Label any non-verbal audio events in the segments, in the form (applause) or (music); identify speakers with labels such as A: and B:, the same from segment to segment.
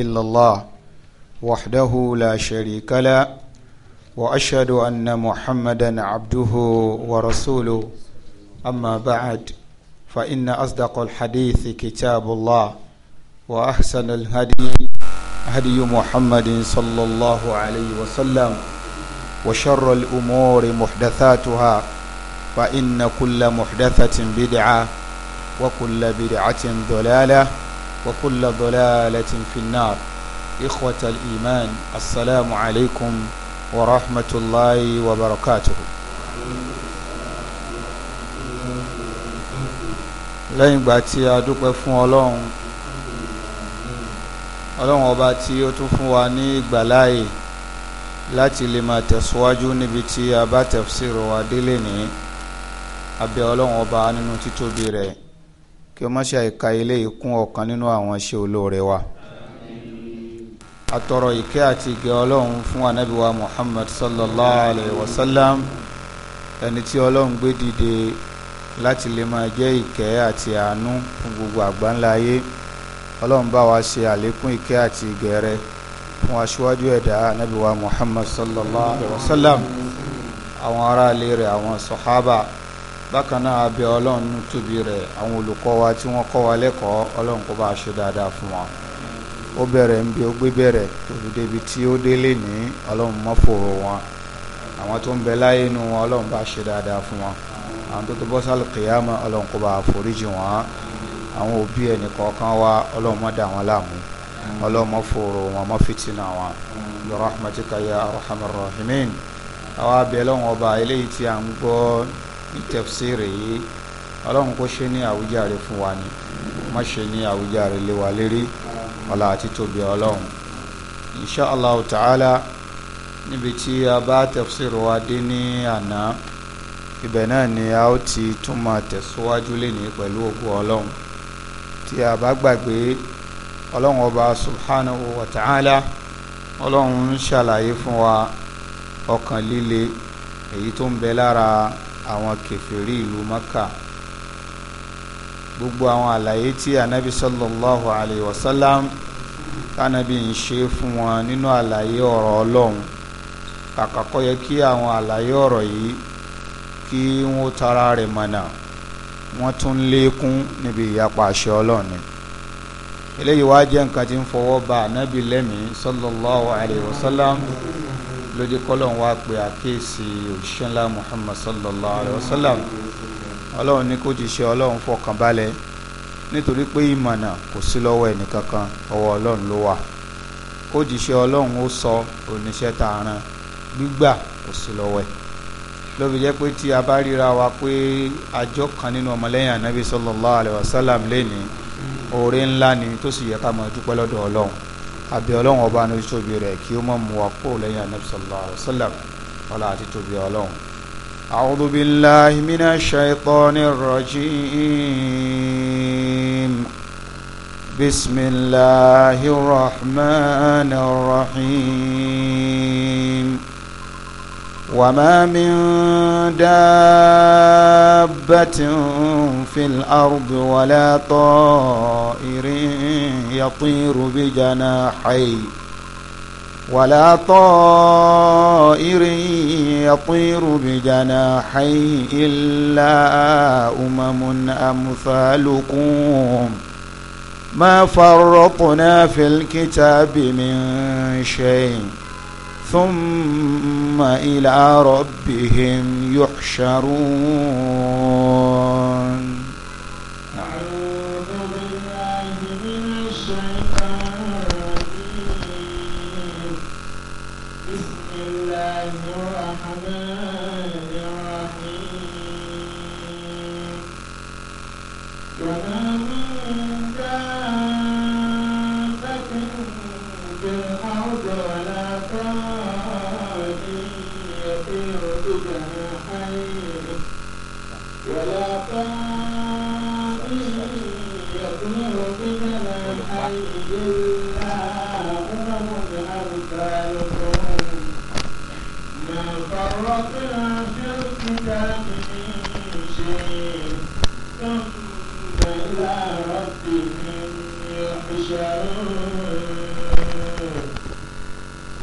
A: إلا الله وحده لا شريك له وأشهد أن محمدا عبده ورسوله أما بعد فإن أصدق الحديث كتاب الله وأحسن الهدي هدي محمد صلى الله عليه وسلم وشر الأمور محدثاتها فإن كل محدثة بدعة وكل بدعة ضلالة وكل ضلالة في النار إخوة الإيمان السلام عليكم ورحمة الله وبركاته lẹ́yìn ìgbà tí a dúpẹ́ fún ọlọ́run ọlọ́run ọba tí ó tún fún wa ní ìgbàláyè láti lè máa tẹ̀síwájú níbi tí a bá tafsir wa délé ní abẹ́ ọlọ́run ọba nínú títóbi rẹ̀ kí o má ṣe àìka eléyìí kún ọ̀kan nínú àwọn iṣẹ́ olóore wa atọrọ ìkẹ́ àti ìgẹ́ ọlọ́run fún anabi wa muhammad sallallahu alayhi wa sallam ẹni tí ọlọ́run gbé dìde láti lè máa jẹ́ ìkẹ́ àti àánú fún gbogbo àgbáńlá ayé ọlọ́run bá wa ṣe àlékún ìkẹ́ àti ìgẹ́ rẹ̀ fún aṣíwájú ẹ̀dá anabi wa muhammad sallallahu alayhi wa sallam àwọn aráalé rẹ̀ àwọn sọ̀hábà bákan náà abẹ ọlọ́run ní tóbi rẹ̀ àwọn olùkọ́ wa tí wọ́n kọ́ wa lẹ́kọ̀ọ́ ọlọ́run kó bá a ṣe dáadáa fún wa ó bẹ̀rẹ̀ ń bí ó gbé bẹ̀rẹ̀ tóbi débi tí ó délé ní ọlọ́run mọ́fòrò wọn àwọn tó ń bẹ láyé inú wọn ọlọ́run bá ṣe dáadáa fún wọn àwọn tó tó bọ́ sálì kìyàmọ́ ọlọ́run kó bá a foríjì wọn àwọn òbí ẹnì kọ̀ọ̀kan wa ọlọ́run má dà wọn láàmú ọlọ́run mọ́fòrò wọn mọ́ fìtínà wọn bi rahmatika ya arhamar rahimin àwa abẹ́ ọlọ́run ọba eléyìí tí à ń gbọ́ tafsiri yìí ọlọ́run kó ṣe ní àwùjáre fún wa ni má ṣe ní àwùjáre lé wa lérí ọlá àti tóbi ọlọ́run insha allah ta'ala níbi tí a bá tafsiri wa dé ní àná ibẹ̀ náà ni a ó ti tún máa tẹ̀síwájú lénìí pẹ̀lú òkú ọlọ́run tí a bá gbàgbé ọlọ́run ọba subhanahu wa ta'ala ọlọ́run ń ṣàlàyé fún wa ọkàn líle èyí tó ń bẹ lára àwọn kèfèrí ìlú maka gbogbo àwọn àlàyé tí anabi sallallahu alayhi wa sallam kánabi ń ṣe fún wọn nínú àlàyé ọ̀rọ̀ ọlọ́run kàkà kó yẹ kí àwọn àlàyé ọ̀rọ̀ yìí kí wọ́n tara rẹ̀ mọ̀nà wọ́n tún lékún níbi ìyapa àṣẹ ọlọ́run eléyìí wá jẹ́ nǹkan tí ń fọwọ́ ba anabi lẹ́mìí sallallahu alayhi wa sallam lójú kọ́lọ́n wa pé àkíyèsí òjíṣẹ́ ńlá Muhammad sallallahu alayhi wa sallam ọlọ́run ní kó ti ṣe ọlọ́run fọkàn balẹ̀ nítorí pé ìmọ̀nà kò sí lọ́wọ́ ẹnìkankan ọwọ́ ọlọ́run ló wà kó ti ṣe ọlọ́run ó sọ oníṣẹ́ tààràn gbígbà kò sí lọ́wọ́ ẹ̀ lóbi jẹ́ pé tí a bá ríra wa pé àjọ kan nínú ọmọlẹ́yìn anabi sallallahu alayhi wa sallam lẹ́ni oore ńlá ni tó sì yẹ ká máa dúpẹ́ lọ́dọ̀ ọlọ́run àbí ọlọ́run ọba ní tóbi rẹ̀ kí ó mọ̀ mú wa kó lẹ́yìn anabi sallallahu alayhi wa sallam ọlá àti tóbi ọlọ́run. أعوذ بالله من الشيطان الرجيم بسم الله الرحمن الرحيم وما من دابة في الأرض ولا طائر يطير بجناحيه ولا طائر يطير بجناحيه إلا أمم أمثالكم ما فرطنا في الكتاب من شيء ثم إلى ربهم يحشرون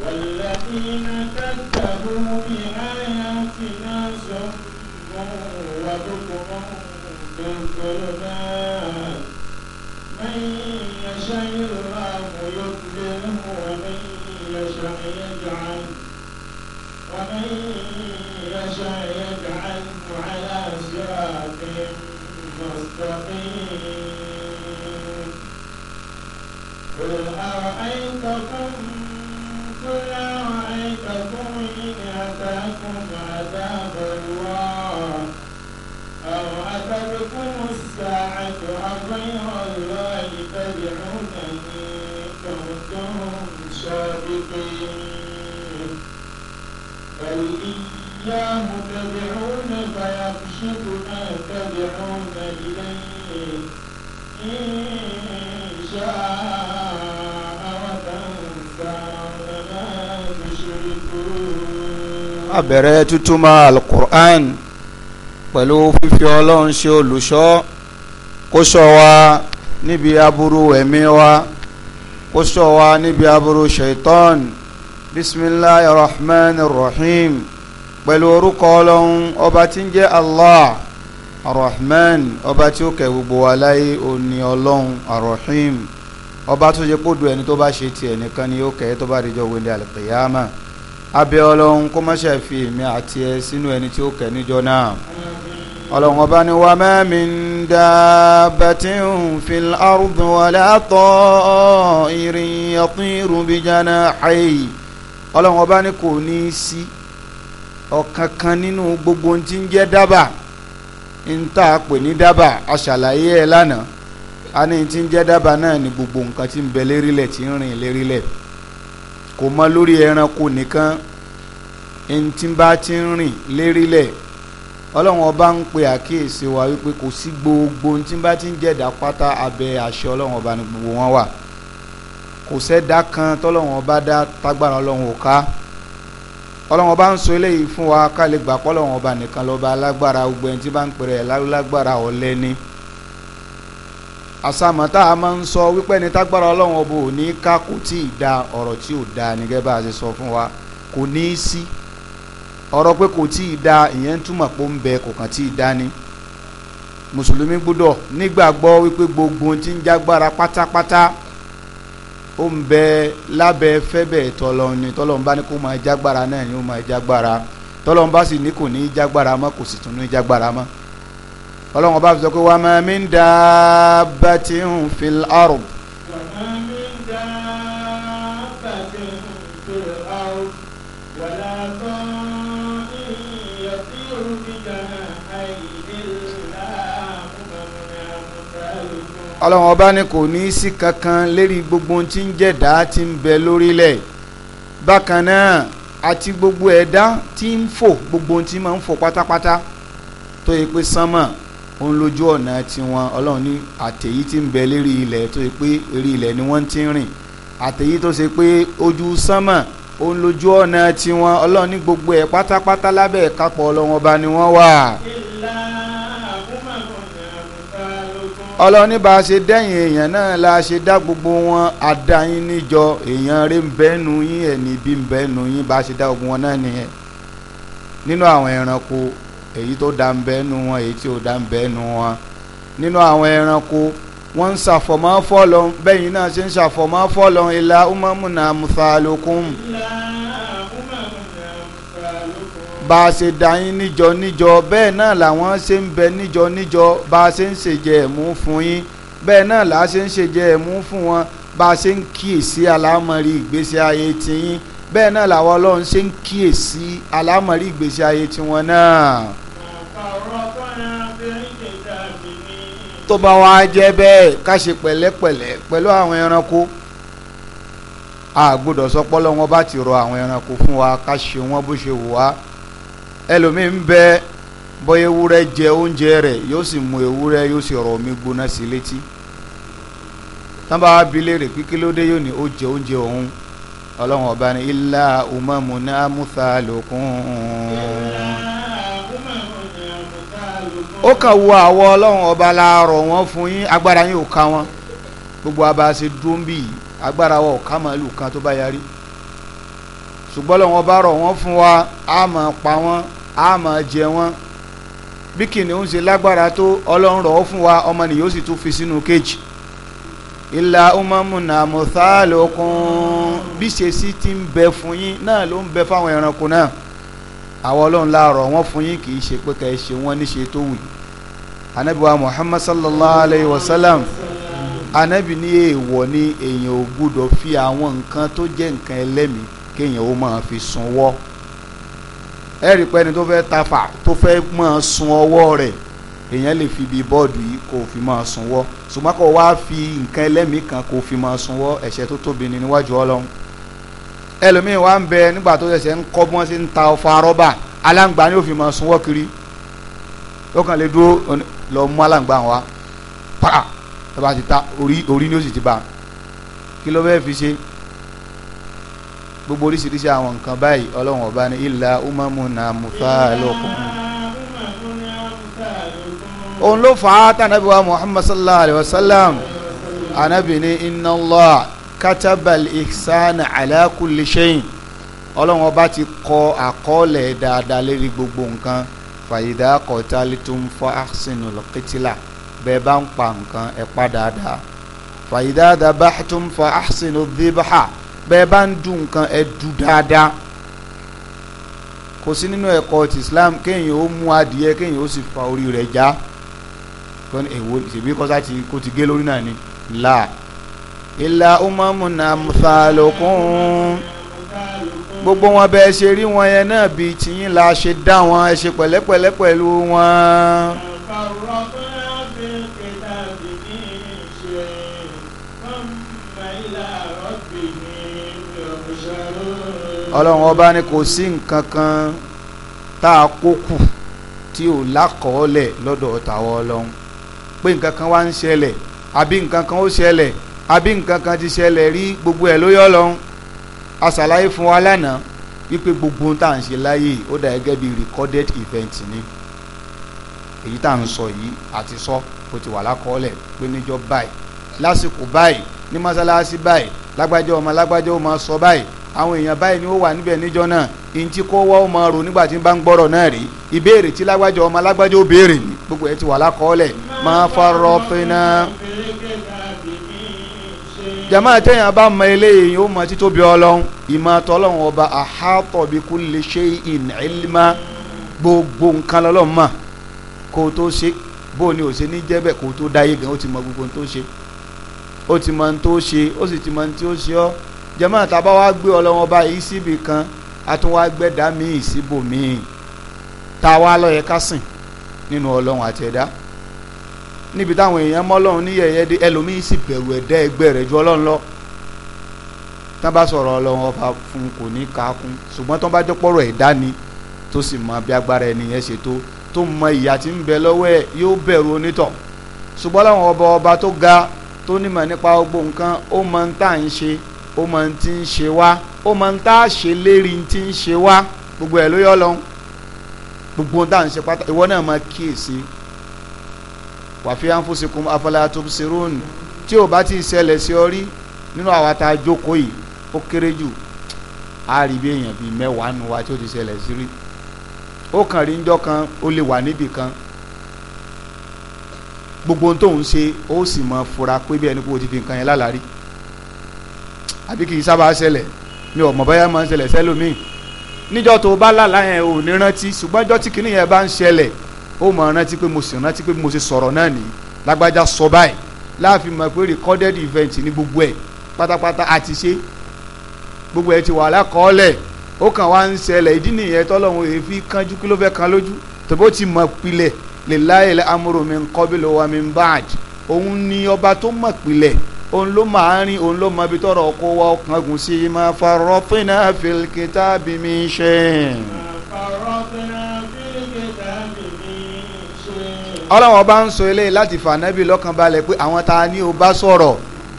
B: والذين كذبوا بآياتنا سم وبكم في من يشاء الله يضلله ومن يشاء يجعل ومن يشاء يجعله على صراط مستقيم قل أرأيتكم قل أرأيتكم إن أتاكم عذاب الله أو أتتكم الساعة أغير الله تدعونني كنتم صادقين بل إياه تدعون فيكشف ما تدعون إليه
A: a tutuma alukur'an pẹ̀lú fífi ọlọ́run ṣe olùṣọ́ kó ṣọ́ wa níbi aburú ẹ̀mí wa kó ṣọ́ wa níbi aburú shaitan bisimilahi rahman rahim pẹ̀lú orúkọ ọlọ́run ọba tí ń jẹ́ allah arahman ọba tí ó kẹ gbogbo wa láyé òní ọlọ́run arahim ọba tó ṣe kó do ẹni tó bá ṣe tiẹ̀ nìkan ni ó kẹ tó bá rí jọ wẹlé alqiyama abẹ́ ọlọ́run kó má ṣe fi èmi àti ẹ sínú ẹni tí ó kẹ níjọ náà ọlọ́run ọba ni wa ma min dabbatin fil ardi wala ta'irin yatiru bijanahihi ọlọ́run ọba ni kò ní í sí ọ̀kankan nínú gbogbo ohun tí ń jẹ́ dábàá ń tà á pè ní dábà aṣàlàyé ẹ lánàá a ní ti ń jẹ́ dábà náà ní gbogbo nǹkan tí ń bẹ lérílẹ̀ tí ń rìn lérílẹ̀ kò mọ lórí ẹranko nìkan ń tí bá ti ń rìn lérílẹ̀ ọlọ́run ọba ń pe àkíyèsí wa wípé kò sí gbogbo ohun bá ti ń jẹ̀dá pátá abẹ́ àṣẹ ọlọ́run ọba ní gbogbo wọn wà kò sẹ́dá kan tọ́lọ́run ọba dá tágbára ọlọ́run ò ká ọlọ́run ọba ń sọ eléyìí fún wa ká lè gbà pọ́ ọlọ́run ọba nìkan lọ́ba alágbára gbogbo ẹni tí bá ń pèrè lágbára ọ̀lẹ ni àsàmọ́tà a máa ń sọ wípé ẹni tágbára ọlọ́run ọba ò ní ká kò tí ì da ọ̀rọ̀ tí ò da ni gẹ́gẹ́ bá a ṣe sọ fún wa kò ní í sí ọ̀rọ̀ pé kò tí ì da ìyẹn ń túmọ̀ pé ó ń bẹ kò kàn tí ì da ni mùsùlùmí gbọ́dọ̀ nígbàgbọ́ wípé gbogbo ohun ń jágbára pátápátá ó ń bẹ lábẹ́ fẹ́bẹ̀ tọlọ́run ni tọlọ́run bá ní kó máa jágbára náà ni ó máa jágbára tọlọ́run bá sì ní kò ní í jágbára mọ́ kò sì tún ní jágbára mọ́ ọlọ́run bá fi sọ pé wa ma min dabbatin fil ard ọlọ́run ọba ni kò ní í sí kankan lérí gbogbo ohun tí ń jẹ̀dá tí ń bẹ lórílẹ̀ bákan náà àti gbogbo ẹ̀dá tí ń fò gbogbo ohun tí máa ń fò pátápátá tó yẹ pé sánmà òun lójú ọ̀nà tiwọn ọlọ́run ní àtẹ̀yí ti ń bẹ lérí ilẹ̀ tó yẹ pé rí ilẹ̀ ni wọ́n ti ń rìn àtẹ̀yí tó ṣe pé ojú sánmà òun lójú ọ̀nà tiwọn ọlọ́run ní gbogbo ẹ̀ pátápátá lábẹ́ ìkápọ̀ ọlọ́run ọba ni wọ́n wà. ọlọ́ni bá a ṣe dẹ́yìn èèyàn náà la ṣe dá gbogbo wọn àdáyín níjọ èèyàn rẹ̀ ń bẹ́nu yín ẹni bí ń bẹ́nu yín bá a ṣe dá gbogbo wọn náà nìyẹn nínú àwọn ẹranko èyí tó dá ń bẹ́nu wọn èyí tí ò dá ń bẹ́nu wọn nínú àwọn ẹranko wọ́n ń ṣàfọ̀mọ́ fọ́lọ́ bẹ́yìn náà ṣe ń ṣàfọ̀mọ́ fọ́lọ́ ìlà umamuna musalukum. Yeah bá a ṣe dá yín níjọ níjọ bẹ́ẹ̀ náà làwọn ṣe ń bẹ níjọ níjọ bá a ṣe ń ṣèjẹ ẹ̀mú fún yín bẹ́ẹ̀ náà là á ṣe ń ṣèjẹ ẹ̀mú fún wọn bá a ṣe ń kíyèsí àlámọ̀rí ìgbésí ayé tiyín bẹ́ẹ̀ náà làwọn ọlọ́run ṣe ń kíyèsí àlámọ̀rí ìgbésí ayé tiwọn náà. tó bá wá jẹ́ bẹ́ẹ̀ ká ṣe pẹ̀lẹ́pẹ̀lẹ́ pẹ̀lú àwọn ẹranko a gbọ́dọ̀ bá ti rọ àwọn ẹranko fún wa ká ṣe wọ́n bó ṣe wù wá. ń bẹ bóyá ewúrẹ́ jẹ oúnjẹ rẹ yóò sì mú ewúrẹ́ yóò sì rọ omi gbóná sí létí tán bi léèrè pé kí ló dé yóò ní ó jẹ oúnjẹ òun ọlọ́run ọba ni ilá umamu ní amúta lòkun. ó àwọ ọlọ́run ọba láàárọ̀ wọn gbogbo agbára wọn ò ká kan tó bá yarí ṣùgbọ́n ọlọ́run ọba rọ̀ wọ́n fún wa á a máa jẹ wọ́n bí kìnìún ṣe lágbára tó ọlọ́run rọ̀ ọ́ fún wa ọmọnìyàn ó sì tún fi sínú kejì ìlà umamuna mọ̀tálókun bí ṣe sí ti ń bẹ fún yín náà ló ń bẹ fáwọn ẹranko náà àwọn ọlọ́run láàrọ̀ wọ́n fún yín kì í ṣe pé ṣe wọ́n wa sallam anabi ní èèwọ̀ ni èèyàn ò gbúdọ̀ fi àwọn nǹkan tó jẹ́ nǹkan ẹlẹ́mìí kéèyàn ó máa fi sunwọ́. ẹ̀rí pé ẹni tó fẹ́ tafà tó fẹ́ máa sun ọwọ́ rẹ̀ èèyàn lè fi bí bọ́ọ̀dù yìí kó fi máa sunwọ́ ṣùgbọ́n kó wá fi nǹkan ẹlẹ́mìí kan kó fi máa sunwọ́ ẹ̀ṣẹ̀ tó tóbi ni níwájú ọlọ́run ẹlòmíín wá ń bẹ nígbà tó ṣẹ̀ṣẹ̀ ń kọ́ bọ́n sí ń ta ọfà rọ́bà aláǹgbá ni ó fi máa sunwọ́ kiri ó kàn lè dúró lọ mú aláǹgbá wa para tó bá ti ta orí orí ni ó sì ti bá kí ló fẹ́ fi ṣe gbogbo oríṣiríṣi àwọn nǹkan báyìí ọlọ́run ọba ní ilà umamuna muthalukum. òun ló fà á tànàbí wa muhammad sallallahu alayhi wa sallam anabi ní inna allah katabal ihsana ala kulli shayin ọlọ́run ọba ti kọ àkọọ́lẹ̀ dáadáa lérí gbogbo nǹkan fàyídà kọtàlítún fáṣínù lọ́kìtìlà bẹ́ẹ̀ bá ń pa nǹkan ẹ̀ pa dáadáa fàyídà dàbàtún fáṣínù dìbàhà bẹ́ẹ̀ bá ń dùn nǹkan ẹ dù dáadáa kò sí nínú ẹ̀kọ́ ti Islam kéèyàn ó mú adìyẹ kéèyàn ó sì fa orí rẹ̀ já kọ́ni èwo ṣèbí kọ́sá ti kó ti gé lórí náà ni là ìlà umamuna musalokun gbogbo wọn bẹ́ẹ̀ ṣe rí wọn yẹn náà bíi tìyín la ṣe dá wọn ẹ ṣe pẹ̀lẹ́pẹ̀lẹ́ pẹ̀lú wọn. ọlọ́run ọba ni kò sí nǹkan kan tá a kó kù tí ò lákọọ́lẹ̀ lọ́dọ̀ ọ̀tàwọ́ ọlọ́run pé nǹkan kan wá ń ṣẹlẹ̀ àbí nǹkan kan ó ṣẹlẹ̀ àbí nǹkan kan ti ṣẹlẹ̀ rí gbogbo ẹ̀ lóyọ́ ọlọ́run aṣàlàyé fún wa lánàá wípé gbogbo ohun tá à ń ṣe láyé ó dà gẹ́gẹ́ bí recorded event ni èyí tá à ń sọ yìí àti sọ ó ti wà lákọọ́lẹ̀ pé níjọ́ báyìí lásìkò báyìí ní mọ́sálásí báyìí lágbájá ọmọ lágbájá ọmọ sọ báyìí àwọn èèyàn báyìí ni ó wà níbẹ̀ níjọ́ náà ntí kó wọ́ ọmọ rò nígbà tí n bá ń gbọ́rọ̀ náà rí ìbéèrè tí lágbájá ọmọ alágbájá ó béèrè ni gbogbo ẹ ti wà lákọọ́lẹ̀ máa fọ́rọ́ pinna. jama tẹ̀yàn bá mọ eléyìí yóò mọ títóbi ọlọ́run ìmọ̀ tọ́lọ́run ọba àhátọ̀ bí kulli shay'in ilma gbogbo nǹkan lọ́lọ́run mọ̀ kó tó ṣe bó ni ò ṣe ní jẹ́bẹ̀ kó tó dáyé gan ó ti mọ gbogbo n tó ṣe ó ti mọ n tó ṣe ó sì ti mọ n tí ó ṣe ọ́ jẹ́mọ́ tàbá wá gbé ọlọ́wọ́n báyìí síbi kan a tún wá gbẹ́dá míì síbò míì tá a wá lọ́yẹ ká sìn nínú ọlọ́run àti ẹ̀dá níbi táwọn èèyàn mọ́lọ́run ní yẹ̀yẹ́ dé ẹlòmíì sì bẹ̀rù ẹ̀dá ẹgbẹ́ rẹ̀ ju ọlọ́run lọ tán bá sọ̀rọ̀ ọlọ́run ọba fún kò ní kaakún ṣùgbọ́n tán bá jọ́pọ̀rọ̀ ẹ̀dá ni tó sì mọ bí agbára ẹni ṣe tó tó mọ ìyà tí ń bẹ lọ́wọ́ ẹ̀ yóò bẹ̀rù onítọ̀ ṣùgbọ́n láwọn ọba ọba tó ga tó nímọ̀ nípa gbogbo nǹkan ó mọ ń tà ń ṣe ó mọ ní ti ń ṣe wá ó mọ ní tá a ṣe lérí ní ti ń ṣe wá gbogbo ẹ̀ ló yọ lọ́hún gbogbo ohun tá à ń ṣe pátá ìwọ náà máa kíyèsí wàfi anfusikum afala tubsirun tí o bá ti ṣẹlẹ̀ sí ọ rí nínú àwa tá a jókòó yìí ó kéré jù a rí bí èèyàn bíi mẹ́wàá nu wa tí ó ti ṣẹlẹ̀ sí rí ó kàn rí njọ́ kan ó lè wà níbì kan gbogbo ohun tó ń ṣe ó sì mọ fura pé bí ẹni pé ti fi nǹkan yẹn lálàá rí àbí kì í sábà ṣẹlẹ̀ mi ò mọ̀ báyà máa ń ṣẹlẹ̀ sẹ́lómìn níjọ́ tó bá lálàá yẹn ò ní rántí ṣùgbọ́n ọjọ́ tí kinní yẹn bá ń ṣẹlẹ̀ ó mọ̀ rántí pé mo sì rántí pé mo sì sọ̀rọ̀ náà ní lágbájá sọ báyìí láàfin mọ̀ pé recorded event ní gbogbo ẹ̀ pátápátá àti ṣe gbogbo ẹ̀ ti wà lákọọ́lẹ̀ ó kàn wá ń ṣẹlẹ̀ ìdí nìyẹn tọ́lọ́hún èéfi kánjú kí ló fẹ́ kan lójú tòbó ti mọ̀ pilẹ̀ lè láyè amúrò mi ń lọ́wọ́ mi ń báàjì òun ni ọba tó mọ̀ pilẹ̀ òun ló máa ń rìn òun ló mọ ibi tọrọ kó wa ọkàn gùn sí i máa farọ́pínà fil kitabi min shay. ọlọ́wọ́n bá ń sọ eléyìí láti fànẹ́bí lọ́kàn balẹ̀ pé àwọn ta ni o bá sọ̀rọ̀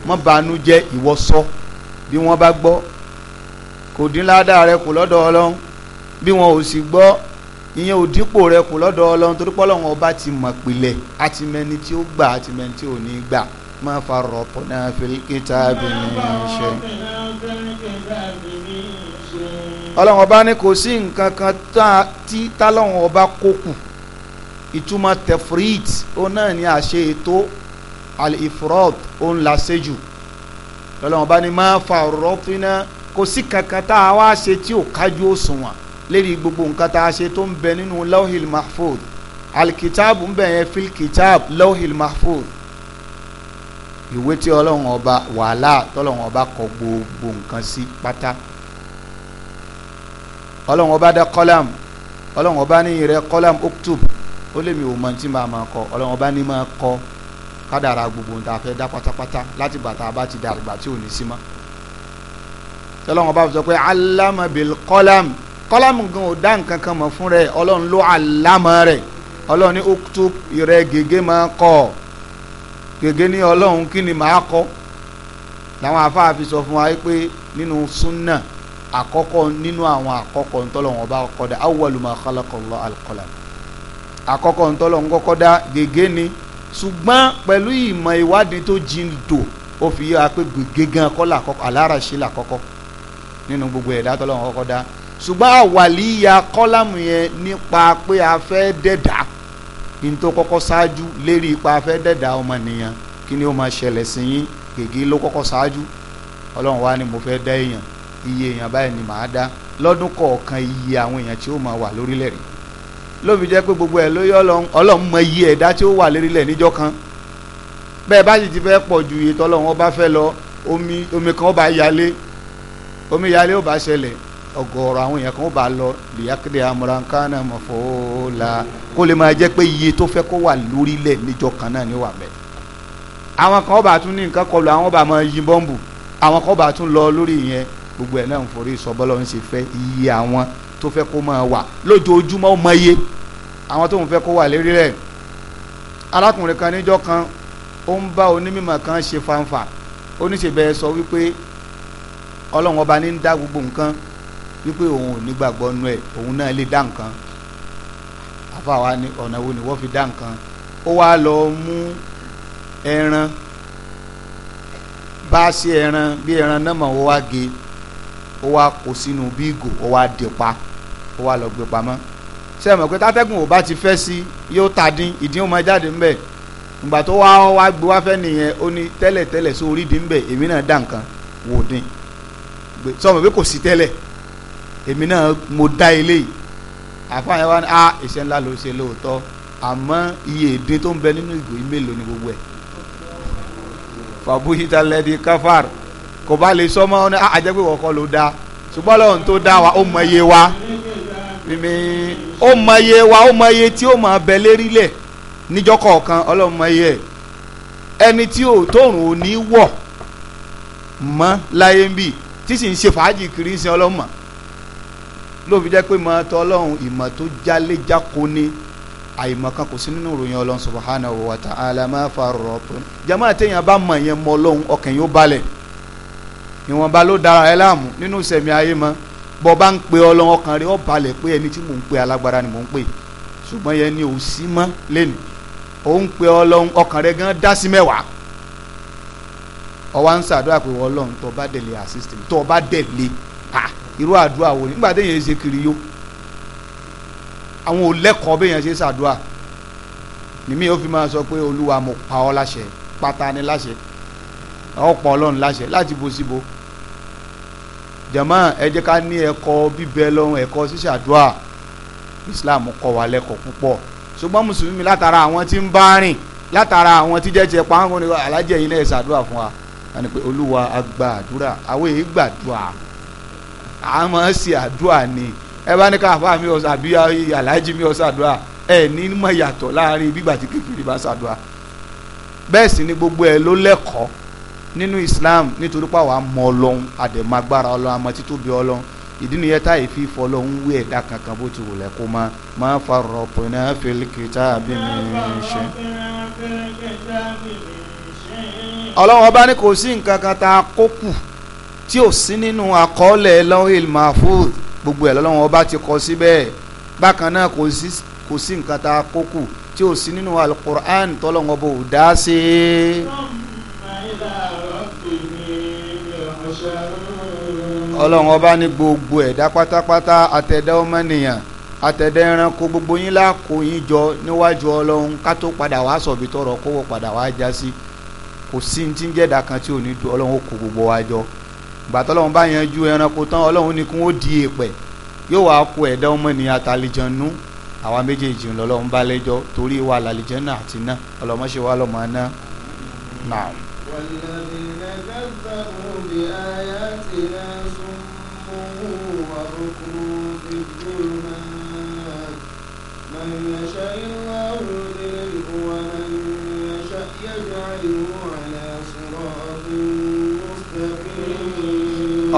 A: mọ́ banú jẹ́ ìwọ sọ bí wọ́n bá gbọ́ kò dín ládàá rẹ kù lọ́dọ̀ ọlọ́run bí wọn ò sì gbọ́ ìyẹn ò dípò rẹ kù lọ́dọ̀ ọlọ́run torí pé ọba ti mọ̀ pilẹ̀ àtìmẹ́ni tí ó gbà àtìmẹ́ni tí ò ní gbà. ما فرطنا في الكتاب من شيء ọlọ́run ọba ní kò sí nǹkan kan tí tálọ́run ọba kó kù ìtumọ̀ tefrit òun náà ni àṣe ètò al-ifrod òun là ṣejù ọlọ́run ọba ní máa fa ọ̀rọ̀ fínà kò sí kankan tá a wá ṣe tí ò kájú òṣùwọ̀n lérí gbogbo nǹkan tá a ṣe tó ń bẹ nínú lawhil mahfud alkitab ń bẹ yẹn fil kitab lawhil mahfud ìwé tí ọlọ́run ọba wàhálà tọ́lọ́run ọba kọ gbogbo nǹkan sí pátá ọlọ́run ọba dá kọ́lám ọlọ́run ọba ní ìrẹ kọ́lám oktub ó lè mi ò mọ tí màá máa kọ ọlọ́run ọba ní máa kọ kádàrà gbogbo nǹkan àfẹ́ dá pátápátá láti bàtà bá ti dà àgbà tí ò ní sí mọ́ tọ́lọ́run ọba sọ pé alama bil kọ́lám kọ́lám gan ò dá nǹkan kan mọ̀ fún rẹ̀ ọlọ́run ló alama rẹ̀ ọlọ́run ní oktub ìrẹ gègé máa kọ́ ọ gègé ní ọlọ́run kí ni màá kọ́ làwọn afáàfin sọ fún wa pé nínú súnà àkọ́kọ́ nínú àwọn àkọ́kọ́ ntọ́lọ́wọ́n bá kọ́ da ma khalaqa Allah al-qalam àkọ́kọ́ ntọ́lọ́wọ́n kọ́kọ́ da gègé ni ṣùgbọ́n pẹ̀lú ìmọ̀ ìwádìí tó jìn dò ó fi yé wa pé gègé gan kọ́ là kọ́kọ́ aláràṣí là kọ́kọ́ nínú gbogbo ẹ̀dá tọ́lọ́wọ́n kọ́kọ́ ṣùgbọ́n àwàlíyà kọ́lámù yẹn nípa pé a fẹ́ dẹ̀dá kí n tó leri ṣáájú lérí ipa afẹ́ dẹ̀dá ọmọnìyàn kí ni ó máa ṣẹlẹ̀ sí yín gègé ló kọ́kọ́ ṣáájú ọlọ́run wá ni mo fẹ́ dá èèyàn iye èèyàn báyìí ni màá dá lọ́dún kọ̀ọ̀kan iye àwọn èèyàn tí ó máa wà lórílẹ̀ rí lóbi jẹ́ pé gbogbo ẹ̀ lóyè ọlọ́run mọ iye ẹ̀dá tí ó wà lórílẹ̀ níjọ́ kan bẹ́ẹ̀ bá sì ti fẹ́ pọ̀ ju iye tọ́lọ́run ọba fẹ́ lọ omi omi kan ó bá yalé omi yalé ó bá ṣẹlẹ̀ ọ̀gọ̀rọ̀ àwọn èèyàn kan ó bá lọ lìyàkéde amúrankánà mọ̀fọ́ọ́lá kó lè máa jẹ́ pé iye tó fẹ́ kó wà lórílẹ̀ níjọ kan náà ni wà bẹ́ẹ̀ àwọn kan ó bá tún ní nǹkan kọlù àwọn bá máa yin bọ́ǹbù àwọn kan ó bá tún lọ lórí ìyẹn gbogbo ẹ̀ náà ń forí sọ́bọ́lọ́ ń ṣe fẹ́ iye àwọn tó fẹ́ kó máa wà lójoojúmọ́ ó mọ iye àwọn tó ń fẹ́ kó wà lérí rẹ̀ arákùnrin kan níjọ́ kan ó ń bá onímọ̀ kan ṣe fanfa oníṣèbẹ̀ sọ wípé ọlọ́run ọba ní ń dá gbogbo nǹkan wípé òun ò nígbàgbọ́ nú ẹ̀ òun náà lè dá nǹkan àfàwa ni ọ̀nà wo ni wọ́n fi dá nǹkan ó wá lọ mú ẹran bá sí ẹran bí ẹran náà mọ̀ ó wá gé ó wá kó sínú bíìgò ó wá dè pa ó wá lọ gbé pamọ́ ṣe mọ̀ pé tátẹ́gùn ò bá ti fẹ́ sí yóò ta dín ìdín ó máa jáde ńbẹ̀ ìgbà tó wá wá gbé wá fẹ́ nìyẹn ó ní tẹ́lẹ̀ tẹ́lẹ̀ sórí dín ńbẹ̀ èmi náà dá nǹkan wò dín sọ pé kò sí tẹ́lẹ̀ èmi náà mo dá ilé yìí àfa yẹn wá ní a ah, iṣẹ́ ńlá ló ṣe lóòótọ́ àmọ́ iye ìdín tó ń bẹ nínú ìgò yìí mélòó ni gbogbo ẹ̀ fàbúhìtà lẹ́dí káfàr kò bá lè sọ́mọ́ ọ́nà àjẹpẹ́ ah, kọ̀ọ̀kọ́ ló dá ṣùgbọ́n lọ́run tó dá wa ó mọ iye wa mímí ó mọ iye wa ó mọ iye tí ó máa bẹ lérílẹ̀ níjọ́ kọ̀ọ̀kan ọlọ́run mọ iye ẹni tí ò tóòrùn ò ní wọ̀ mọ́ láyé ń bì tí sì ń ṣe fàájì kiri ń sin ọlọ́run mọ̀ ló fi jẹ́ pé mọ̀ tọ́lọ́hún ìmọ̀ tó jálé jáko ni àìmọ̀ kan kò sí nínú ìròyìn ọlọ́run subhanahu wa ta'ala ma farratun jama téèyàn bá mọ̀ yẹn mọ ọlọ́run ọkàn yóò balẹ̀ ìwọ̀nba ló dára ẹ láàmú nínú ìsẹ̀mí ayé mọ́ bọ́ bá ń pe ọlọ́run ọkàn rẹ ó balẹ̀ pé ẹni tí mò ń pe alágbára ni mò ń pe ṣùgbọ́n yẹn ni ò sí mọ́ lẹ́nu ò ń pe ọlọ́run ọkàn rẹ gan dá sí mẹ́wàá ọwọ́ à ń ṣàdúrà pé ọlọ́run tó bá dẹ̀ lé assist tó bá dẹ̀ lé irú àdúrà wo ni nígbà téèyàn ṣe kiri yó àwọn ò lẹ́kọ̀ọ́ béèyàn ṣe ṣàdúrà nìmí yóò fi máa sọ pé olúwa mo pa ọ́ láṣẹ pátá ni láṣẹ ọ̀pọ̀ ọlọ́run láṣẹ láti bo síbo jàmá ẹ jẹ́ ká ní ẹ̀kọ́ bíbẹ lọ́run ẹ̀kọ́ ṣíṣàdúrà Islam kọ́ wa lẹ́kọ̀ọ́ púpọ̀ ṣùgbọ́n mùsùlùmí látara àwọn tí ń bá rìn látara àwọn tí jẹ́ tiẹ̀ pàápàá alájẹ́ yìí náà ṣàdúrà fún wa wọ́n ní pé olúwa agbàdúrà àwọn èyí gbàdúrà àmọ́ ṣe àdúrà ni ẹ bá ní ká àfa mi ọ̀sà bí aláàjì mi ọ̀sà àdúrà ẹ ní mọ̀ yàtọ̀ láàrin bígbà tí kékeré bá ṣàdúrà bẹ́ẹ̀ sì ni gbogbo ẹ ló lẹ́kọ̀ọ́ nínú Islam nítorí pàwọ́ àmọ́ ọlọ́run àdèmágbára ọlọ́run àmọ́ títóbi ọlọ́run ìdí nìyẹn táyì fi fọlọ́hún wé ẹ̀dá kankan bó ti wùlẹ̀ kó máa máa farọ̀ pinna filikita bí mi ṣe. ọlọ́run ọba ní kò sí nǹkan kan tá a kó kù tí ò sí nínú àkọọ́lẹ̀ lawhil mahfuz gbogbo ẹ̀ lọ́lọ́run ọba ti kọ síbẹ̀ bákan náà kò sí kò sí nǹkan tá a kó kù tí ò sí nínú alukur'an tọ́lọ́run ọba ò dá sí i. ọlọ́run ọba ní gbogbo ẹ̀dá pátápátá àtẹ̀dá ọmọnìyàn àtẹ̀dá ẹranko gbogbo yín la kó yín jọ níwájú ọlọ́run ká tó padà wá sọ̀bi tọrọ kówó padà wá já sí kò sí ní tí ń jẹ́dá kan tí ò ní du ọlọ́run ó kó gbogbo wa jọ gbàtọ́ ọlọ́run bá yanjú ẹranko tán ọlọ́run ní kún ó di èèpẹ̀ yóò wá kó ẹ̀dá ọmọnìyàn àtàlìjànú àwa méjèèjì ńlọlọ́run bá lẹ́jọ́ torí wa làlìjánà àti náà ọlọ́mọṣe wa lọ́mọ náà náà.
C: والذين كذبوا بآياتنا صم وبكم في الظلمات من يشاء الله يضلله ومن يشاء يجعله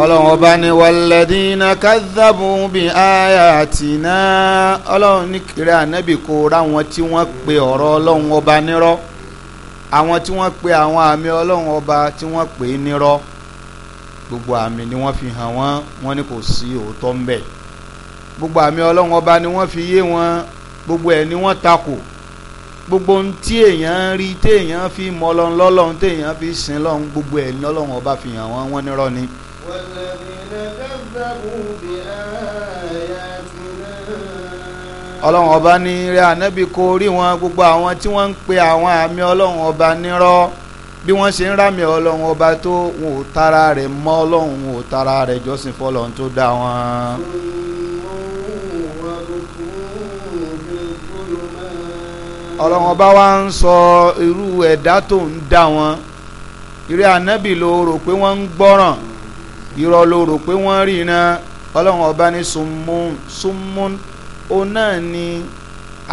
C: ọlọ́run ọba ni
A: wàlẹ́dínà kádàbù bí ayatina ọlọ́run ní kiri ànábì kó ráwọn tí wọ́n pe ọ̀rọ̀ ọlọ́run ọba nírọ́ àwọn tí wọ́n pe àwọn àmì ọlọ́run ọba tí wọ́n pè é nírọ́ gbogbo àmì ni wọ́n fi hàn wọ́n wọ́n ní kò sí òótọ́ ń bẹ̀ gbogbo àmì ọlọ́run ọba ni wọ́n fi yé wọn gbogbo ẹ̀ ni wọ́n takò gbogbo ohun tí èèyàn rí téèyàn fi mọ ọlọ́run téèyàn fi sìn lọ́run gbogbo ẹ̀ ni ọlọ́run ọba fi hàn wọ́n wọ́n nírọ́ ni. Ron, ọlọ́run ọba ní rẹ ànábì kó rí wọn gbogbo àwọn tí wọ́n ń pe àwọn àmì ọlọ́run ọba nírọ́ bí wọ́n ṣe ń rámì ọlọ́run ọba tó wọn ò tara rẹ̀ mọ́ ọlọ́run wọn ò tara rẹ̀ jọ́sìn fọlọ́run tó dá wọn. ọlọ́run ọba wa ń sọ irú ẹ̀dá tó ń dá wọn ìrẹ́ ànábì ló rò pé wọ́n ń gbọ́ràn irọ́ ló rò pé wọ́n rí iná ọlọ́run ọba ní summun summun òun náà ní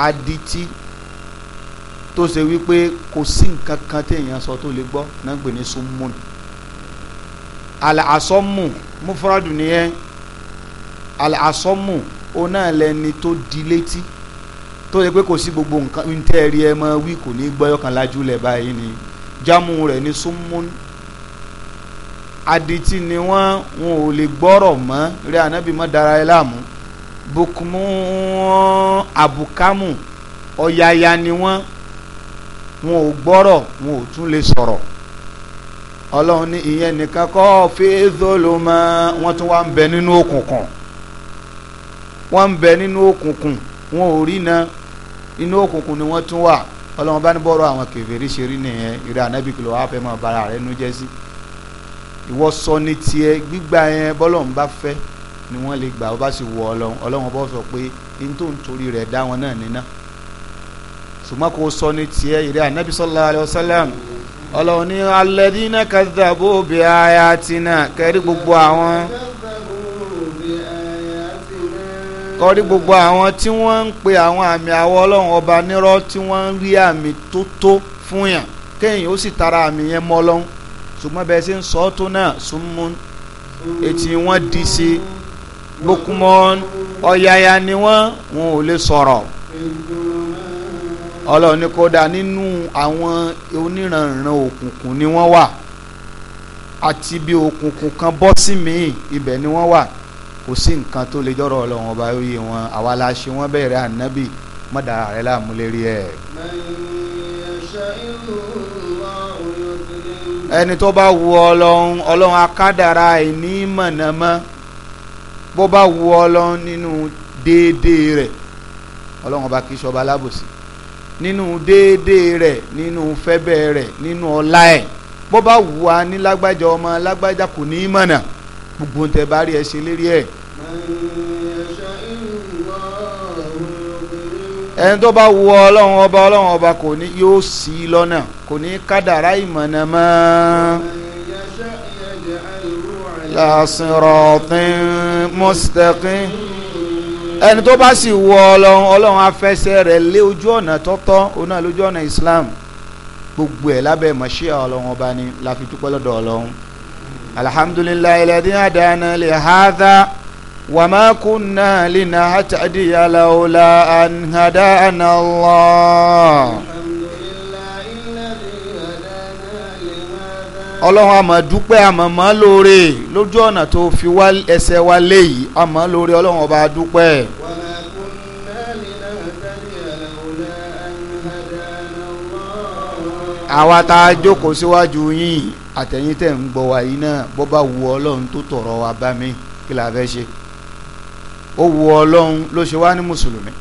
A: adití tó ṣe wípé kò sí nǹkan kan téèyàn sọ tó lè gbọ́ náà gbé ní summun àlàsọ́mù mufradu nìyẹn àlàsọ́mù òun náà lẹni tó di létí tó ṣe pé kò sí gbogbo nǹkan ń tẹ́ ẹ mọ́ wí kò ní gbọ́yọ̀ kan lẹ̀ báyìí ni jámù rẹ̀ ní summun adití ni wọ́n wọn ò lè gbọ́rọ̀ mọ́ rí ànábì mọ́ dára ẹ láàmú bukumu abukamu ọ̀yàyà ni wọ́n wọn ò gbọ́rọ̀ wọn ò tún lè sọ̀rọ̀ ọlọ́run ní ìyẹn nìkan kọ́ fẹ́ẹ́dọ́lọ́mọ wọ́n tún wá ń bẹ nínú òkùnkùn wọ́n ń bẹ nínú òkùnkùn wọn ò rí na inú òkùnkùn ni wọ́n tún wà ọlọ́run bá ní bọ́rọ̀ àwọn kèfèrí ṣe rí nìyẹn ìrẹ́ ànábì kìlọ̀ wá fẹ́ mọ́ bara rẹ̀ nú jẹ́ sí. Si ìwọ sọ ní tiẹ̀ gbígbà yẹn bọ́lọ́run bá fẹ́ ni wọ́n lè gbà ó bá sì wọ ọlọ́run ọlọ́run bọ́ sọ pé n tó ń torí rẹ̀ dá wọn náà níná ṣùgbọ́n sọ ní tiẹ̀ ìrẹ́ ànábì sallallahu alaihi wasallam ọlọ́run ní alladhina kadhabu bi ayatina kẹ́rí gbogbo àwọn kọ́rí gbogbo àwọn tí wọ́n ń pe àwọn àmì àwọ ọlọ́run ọba nírọ́ tí wọ́n ń rí àmì tó tó fún yàn kéèyàn ó sì tara àmì yẹn mọ́ ọlọ́run ṣùgbọ́n bẹ́ẹ̀ ṣe ń sọ ọ́ tó náà súnmún etí wọn di sí bukumọ́n ọ̀yàyà ni wọ́n wọn ò lè sọ̀rọ̀ ọlọ́ọ̀ni kódà nínú àwọn oníranran òkùnkùn ni wọ́n wà àti bí òkùnkùn kan bọ́ sí míì ibẹ̀ ni wọ́n wà kò sí nǹkan tó lè jọ̀rọ̀ ọlọ́run ọba oyè wọn àwa la ṣe wọ́n bẹ̀rẹ̀ ànábì mọ́dàrá rẹ̀ láàmúlérí ẹ̀.
C: mẹ́yìn ṣe irú.
A: ẹni tó bá wu ọlọ́run ọlọ́run akádàrá àìní mọ̀nàmọ́ bó bá wu ọlọ́run nínú déédéé n'inu deede ọba kì ṣọba alábòsí nínú déédéé rẹ̀ nínú fẹ́bẹ̀ rẹ̀ nínú ọlá ẹ̀ bó bá wù wa ní lágbájá ọmọ lágbájá kò ní mọ̀nà gbogbo ń tẹ bá rí ẹ ṣe lérí ẹni tó bá wọ ọlọ́run ọba ọlọ́run ọba kò ní yóò ṣì lọ́nà kò ní kádàrá ìmọ̀nà mọ́ làṣìrọ̀tìn mọ́sítẹ́kìn ẹni tó bá sì wọ ọlọ́run ọlọ́run afẹsẹ̀ rẹ̀ lé ojú ọ̀nà tọ́tọ́ òun lójú ọ̀nà Islam gbogbo ẹ̀ lábẹ́ mọ̀ṣẹ́ ọlọ́run ọba ni la fi dúpẹ́ lọ́dọ̀ ọlọ́run alhamdulilayi lẹ́dí àdáná lè وما كنا لنهتدي لولا أن هدانا الله ọlọ́run àmọ́ dúpẹ́ àmọ́ mọ́ lóore lójú ọ̀nà tó fi wá ẹsẹ̀ wa léyìí àmọ́ lóore ọlọ́run ọba dúpẹ́.
C: àwa tá a jókòó síwájú
A: yín àtẹ̀yìn tẹ̀ ń gbọ́ wa náà bó bá wu ọlọ́run tó tọ̀rọ̀ wa bá mi kí la fẹ́ ṣe ó wu ọlọ́run ló ṣe wá ní mùsùlùmí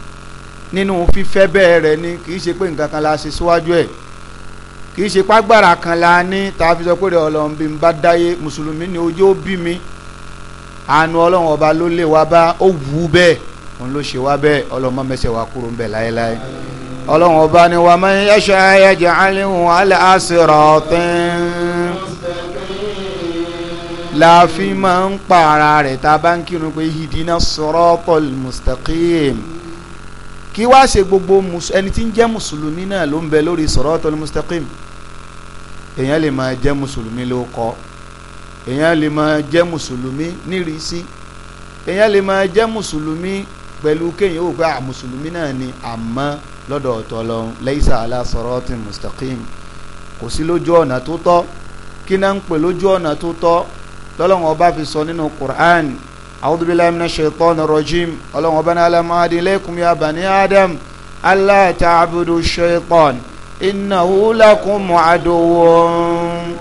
A: nínú fífẹ́ bẹ́ẹ̀ rẹ̀ ni kì í ṣe pé nǹkan kan la ṣe síwájú ẹ̀ kì í ṣe pàgbára kan la ní ta fi sọ pé ọlọ́run bí n bá dáyé mùsùlùmí ni ojú ó bí mi àánú ọlọ́run ọba ló lè wá bá ó wù ú bẹ́ẹ̀ òun ló ṣe wá bẹ́ẹ̀ ọlọ́mọ mẹ́sẹ̀ wá kúrò ń bẹ̀ láéláé ọlọ́run ọba ni wàá mẹ́yẹ́sẹ̀ ayẹyẹ jẹ́ àlẹ́ wọn alẹ́ àṣírọ̀ tẹ́ẹ́ la fi máa ń pa ara rẹ̀ tá a bá ń kírun pé hidina siratal mustaqim kí wá ṣe gbogbo ẹni tí ń jẹ́ mùsùlùmí náà ló ń bẹ lórí siratal mustaqim èèyàn lè máa jẹ́ mùsùlùmí ló kọ́ èèyàn lè máa jẹ́ mùsùlùmí nírìísí èèyàn lè máa jẹ́ mùsùlùmí pẹ̀lú kéèyàn ó gbà mùsùlùmí náà ni àmọ́ lọ́dọ̀ ọ̀tọ̀ lọ́hún laysa ala siratin mustaqim kò sí lójú ọ̀nà tó tọ́ kí náà ń pè lójú ọ̀nà tó tọ́ lọ́lọ́wọ́n ọba fi sọ nínú Qur'an a'udhu billahi minash shaitani rajim ọlọ́wọ́n ọba ní alam adilekum ya bani adam alla ta'budu shaitan innahu lakum aduwwun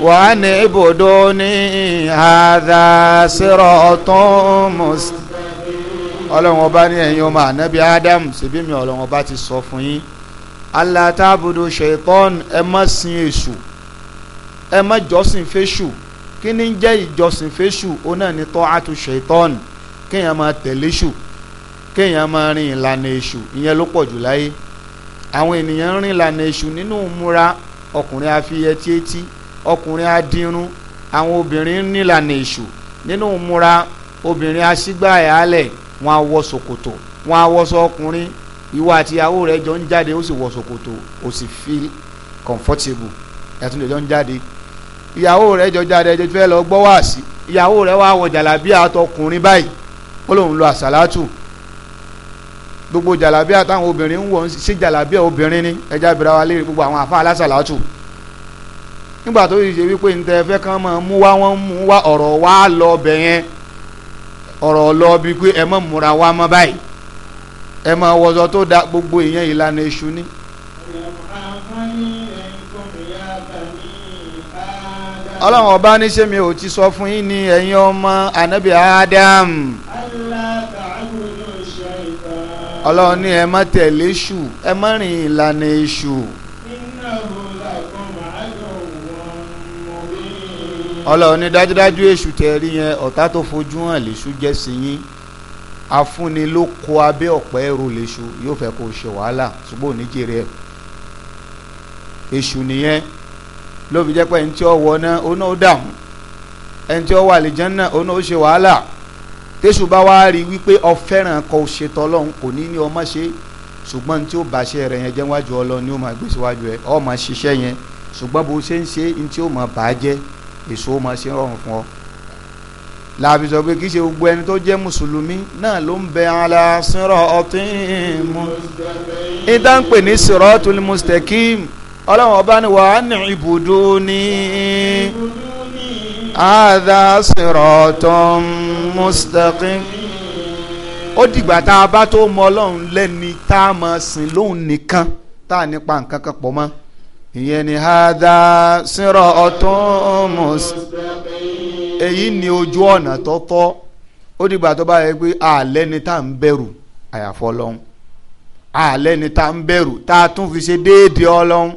A: wa an ibuduni hadha siratun mustaqim ọlọ́run ọba ní ẹ̀yin ọmọ ànábì adam ṣèbí mi ọlọ́run ọba ti sọ fún yín allah tábùdù ṣètọ́n ẹ má sin èṣù ẹ má jọ́sìn fẹ́ṣù kí ni ń jẹ́ ìjọsìn fésù òun náà ni tọ́hátù ṣètọ́ọ̀nù kéèyàn máa tẹ̀lé ṣù kéèyàn máa rin ìlànà èṣù ìyẹn ló pọ̀ jù láyé àwọn ènìyàn rin ìlànà èṣù nínú múra ọkùnrin afi etí etí ọkùnrin adínrún àwọn obìnrin nílànà èṣù nínú múra obìnrin aṣígbà ẹ̀hálẹ̀ wọn awọ ṣòkòtò wọn awọṣọ ọkùnrin ìwọ àti ìyàwó rẹ jọ ń jáde ó sì wọ ṣòkòtò ó sì fi comfortable ẹ̀tún lè ń jáde ìyàwó rẹ̀ jọ jáde ẹjọ́ tí fẹ́ lọ gbọ́ wá sí ìyàwó rẹ̀ wá wọ jàlábíà àtọkùnrin báyìí ó lóun lo àsálátù gbogbo jàlábíà táwọn obìnrin ń wọ̀ ṣé jàlábíà obìnrin ni ẹja bìrà wa lé gbogbo àwọn àfa alásàlátù nígbà tó yìí ṣe wípé ntẹ fẹ́ kàn máa mú wá wọ́n mú wá ọ̀rọ̀ wá lọ bẹ̀ yẹn ọ̀rọ̀ lọ bí pé ẹ mọ̀ múra wá mọ́ báyìí ẹ mọ̀ wọ́sọ tó da gbogbo ìyẹn ìlànà èṣù ni. ọlọ́run ọba ní ṣé mi ò ti sọ fún yín ní ẹ̀yin ọmọ anabi adam ọlọ́run ní ẹ má tẹ̀lé èṣù ẹ má rìn ìlànà èṣù ọlọ́run ní dájúdájú èṣù tẹ̀rí yẹn ọ̀tá tó fojú hàn lèṣù jẹ́ sí yín afúnni ló kó abẹ́ ọ̀pẹ́ ẹrù lèṣù yóò fẹ́ kó ṣe wàhálà ṣùgbọ́n ò jèrè ẹ̀ èṣù nìyẹn ló fi jẹ́ pé ẹni tí ó wọ náà ó náà ó dààmú ẹni tí ó wà àlìjánná ó náà ó ṣe wàhálà tẹ́sù bá wá rí wípé ó fẹ́ràn kò ṣètò ọlọ́run kò ní ní ọmọ ṣe ṣùgbọ́n tí ó bá ṣe rẹ̀ yẹn jẹ́ wájú ọlọ́run ni ó máa gbé síwájú ẹ̀ ó máa ṣiṣẹ́ yẹn ṣùgbọ́n bó ṣe ń ṣe ní tí ó máa bàá jẹ́ èso ó máa ṣe rọrùn fún ọ. làbí sọ pé kì í ṣe gbogbo ẹni tó jẹ́ mùsùlùmí náà ló ń bẹ ala siratin mustaqim ìdá ń pè ní siratul ọlọ́run ọba ni wàá ní ibùdó ní àdá siratan mustaqim ó dìgbà tá a bá tó mọ ọlọ́run lẹ́ni tá a sìn nìkan tá a nípa nǹkan kan pọ̀ mọ́ ìyẹn ni èyí ni ojú ọ̀nà tó tọ́ ó dìgbà tó bá yẹ pé àlẹ́ ni tá a ń bẹ̀rù àyàfọ́ lọ́hún tún fi ṣe déédéé ọlọ́run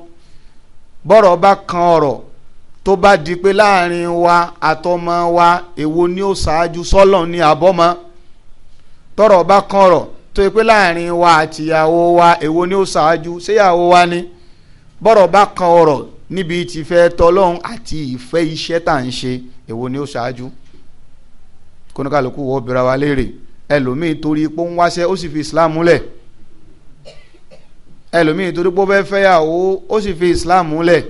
A: bọ́rọ̀ bá kan ọ̀rọ̀ tó bá di pé láàrin wa àtọmọ wa èwo ni ó ṣáájú sọ́lọ̀ ní abọ́mọ tọ́rọ̀ bá kan ọ̀rọ̀ tó yẹ pé láàrin wa àtìyàwó wa èwo ni ó ṣáájú ṣéyàwó wa ni bọ́rọ̀ bá kan ọ̀rọ̀ níbi tìfẹ́ tọlọ́hún àti ìfẹ́ iṣẹ́ tá ń ṣe èwo ni ó ṣáájú kónúkàlùkù wọ́ọ́ bẹ̀rẹ̀ wa léèrè ẹlòmíì torí pé ó ń wáṣẹ́ ó sì fi Islam múlẹ̀ ẹlòmíì torí pé ó fẹ́ fẹ́yàwó ó sì fi islam múlẹ̀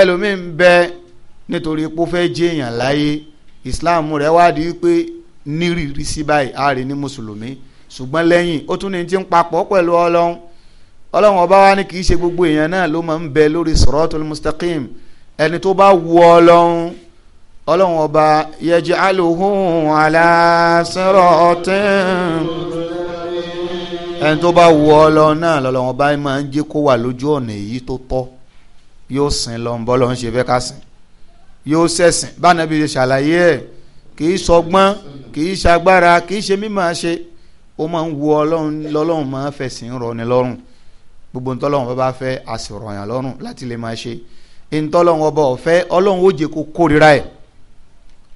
A: ẹlòmíì ń bẹ nítorí pé ó fẹ́ jẹ́yàn láyé islam rẹ̀ wá di pé nírìírí sí báyìí a rí ní mùsùlùmí ṣùgbọ́n lẹ́yìn ó tún ní ti ń papọ̀ pẹ̀lú ọlọ́run ọlọ́run ọba wa ní kì í ṣe gbogbo èèyàn náà ló máa ń bẹ lórí siratul mustaqim ẹni tó bá wu ọlọ́run ọlọ́run ọba yaj'aluhu ala siratin ẹni tó bá wọ ọ lọ náà lọ́lọ́wọ́n báyìí máa ń jẹ́ kó wà lójú ọ̀nà èyí tó tọ́ yóò sìn lọ bọ́ lọ́n ṣe fẹ́ ká sìn yóò sẹ̀sìn bánabi ṣe ṣàlàyé ẹ̀ kì í sọgbọ́n kì í ṣagbára kì í ṣe mímọ́ ṣe ó máa ń wo ọlọ́run lọ́lọ́run máa fẹ̀sìn rọ̀ ní lọ́rùn gbogbo ntọ́lọ́run bá fẹ́ àṣìròyìn lọ́rùn láti lè máa ṣe ntọ́lọ́run ọba ọ̀fẹ́ ọlọ́run ó jẹ́ kó kórira ẹ̀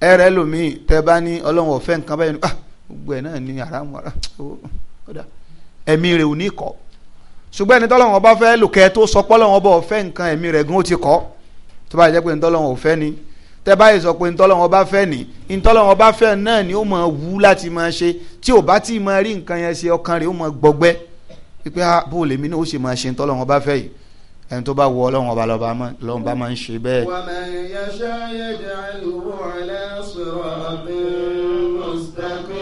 A: ẹ rẹ lómi tẹ bá ní ọlọ́run ọ̀fẹ́ nǹkan báyìí ah gbogbo ẹ̀ náà ní àràmù àràmù ó dà ẹ̀mí rẹ̀ ò ní kọ́ ṣùgbọ́n ẹni tọ́lọ́wọ́n ọba fẹ́ lò kẹ́ tó sọ pọ́lọ́wọ́n ọba ọ̀fẹ́ nǹkan ẹ̀mí rẹ̀ gan ó ti kọ́ tó bá jẹ́ pé ntọ́lọ́wọ́n ọ̀fẹ́ ni tẹ́ báyìí sọ pé ntọ́lọ́wọ́n ọba fẹ́ ni ntọ́lọ́wọ́n ọba fẹ́ náà ni ó máa wú láti máa ṣe tí ò bá tí máa rí nǹkan yẹn ṣe ọkàn rẹ̀ ó máa gbọgbẹ́ pípẹ́ ah, bó o lèmi náà ó ṣe máa ṣe ntọ́lọ́wọ́n ọba fẹ́ yìí ẹni tó bá wọ ọlọ́run man
C: yasha yaj'alhu ala siratin mustaqim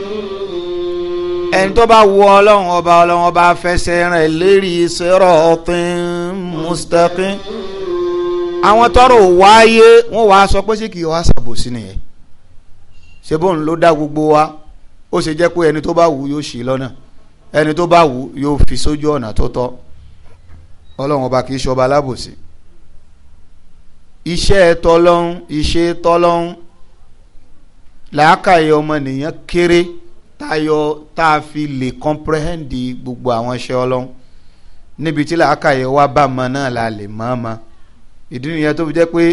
A: ẹni tó bá wọ ọlọ́run ọba ọlọ́run ọba fẹsẹ̀ rẹ̀ lérí siratin mustaqim àwọn tọrọ wáyé wọn wàá sọ pé ṣé kì í wá ṣàbòsí nìyẹn ṣé bóun ló dá gbogbo wa ó ṣe jẹ́ pé ẹni tó bá wù yóò ṣì lọ́nà ẹni tó bá wù yóò fi sójú ọ̀nà tó tọ́ ọlọ́run ọba kì í ṣọba alábòsí iṣẹ́ tọ́lọ́hún iṣẹ́ tọ́lọ́hún làákàyè ọmọnìyàn kéré tayọ tá a fi lè comprehend gbogbo àwọn iṣẹ́ ọlọ́run níbi tí làákàyè wa bá mọ náà la lè mọ́ ọmọ ìdí nìyẹn tó fi jẹ́ pé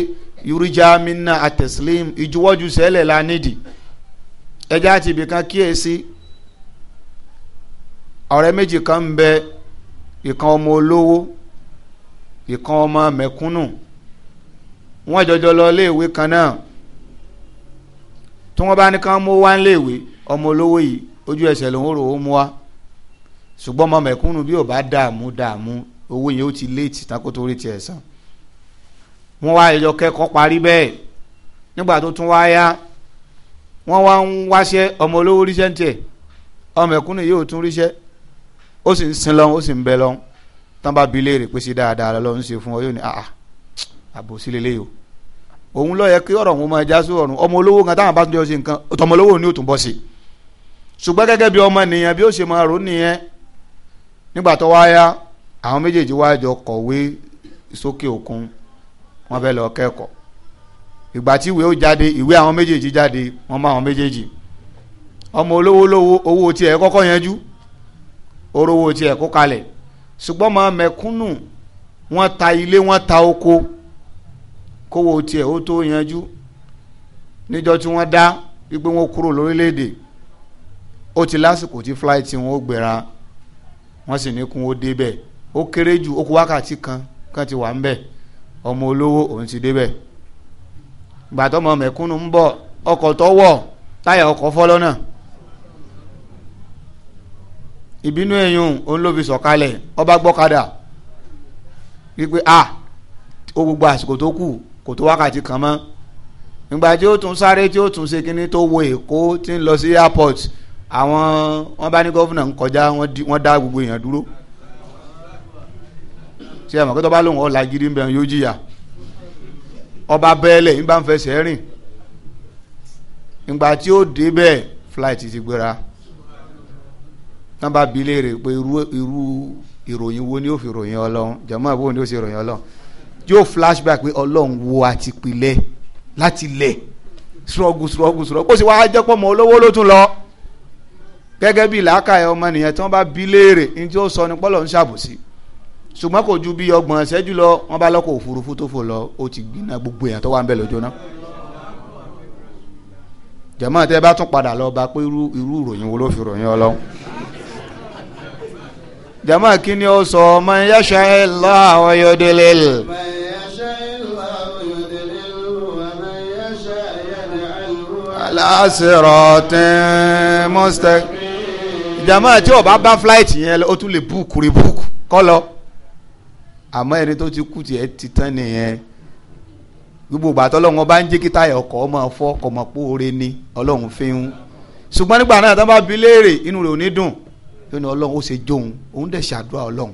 A: yorùjá minna àtẹ̀sílẹ̀m ìjuwọ́jú sẹ́lẹ̀ la nídìí ẹja àti ibìkan kíyèsí ọ̀rẹ́ méjì kan ń bẹ ìkan ọmọ olówó ìkan ọmọ mẹ̀kúnnù wọ́n jọjọ lọ léèwé kan náà tí wọ́n bá ní kán mú wá léèwé ọmọ olówó yìí ojú ẹsẹ̀ lòún rò ó mú wa ṣùgbọ́n ọmọ mẹ̀kúnnù bí ò bá dààmú dààmú owó yẹn ó ti léètì tako tó rí tiẹ̀ san wọ́n wá ẹjọ́ kẹ́kọ̀ọ́ parí bẹ́ẹ̀ nígbà tó tún wá yá wọ́n wá ń wáṣẹ́ ọmọ olówó ríṣẹ́ ń tiẹ̀ ọmọ mẹ̀kúnnù yìí ò tún ríṣẹ́ ó sì ń sin lọ́n ó sì ń bẹ lọ́n tán bá bi léèrè pé sí dáadáa lọ́n ń ṣe fún ọ yóò ní àà àbòsí lélẹ́yìí o òun ló yẹ kí ọ̀rọ̀ òun máa já sí ọ̀run ọmọ olówó kan táwọn bá tún jọ ṣe nǹkan ọmọ olówó ni ó tún bọ́ sí i ṣùgbọ́n gẹ́gẹ́ bí ọmọ nìyẹn bí ó ṣe máa rò nìyẹn nígbà tó wá yá àwọn méjèèjì wá jọ kọ̀wé sókè òkun wọ́n fẹ́ lọ kẹ́kọ̀ọ́ ìgbà tí ìwé ó jáde ìwé àwọn méjèèjì jáde wọ́n mọ àwọn méjèèjì ọmọ olówó lówó owó tiẹ̀ kọ́kọ́ yanjú orówó tiẹ̀ kó kalẹ̀ ṣùgbọ́n máa mẹ̀kúnnù wọ́n ta ilé wọ́n ta oko kówó tiẹ̀ ó tó yanjú níjọ́ tí wọ́n dá wípé wọ́n kúrò lórílẹ̀‐èdè ó ti lásìkò tí flight wọn ó gbéra wọ́n sì ní kún ó débẹ̀ ó kéré jù ó kù wákàtí kan kan ti wà ń bẹ̀ ọmọ olówó òun ti débẹ̀ gbàtọ́ ọmọ mẹ̀kúnnù ń bọ̀ ọkọ̀ tó wọ̀ táyà ọkọ̀ fọ́ lọ́nà ìbínú ẹ̀yùn òun ló fi sọ̀kalẹ̀ ọba gbọ́kadà wípé a ó gbogbo àsìkò tó kù kò tó wákàtí kan mọ́ nígbà tí ó tún sáré tí ó tún ṣe kínní tó wo èkó tí ń lọ sí airport àwọn wọn bá ní gọ́fúnà ń kọjá wọn dá gbogbo èèyàn dúró ṣé àmọ́ kótó bá lóun ọ̀la gidi nbẹ̀rún yóò jìyà ọba bẹ́ẹ̀lẹ̀ ń bá ń fẹsẹ̀ rìn ìgbà tí ó dé bẹ́ẹ̀ flight ti gbéra nọ́mbà bíi léèrè pé irú ìròyìn wo ni ó fi ròyìn ọlọ́run jẹ̀mọ́ ìwọ ni ó ṣe ròyìn ọlọ́run yóò flashback pé ọlọ́run wo àti pilẹ̀ láti lẹ̀ struggle struggle struggle kó sì wá jẹ́ pọ̀ mọ́ olówó ló tún lọ gẹ́gẹ́ bí làákàyè ọmọnìyàn tí wọ́n bá bí léèrè ní tí ó sọ ní pọ́lọ̀ ń ṣàbòsí ṣùgbọ́n kò ju bí ọgbọ̀n ṣẹ́jú lọ wọ́n bá lọ́kọ̀ òfurufú tó fò lọ ó ti gbiná gbogbo èèyàn tó wà ń bẹ̀ lọ́jọ́ náà jẹ̀mọ́ tẹ́ bá tún padà lọ bá pé irú ìròyìn wo ló fi ròyìn ọlọ́run jama kini o sọ man yasha illah wa yudlil. ala siratin mustaqim jama tí o bá flight yẹn o tún lè búùkù rí búùkù kọ́ lọ àmọ́ ẹni tó ti kú tiẹ̀ ti tán nìyẹn gbogbo ìgbà tó lọ́wọ́ bá ń jẹ́ kí táyà ọkọ̀ ọmọ ọ̀fọ́ ọkọ̀ ọmọ póore ni ọlọ́run fi ń ṣùgbọ́n nígbà náà tó bá bi léèrè inú rẹ̀ ò ní dùn yóò ní ọlọ́run ó ṣe jóun òun dẹ̀ ṣàdúrà ọlọ́run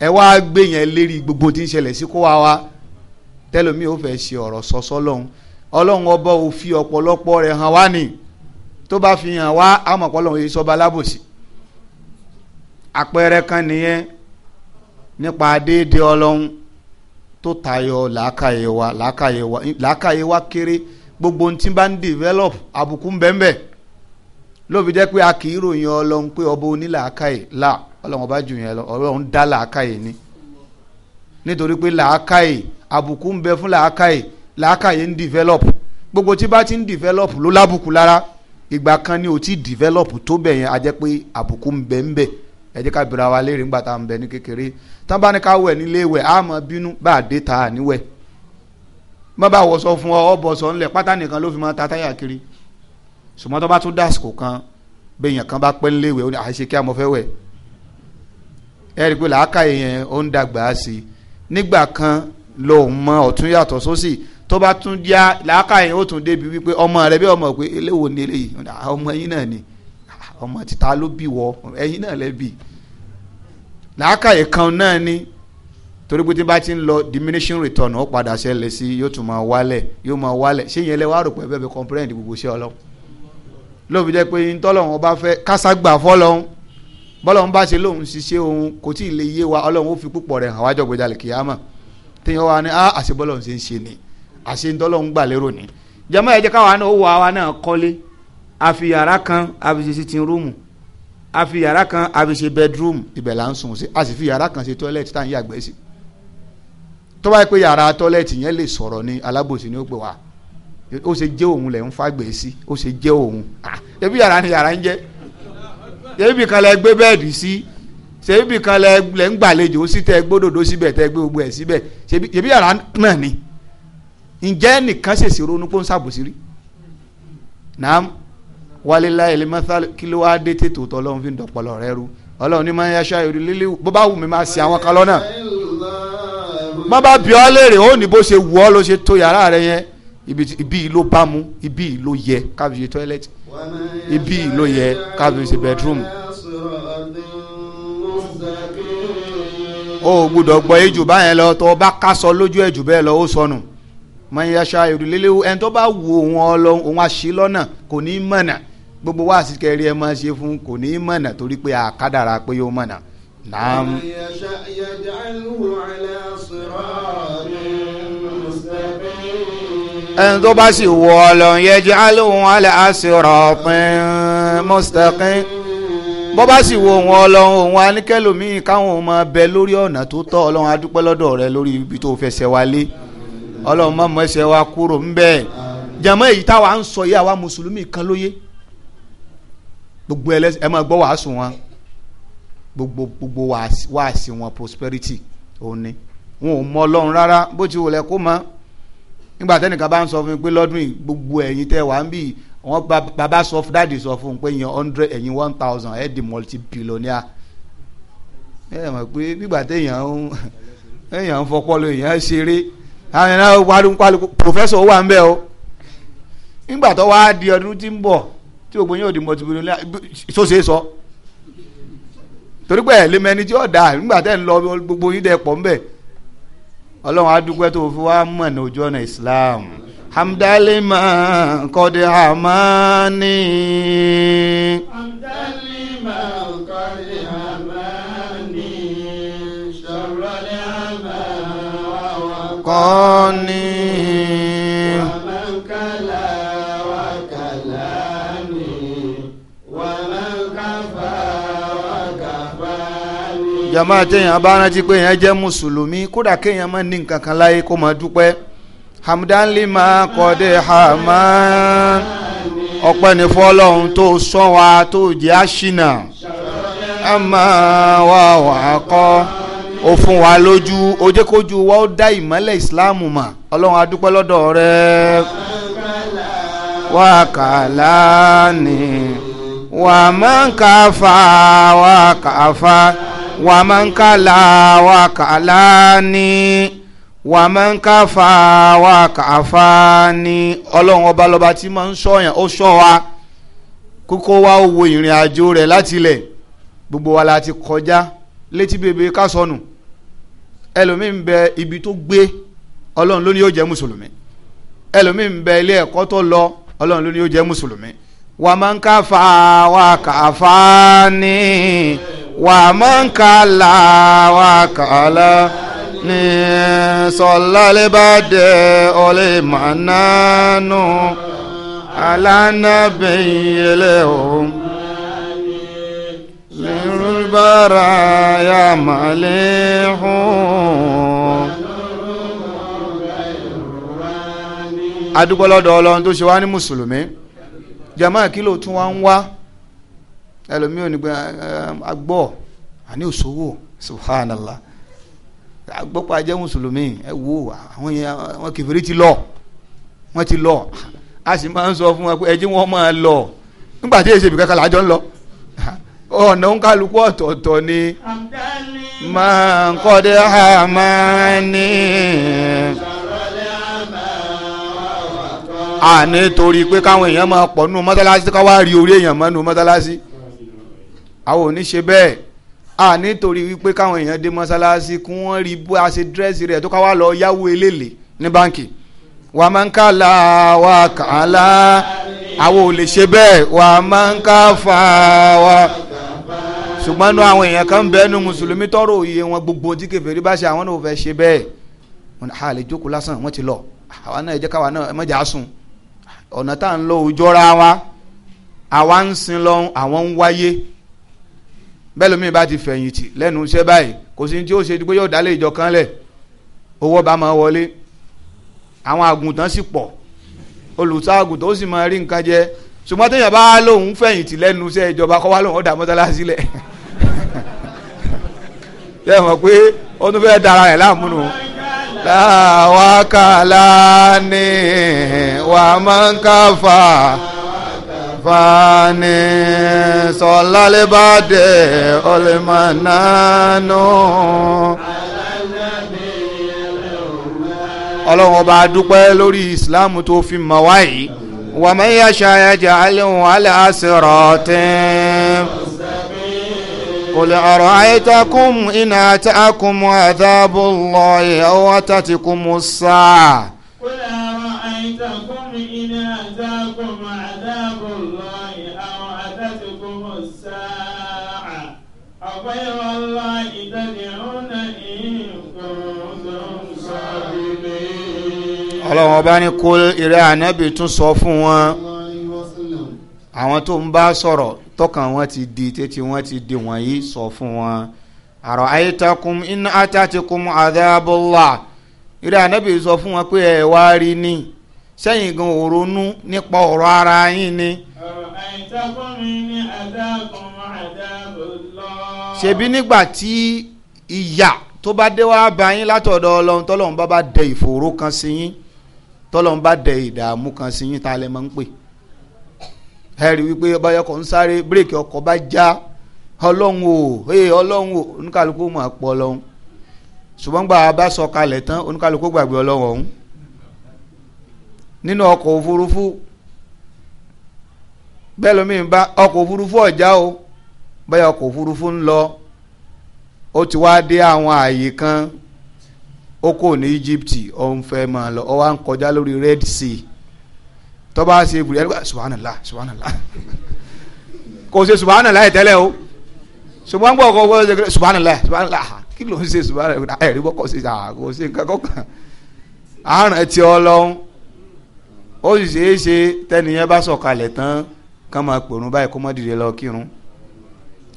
A: ẹ wá gbé yẹn lérí gbogbo tí ń ṣẹlẹ̀ sí kó wá wá tẹ́lómi ò fẹ́ ṣe ọ̀rọ̀ sọ́sọ́ lọ́hùn ọlọ́run ọba ò ọ̀pọ̀lọpọ̀ rẹ̀ hàn wá nìyí tó bá fi hàn wá àmọ̀pọ̀lọ́ yìí sọba alábòsí àpẹẹrẹ kan nìyẹn nípa déédéé ọlọ́run tó tayọ làákàyè wa làákàyè wa làákàyè wa kéré gbogbo ntí bá ń develop àbùkù bẹ́ẹ̀nbẹ́ lóbi jẹ́ pé a kì í ròyìn ọlọ́run pé ọba onílàákàyè là ọlọ́run ọba jù ọlọ́run dá làákàyè ni nítorí pé làákàyè àbùkù ń bẹ fún làákàyè làákàyè ń develop gbogbo tí bá ti ń develop ló lábùkù lára. La ìgbà kan ni o ti develop tó bẹ̀ yẹn a jẹ́ pé àbùkù ń bẹ ń bẹ ẹ jẹ́ ká bira wa léèrè ńgbà tá à ń bẹ ní kékeré tán bá ní ká wẹ̀ nílé wẹ̀ á mọ bínú bá a dé ta níwẹ̀ má bá wọ̀sọ fún ọ ọbọ̀ sọ ńlẹ̀ pátá nìkan ló fi máa ta táyà kiri ṣùgbọ́n tó bá tún dásìkò kan bẹ́ẹ̀ yẹn kan bá pẹ́ nílé wẹ̀ ó ní àṣẹ kí a mọ̀ fẹ́ wẹ̀ ẹ rí i pé làákà yẹn ó ń dàgbà sí nígbà kan lòun mọ ọ̀tún yàtọ̀ sósì tó bá tún já làákà yẹn ó tún débi wípé ọmọ rẹ bí ọmọ pé eléwo ni eléyìí ah, ọmọ yín náà ni ah, ọmọ títa ló bí wọ ẹ̀yin náà lẹ bí làákà yẹn kan náà ni torí pé tí bá ti ń lọ diminishing return ó padà ṣẹlẹ̀ sí yóò tún máa wálẹ̀ yóò máa wálẹ̀ ṣé yẹn lẹ wá rò pé bẹ́ẹ̀ bẹ́ẹ̀ comprehend gbogbo ṣé ọlọ́run lóbi jẹ́ pé ntọ́lọ́run ọba fẹ́ káságbà fọ́lọ́run bọ́lọ́run bá ṣe lóun ṣiṣẹ́ òun kò tí ì lè yé wa ọlọ́run ó fi púpọ̀ rẹ̀ hàn wájọ́ gbẹdàlẹ̀ kìyàmọ̀ téèyàn wá ní ah, àṣebọ́lọ́run ṣe ń ṣe ni àṣeyìntọ́lọ́ ń gbà lérò ní. jama ẹ jẹ́ káwa náà ó wọ àwa náà kọ́lé a fi yàrá kan a fi ṣe sitting room a fi yàrá kan a fi ibẹ̀ là ń sùn sí a sì fi yàrá kan ṣe toilet tá à ń yàgbẹ́ sí. tó bá yẹ pé yàrá toilet yẹn lè sọ̀rọ̀ ni alábòsí ni ó pè wá ó ṣe jẹ́ òun lẹ̀ ń fàgbẹ́ sí ó ṣe jẹ́ òun ẹbí yàrá ni yàrá ń jẹ́ ṣebí kan lẹ gbé bẹ́ẹ̀dì sí ṣebí kan lẹ ń gbàlejò sí tẹ gbódòdó síbẹ̀ tẹ gbé gbogbo ẹ̀ síbẹ̀ ṣebí yàrá náà ni ǹjẹ́ nìkan ṣèṣì ronú pé ń ṣàbòsí rí naam wàlélá ẹlẹ́mọ́tà kí ló wá dé tètò tọ́ ọlọ́run fi ń dọ̀pọ̀lọ̀ rẹ rú ọlọ́run ní máa ń yaṣọ ayò líle bó bá wù mí máa ṣe àwọn kan lọ́nà má bá bí ọ léèrè ó ní bó ṣe wù ọ ló ṣe tó yàrá rẹ yẹn ibi yìí ló ibi yìí ló yẹ káfí ṣe tọ́ílẹ̀tì ibi yìí ló yẹ káfí ṣe bẹ́drúmù. o gbúdọ̀ gbọ́ ejò báyẹn lọ tó o bá ká sọ lójú ẹ̀jù bẹ́ẹ̀ lọ ó sọnù mọ̀nyáṣá ìrùlélẹ́wọ́ ẹni tó bá wo òun ọlọ́run òun àṣì lọ́nà kò ní mọ̀nà gbogbo wa sì kẹrí ẹ máa ṣe fún kò ní mọ̀nà torí pé àkádàrà pé yóò mọ̀nà. ẹni tó bá sì wo ọlọ́run yaj'alhu ala siratin mustaqim bọ́ bá sì wo òun ọlọ́run òun aníkẹ́lòmíì káwọn ọmọ bẹ lórí ọ̀nà tó tọ́ ọlọ́run adúpẹ́ lọ́dọ̀ rẹ lórí ibi tó fẹsẹ̀ wálé ọlọ́run má mú ẹsẹ̀ wa kúrò ńbẹ̀ jàmọ́ èyí táwa ń sọ yìí àwa mùsùlùmí kan lóye gbogbo ẹlẹ́sìn ẹ máa gbọ́ wàásù wọn gbogbo gbogbo wàásì wọn prosperity òun ni wọn ò mọ ọlọ́run rárá bó ti wọlé kó mọ́ nígbà tẹ́nìkan bá ń sọ fún mi pé lọ́dún yìí gbogbo ẹ̀yin tẹ́ wàá ń bì wọ́n bàbá sọ dáàdì sọ fún un pé yan hundred ẹ̀yin one thousand ẹ̀ multi billionaire ẹ mọ̀ pé nígbà téèyàn ń èèyàn ń fọpọ́ lóyìn ẹ̀ ṣeré àwọn ẹ̀rọ wàlúùkọ́ professor wà ń o nígbà tó wá di ọdún tí ń bọ̀ tí gbogbo yóò di mọ̀tìmọ̀tì tó ṣe sọ torí pé tí ó dà nígbà tẹ́ ń lọ gbogbo dẹ̀ pọ̀ ń bẹ̀ ọlọ́run tó fi wá mọ̀
B: وأتقاني ومن
C: كلا وكلاني ومن كفى
A: وكفاني jàmáà téèyàn bá rántí pé èèyàn ní kan láyé kó máa hamdan lima kọ́dé tó sọ wa tó jẹ́ àṣìnà wà wà kọ ó fún wa lójú ó jẹ́ kójú wa ó dá ìmọ́lẹ̀ ìsìláàmù mà ọlọ́run adúpẹ́ lọ́dọ̀ rẹ. wákàlá ni wà máa ń kà fà wà kà fà wà máa ń kà là wà kà là ni wà máa ń kà fà wà kà fà ni ọlọ́run ọba lọ́ba tí máa ń sọ̀yàn ó sọ wa kókó wa ó wo ìrìn àjò rẹ̀ láti ilẹ̀ gbogbo wa la ti kọjá létí bèbè ká sọnù ẹlòmíì ń ibi tó gbé ọlọ́run ló yóò jẹ́ mùsùlùmí ẹlòmíì ń bẹ ilé ẹ̀kọ́ tó lọ ọlọ́run yóò jẹ́ mùsùlùmí. wà á ni wà á máa ń kala la wà á ni sọlálẹ́bàdẹ ọ̀lẹ́ màánánú alánàbẹ̀yẹlẹ́ ọ̀hún. البرايا مليح adúpẹ́ lọ́dọ̀ ọlọ́run tó ṣe wá ní mùsùlùmí jama kí ló tún wá ń wá ẹlòmíì ò ní gbé agbọ́ àní òṣòwò subhanallah agbọ́pọ̀ ajẹ́ mùsùlùmí ẹ wo àwọn yẹn wọn kèfèrí ti lọ wọn ti lọ a sì máa ń sọ fún wa pé ẹjí wọn máa lọ nígbà tí èsèbí kankan làájọ ń lọ ọ̀nà ń kálukú ọ̀tọ̀ọ̀tọ̀ ni máa ń kọ́dé àmà ni. àní torí pé káwọn èèyàn máa pọ̀ nù mọ́tálásí ká wá rí orí èèyàn mọ́ nù mọ́tálásí àwọn ò ní ṣe bẹ́ẹ̀ a nítorí wípé káwọn èèyàn dé mọ́sálásí kí wọ́n rí bó a ṣe dírẹ́sì rẹ̀ tó ká wá lọ yáwó eléèlé ní báǹkì wà máa ń ká la wà kàn án la àwọn ò lè ṣe bẹ́ẹ̀ wà máa ń ká fà á ṣùgbọ́n nu àwọn èèyàn kan bẹ́ẹ̀ nu mùsùlùmí tọrọ òye wọn gbogbo tí kèfèrí bá ṣe àwọn náà ò fẹ́ ṣe bẹ́ẹ̀ wọn ha ah, lè jókòó lásán wọn ti lọ àwa náà ẹ káwa náà ẹ mọ̀jà sùn ọ̀nà tá à ń lọ òjọ́ra wa àwa ń sin lọ àwọn ń wáyé bẹ́ẹ̀ lómi bá ti fẹ̀yìntì lẹ́nu iṣẹ́ báyìí kò sí ní tí ó ṣe pé yóò dálé ìjọ kan lẹ̀ owó bá máa wọlé àwọn àgùntàn sì pọ̀ olùsọ àgùntàn ṣùgbọ́n téèyàn bá lóun fẹ̀yìntì lẹ́nu iṣẹ́ ìjọba kọ́ wá lóun ó dá mọ́tálásí (laughs) yẹ mọ̀ pé ó tún dara rẹ̀ láàmúnú. láwákàlà ni wà máa ń káfà fani sọlálébàdé olèmọ̀nánú. ọlọ́run ọba dúpẹ́ lórí ìsìláàmù tó fi mọ̀ wáyìí wàmẹ́yà ṣayẹjẹ alẹ́ òun alẹ́ àṣírọ̀ tẹ́ẹ́. قل أرأيتكم إن أتاكم عذاب الله أو أتتكم الساعة
B: قل أرأيتكم إن أتاكم عذاب الله أو أتتكم الساعة أغير الله تدعون إن كنتم صادقين
A: ọlọ́run ọba ní kó ìrẹ́ ànábì tún sọ fún wọn àwọn tó ń bá sọ̀rọ̀ tọkàn wọn ti di tètè wọn ti di wọ̀nyí sọ fún wọn. àrò àyètàkùn iná àtàtìkùn àdàbọ̀là ìrẹ́ ànábì sọ fún wọn pé ẹ̀ wá rí ni sẹ́yìn gan ò ronú nípa ọ̀rọ̀ ara yín ni.
B: àrò àyètàkùn iná àtàkùn àdàbọ̀là.
A: ṣebí nígbà tí ìyà tó bá dé wá bá yín látọ̀dọ̀ ọlọ́run tọ́lọ́run bá bá dẹ ìfòòró kan sí yín tọ́lọ́run bá dẹ ìdààmú kan sí yín tá a lè máa ń pè ẹ̀rí wípé báyọ̀kọ̀ ń sáré bírèkì ọkọ̀ bá já ọlọ́run o ee ọlọ́run o oníkàlùkù mọ̀ ọ́ ọlọ́run ṣùgbọ́n sọ kalẹ̀ tán oníkàlùkù gbàgbé ọlọ́run ọ̀hún nínú ọkọ̀ òfurufú bẹ́ẹ̀ ọkọ bá ọkọ̀ òfurufú o báyọ̀ ọkọ̀ òfurufú ń lọ ó ti wá dé àwọn ààyè kan ó kò Red Sea tó bá ṣe burú ẹni kó ah, subhanallah subhanallah kò ṣe subhanallah yẹ tẹ́lẹ̀ o ṣùgbọ́n gbọ́ kó kó ṣe subhanallah subhanallah ah, kilo ló ń ṣe subhanallah ah, ẹ̀rí bọ́ kó ṣe kó ṣe nǹkan kọ́kàn àrùn ẹtì ọlọ́run ó sì ṣeé ṣe tẹ́niyẹn bá sọ̀kalẹ̀ tán kán máa pèrún báyìí kó má dìde lọ kírun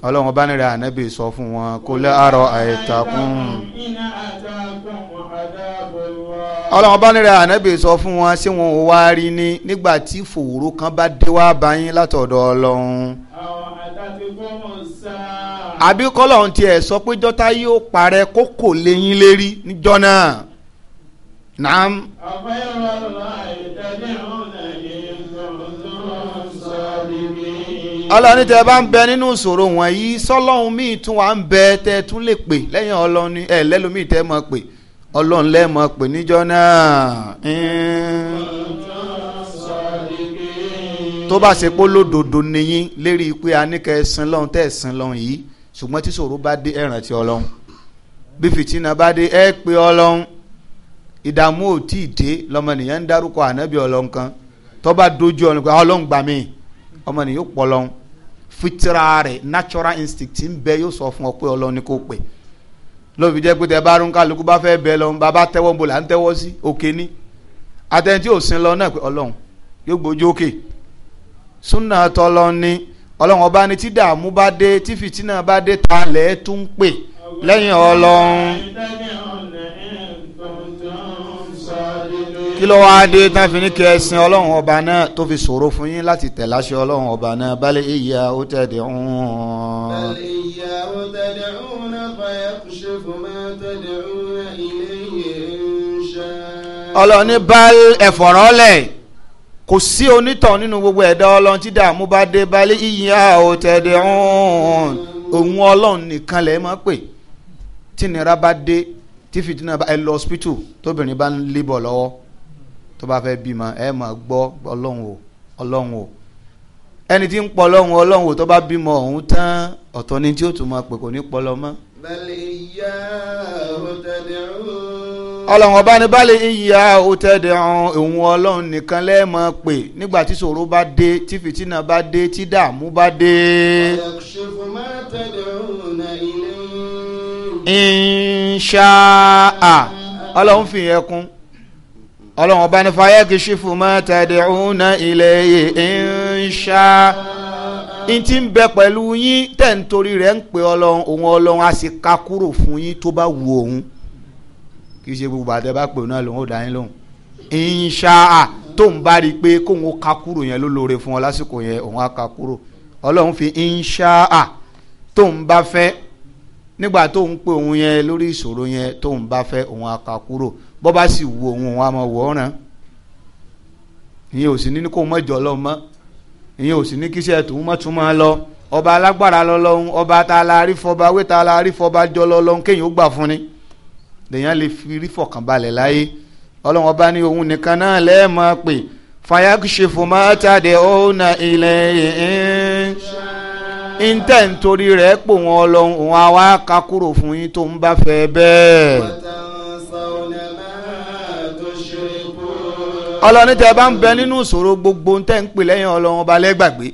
A: ọlọ́run bá nírẹ̀ ànábì sọ fún wọn kó lẹ́ àárọ̀ àìtàkùn ọlọ́run bá nírẹ̀ ànábì sọ fún wọn ṣé wọn ò wá rí ni nígbà tí fòwúrò kan bá dé wá bá yín látọ̀dọ̀ ọlọ́run. àwọn àtàkì fọ́mọ̀ sá. àbí kọ́lọ́run tiẹ̀ sọ pé jọ́tá yóò parẹ́ kó kò léyìn lérí níjọ́ náà. naam. àfẹ́rọ̀ tẹ bá ń bẹ nínú ìṣòro wọ̀nyí sọ́lọ́hún míì tún wà ń bẹ tẹ tún lè pè lẹ́yìn ọlọ́ni ẹ̀ lẹ́lòmíì tẹ mọ̀ pè ọlọ́run lẹ́ẹ̀mọ́ pè níjọ́ náà tó bá ṣe pé lódodo nìyín lérí pé a ní kẹ́ ẹ sin lọ́hún tẹ́ ẹ sin lọ́hún yìí ṣùgbọ́n tí ṣòro bá dé ẹ̀ràn ti ọlọ́hún bí fìtínà bá dé ẹ pé ọlọ́hún ìdààmú ò tí ì dé lọ́mọnìyàn ń dárúkọ ànábì ọlọ́hún kan tó bá dojú ọlọ́hún pé ọlọ́hún gbà mí ọmọnìyàn yóò pọ̀ ọlọ́hún fitira rẹ̀ natural instinct ń bẹ yóò sọ fún ọ pé ọlọ́hún ni kò pè é ló fi jẹ́ pé tẹ bá rún kálukú bá fẹ́ bẹ lọ bàbá tẹ́wọ́ bò là ń tẹ́wọ́ sí òkè ní atẹ́ni tí ò sin lọ náà pé ọlọ́run yóò gbójú òkè súnà tọ́lọ ni ọlọ́run ọba ni tí dààmú bá dé tí fìtínà bá dé ta lẹ́ẹ̀ pè lẹ́yìn ọlọ́run. kí ló wáá dé tán fi ní kí ẹ sin ọlọ́run ọba náà tó fi ṣòro fún yín láti tẹ̀ láṣẹ ọlọ́run ọba náà balẹ̀ ìyá ó tẹ̀dí ń. balẹ̀ ìyá
C: ó tẹ̀dí ń nàfà ẹ̀kúṣe fún mi tẹ̀dí ń
A: ilé yẹn ń ṣá. ọlọ́ni bá ẹ̀fọ̀rọ̀ kò sí onítàn nínú gbogbo ẹ̀dá ọlọ́run tí dààmú bá dé balẹ̀ ìyá ó tẹ̀dí ń òun ọlọ́run hospital tóbìnrin bá ń lébọ̀ tó bá fẹ́ bímọ ẹ máa gbọ́ ọlọ́run o ọlọ́run o ẹni tí ń pọ ọlọ́run ọlọ́run o tó bá bímọ ọ̀hún tán ọ̀tọ̀ ni tí ó tún máa pè kò ní pọlọ mọ́.
C: balẹ̀ ìyá òtẹ̀dẹ̀ ọ̀hún.
A: ọlọ́run ọba ní balẹ̀ ìyá òtẹ̀dẹ̀ ọ̀hún òun ọlọ́run nìkan lẹ́ẹ̀ máa pè nígbà tí ṣòro bá dé tí fìtínà bá dé tí dààmú bá dé. ọ̀yàkùsẹ̀fọ̀ máa tẹ̀dẹ̀ ọ̀hún ọlọ́run ọba ní fayẹ́ kì í ṣe fún mọ́ tẹ̀dẹ̀ òun náà ilẹ̀ ìṣá n ti ń bẹ pẹ̀lú yín tẹ̀ ń torí rẹ̀ ń pè ọlọ́run òun ọlọ́run á sì ká kúrò fún yín tó bá wù òun kì í ṣe gbogbo àtẹ bá pè náà lòun ò dá yín lóhùn ìṣá tó ń bá rí i pé kóun ó ká kúrò yẹn ló lóore fún ọ lásìkò yẹn òun á ká kúrò ọlọ́run fi ìṣá tó ń bá fẹ́ nígbà tó ń pè òun yẹn lórí ìṣòro yẹn tó ń bá fẹ́ òun á ká kúrò bọ́ bá sì wo òun òun àmọ́ wò ó ràn ìyẹn ò sì ní kó mọ̀jọ́ lọ mọ́ ìyẹn ò sì ní lọ ọba alágbára ọba tá la rí fọba wé jọ kéèyàn ó gbà fún ni lè fi rí fọkànbalẹ̀ láyé ọlọ́run ọba ní òun nìkan náà lẹ́ẹ̀mọ́ pé ọ̀nà ilẹ̀ yìí rẹ̀ pò fún yín tó ń bá
C: ọlọ́ni tẹ́ bá ń bẹ nínú
A: ìṣòro gbogbo ń tẹ́ ń pè lẹ́yìn ọlọ́run ọba lẹ́gbàgbé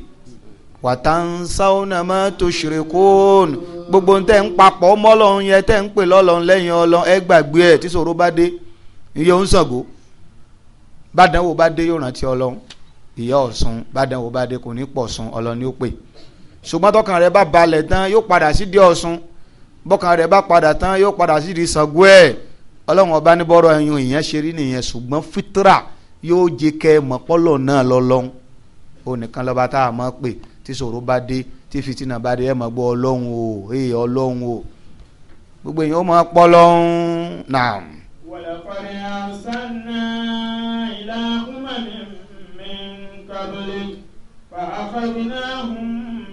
A: wàtánsáwọ́nà má tó ṣeré kóòn gbogbo ń tẹ́ ń papọ̀ mọ́lọ́run yẹn tẹ́ ń pè lọ́lọ́run lẹ́yìn ọlọ́run ẹ gbàgbé ẹ̀ tí ìṣòro bá dé iye ń sàngó bàdánwò bá dé yóò rántí ọlọ́run ìyá ọ̀sùn bàdánwò bá dé kò ní pọ̀ sùn ọlọ́run ni ó pè ṣùgbọ́n tọkàn rẹ bá balẹ̀ tán yóò padà sídìí ọ̀sùn bọ́kàn rẹ̀ bá padà tán yóò padà sí di Ṣàngó ẹ̀ ọlọ́run ọba ní bọ́rọ̀ ẹ̀yìn ìyẹn ṣe rí nìyẹn ṣùgbọ́n fitra yóò jẹ kẹ́ mọ̀pọ́lọ̀ náà lọ́lọ́hún onìkan lọ́ba tá a mọ̀ pé tí ṣòro bá dé tí fìtínà bá dé ẹ̀ mọ̀ gbọ́ ọlọ́hun o èyí ọlọ́hun o gbogbo èèyàn ó mọ̀ pọ́ lọ́hún náà.
B: ولقد أرسلنا إلى أمم من قبلك فأخذناهم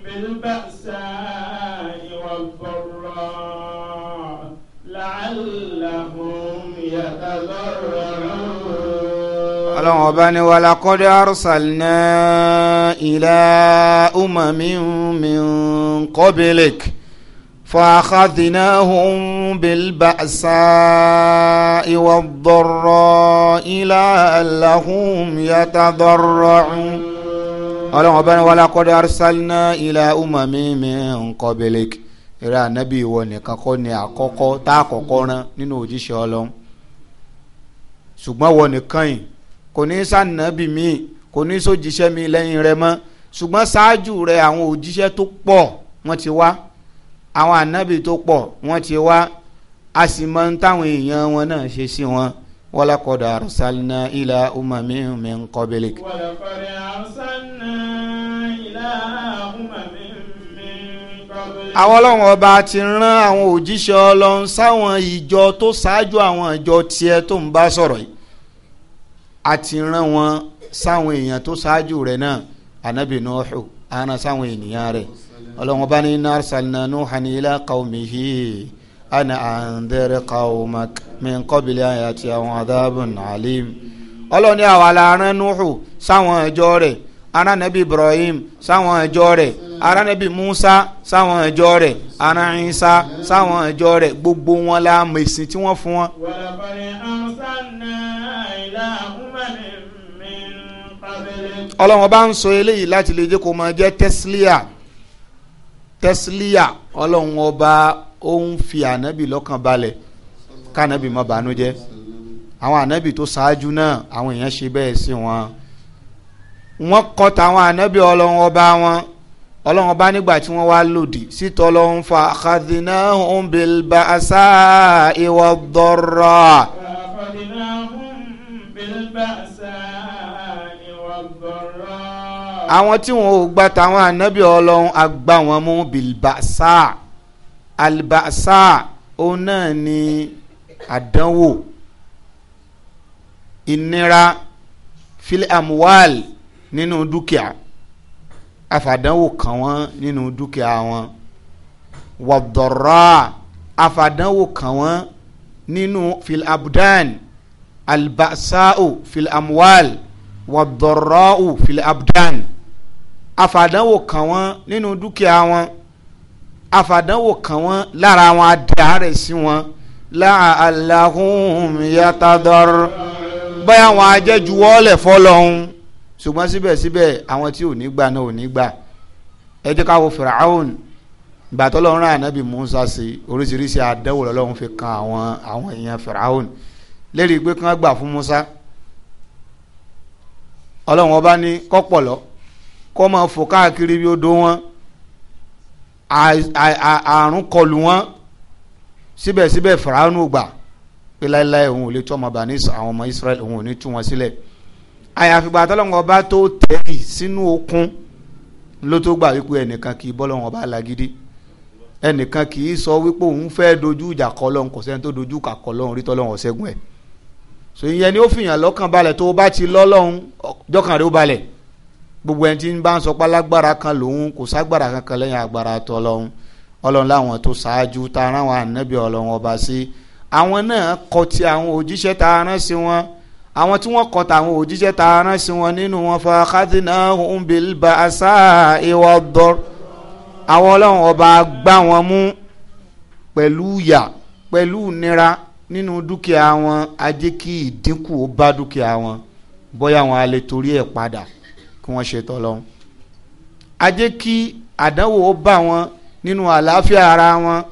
B: بالبأساء والضراء لعلهم
A: ọlọ́run ọba ni wàlá kọ́dé arsalna ila umamin min qabilik fàkàdínàhùn bilbàṣà ìwàdọ̀rọ̀ ìlàlàhùn yàtàdọ̀rọ̀ọ̀hún. ọlọ́run ọba ni wàlá kọ́dé arsalna ila umamin min qabilik ìrẹ́ ànábì ìwọ nìkan kọ́ ni àkọ́kọ́ tá àkọ́kọ́ rán nínú òjíṣẹ́ ọlọ́run ṣùgbọ́n wọ nìkan yìí kò ní sànàbì míì kò ní sójíṣẹ́ mi lẹ́yìn rẹ mọ́ ṣùgbọ́n ṣáájú rẹ àwọn òjíṣẹ́ tó pọ̀ wọ́n ti wá àwọn ànábì tó pọ̀ wọ́n ti wá a sì mọ táwọn èèyàn wọn náà ṣe sí wọn walaqad arsalna ila umamin min qablik.
B: walaqad arsalna ila umamin min qablik. àwọn ọlọ́run ọba
A: ti rán àwọn òjíṣẹ́ ọlọ́run sáwọn ìjọ tó ṣáájú àwọn ìjọ tiẹ̀ tó ń bá sọ̀rọ̀ yìí a ti rán wọn sáwọn èèyàn tó ṣáájú rẹ̀ náà anabi nuhu ana sáwọn ènìyàn rẹ̀ ọlọ́wọ́n bá ní inna arsalna nuhan ila qawmihi ana andhir qawmak min qabli ayati àwọn adhabun alim ọlọ́ni àwa la rán nuhu sáwọn ẹjọ́ rẹ̀ ara nabi ibrahim sáwọn ẹjọ rẹ̀ ara nabi musa sáwọn ẹjọ rẹ̀ ara isa sáwọn ẹjọ rẹ̀ gbogbo wọn la mọ èsì tí wọ́n fún wọn. ọlọ́wọ́n bá ń sọ eléyìí láti lè jẹ́ kó máa jẹ́ tẹ́sílíà tẹ́sílíà ọlọ́wọ́n ọba ó ń fi ànábì lọ́kàn balẹ̀ kánábì má bànújẹ́ àwọn ànábì tó ṣáájú náà àwọn èèyàn ṣe bẹ́ẹ̀ sí wọn wọ́n kọ́ tàwọn ànábì ọlọ́run ọba wọn ọlọ́run ọba nígbà tí wọ́n wá lòdì sítọ́ ọlọ́run fa akhadhnahum bil ba'sa'i wad darra.
B: akhadhnahum bil ba'sa'i wad darra.
A: àwọn tí wọn ò gba tàwọn ànábì ọlọ́run àgbà wọn mú bil ba'sa' òun náà ni àdánwò ìnira fil nínú dúkìá afàdánwò kàn wọ́n nínú dúkìá wọn wàdọ̀rọ̀ afàdánwò kàn wọ́n nínú fil abdan albasa'u fil amwal wàdọ̀rọ̀ fil abdan afàdánwò kàn wọ́n nínú dúkìá wọn afàdánwò kàn wọ́n lára wọn adàárẹ̀ sí wọn la'allahum báyà wọn ajẹ́juwọ́ lẹ̀ fọlọ́hún ṣùgbọ́n síbẹ̀síbẹ̀ àwọn tí ò ní gbà náà ò ní gbà ẹ jẹ́ ká wo Firaun gbàtọ́ lọ́run rán ànábì Musa sí oríṣiríṣi àdánwò lọ́lọ́run fi kan àwọn àwọn èèyàn Firaun lérí pé kí wọ́n gbà fún Musa ọlọ́run ọba ní kọ́pọ̀lọ́ kọ́ máa fò káàkiri bí ó dó wọn àrùn kọlù wọn síbẹ̀síbẹ̀ Firaun gbà pé láéláé òun ò lè tọ́ ọmọ bàní àwọn ọmọ Israẹli òun ò ní tú wọn sílẹ̀. Si àyàfi gbà tọ́lọ́wọ́n ọba tó tẹ̀rì sínú okun ló tó gbà wípé ẹnìkan kì í bọ́ lọ́wọ́n ọba lágídí ẹnìkan kì í sọ wípé òun fẹ́ dojú ìjà kọ lọ́hún kò sẹ́ni tó dojú ìjà kọ lọ́hún rí tọ́lọ́hún ọ̀sẹ́gun ẹ̀ so ìyẹn ni ó fìyàn lọ́kàn balẹ̀ tó o bá ti lọ́lọ́hún jọ́kàn rẹ̀ ó balẹ̀ gbogbo ẹni tí ń bá ń sọ pálágbára kan lòun kò ságbára kankan lẹ́yìn agbára tọ́lọ́hún ọlọ́run láwọn tó ṣáájú ta ara wọn ọlọ́run ọba sí àwọn náà kọ ti àwọn òjíṣẹ́ ta aránsí wọn àwọn tí wọ́n kọta àwọn òjíṣẹ́ tá a sí wọn nínú wọn fa khadnahum bil ba'sa'i wad-dar àwọn ọlọ́run ọba gbá wọn mú pẹ̀lú yà pẹ̀lú nira nínú dúkìá wọn ajé kí ìdínkù ó bá dúkìá wọn bóyá wọn a lè torí ẹ̀ padà kí wọ́n ṣe tọ́lọ́run ajé kí àdánwò ó bá wọn nínú àlàáfíà ara wọn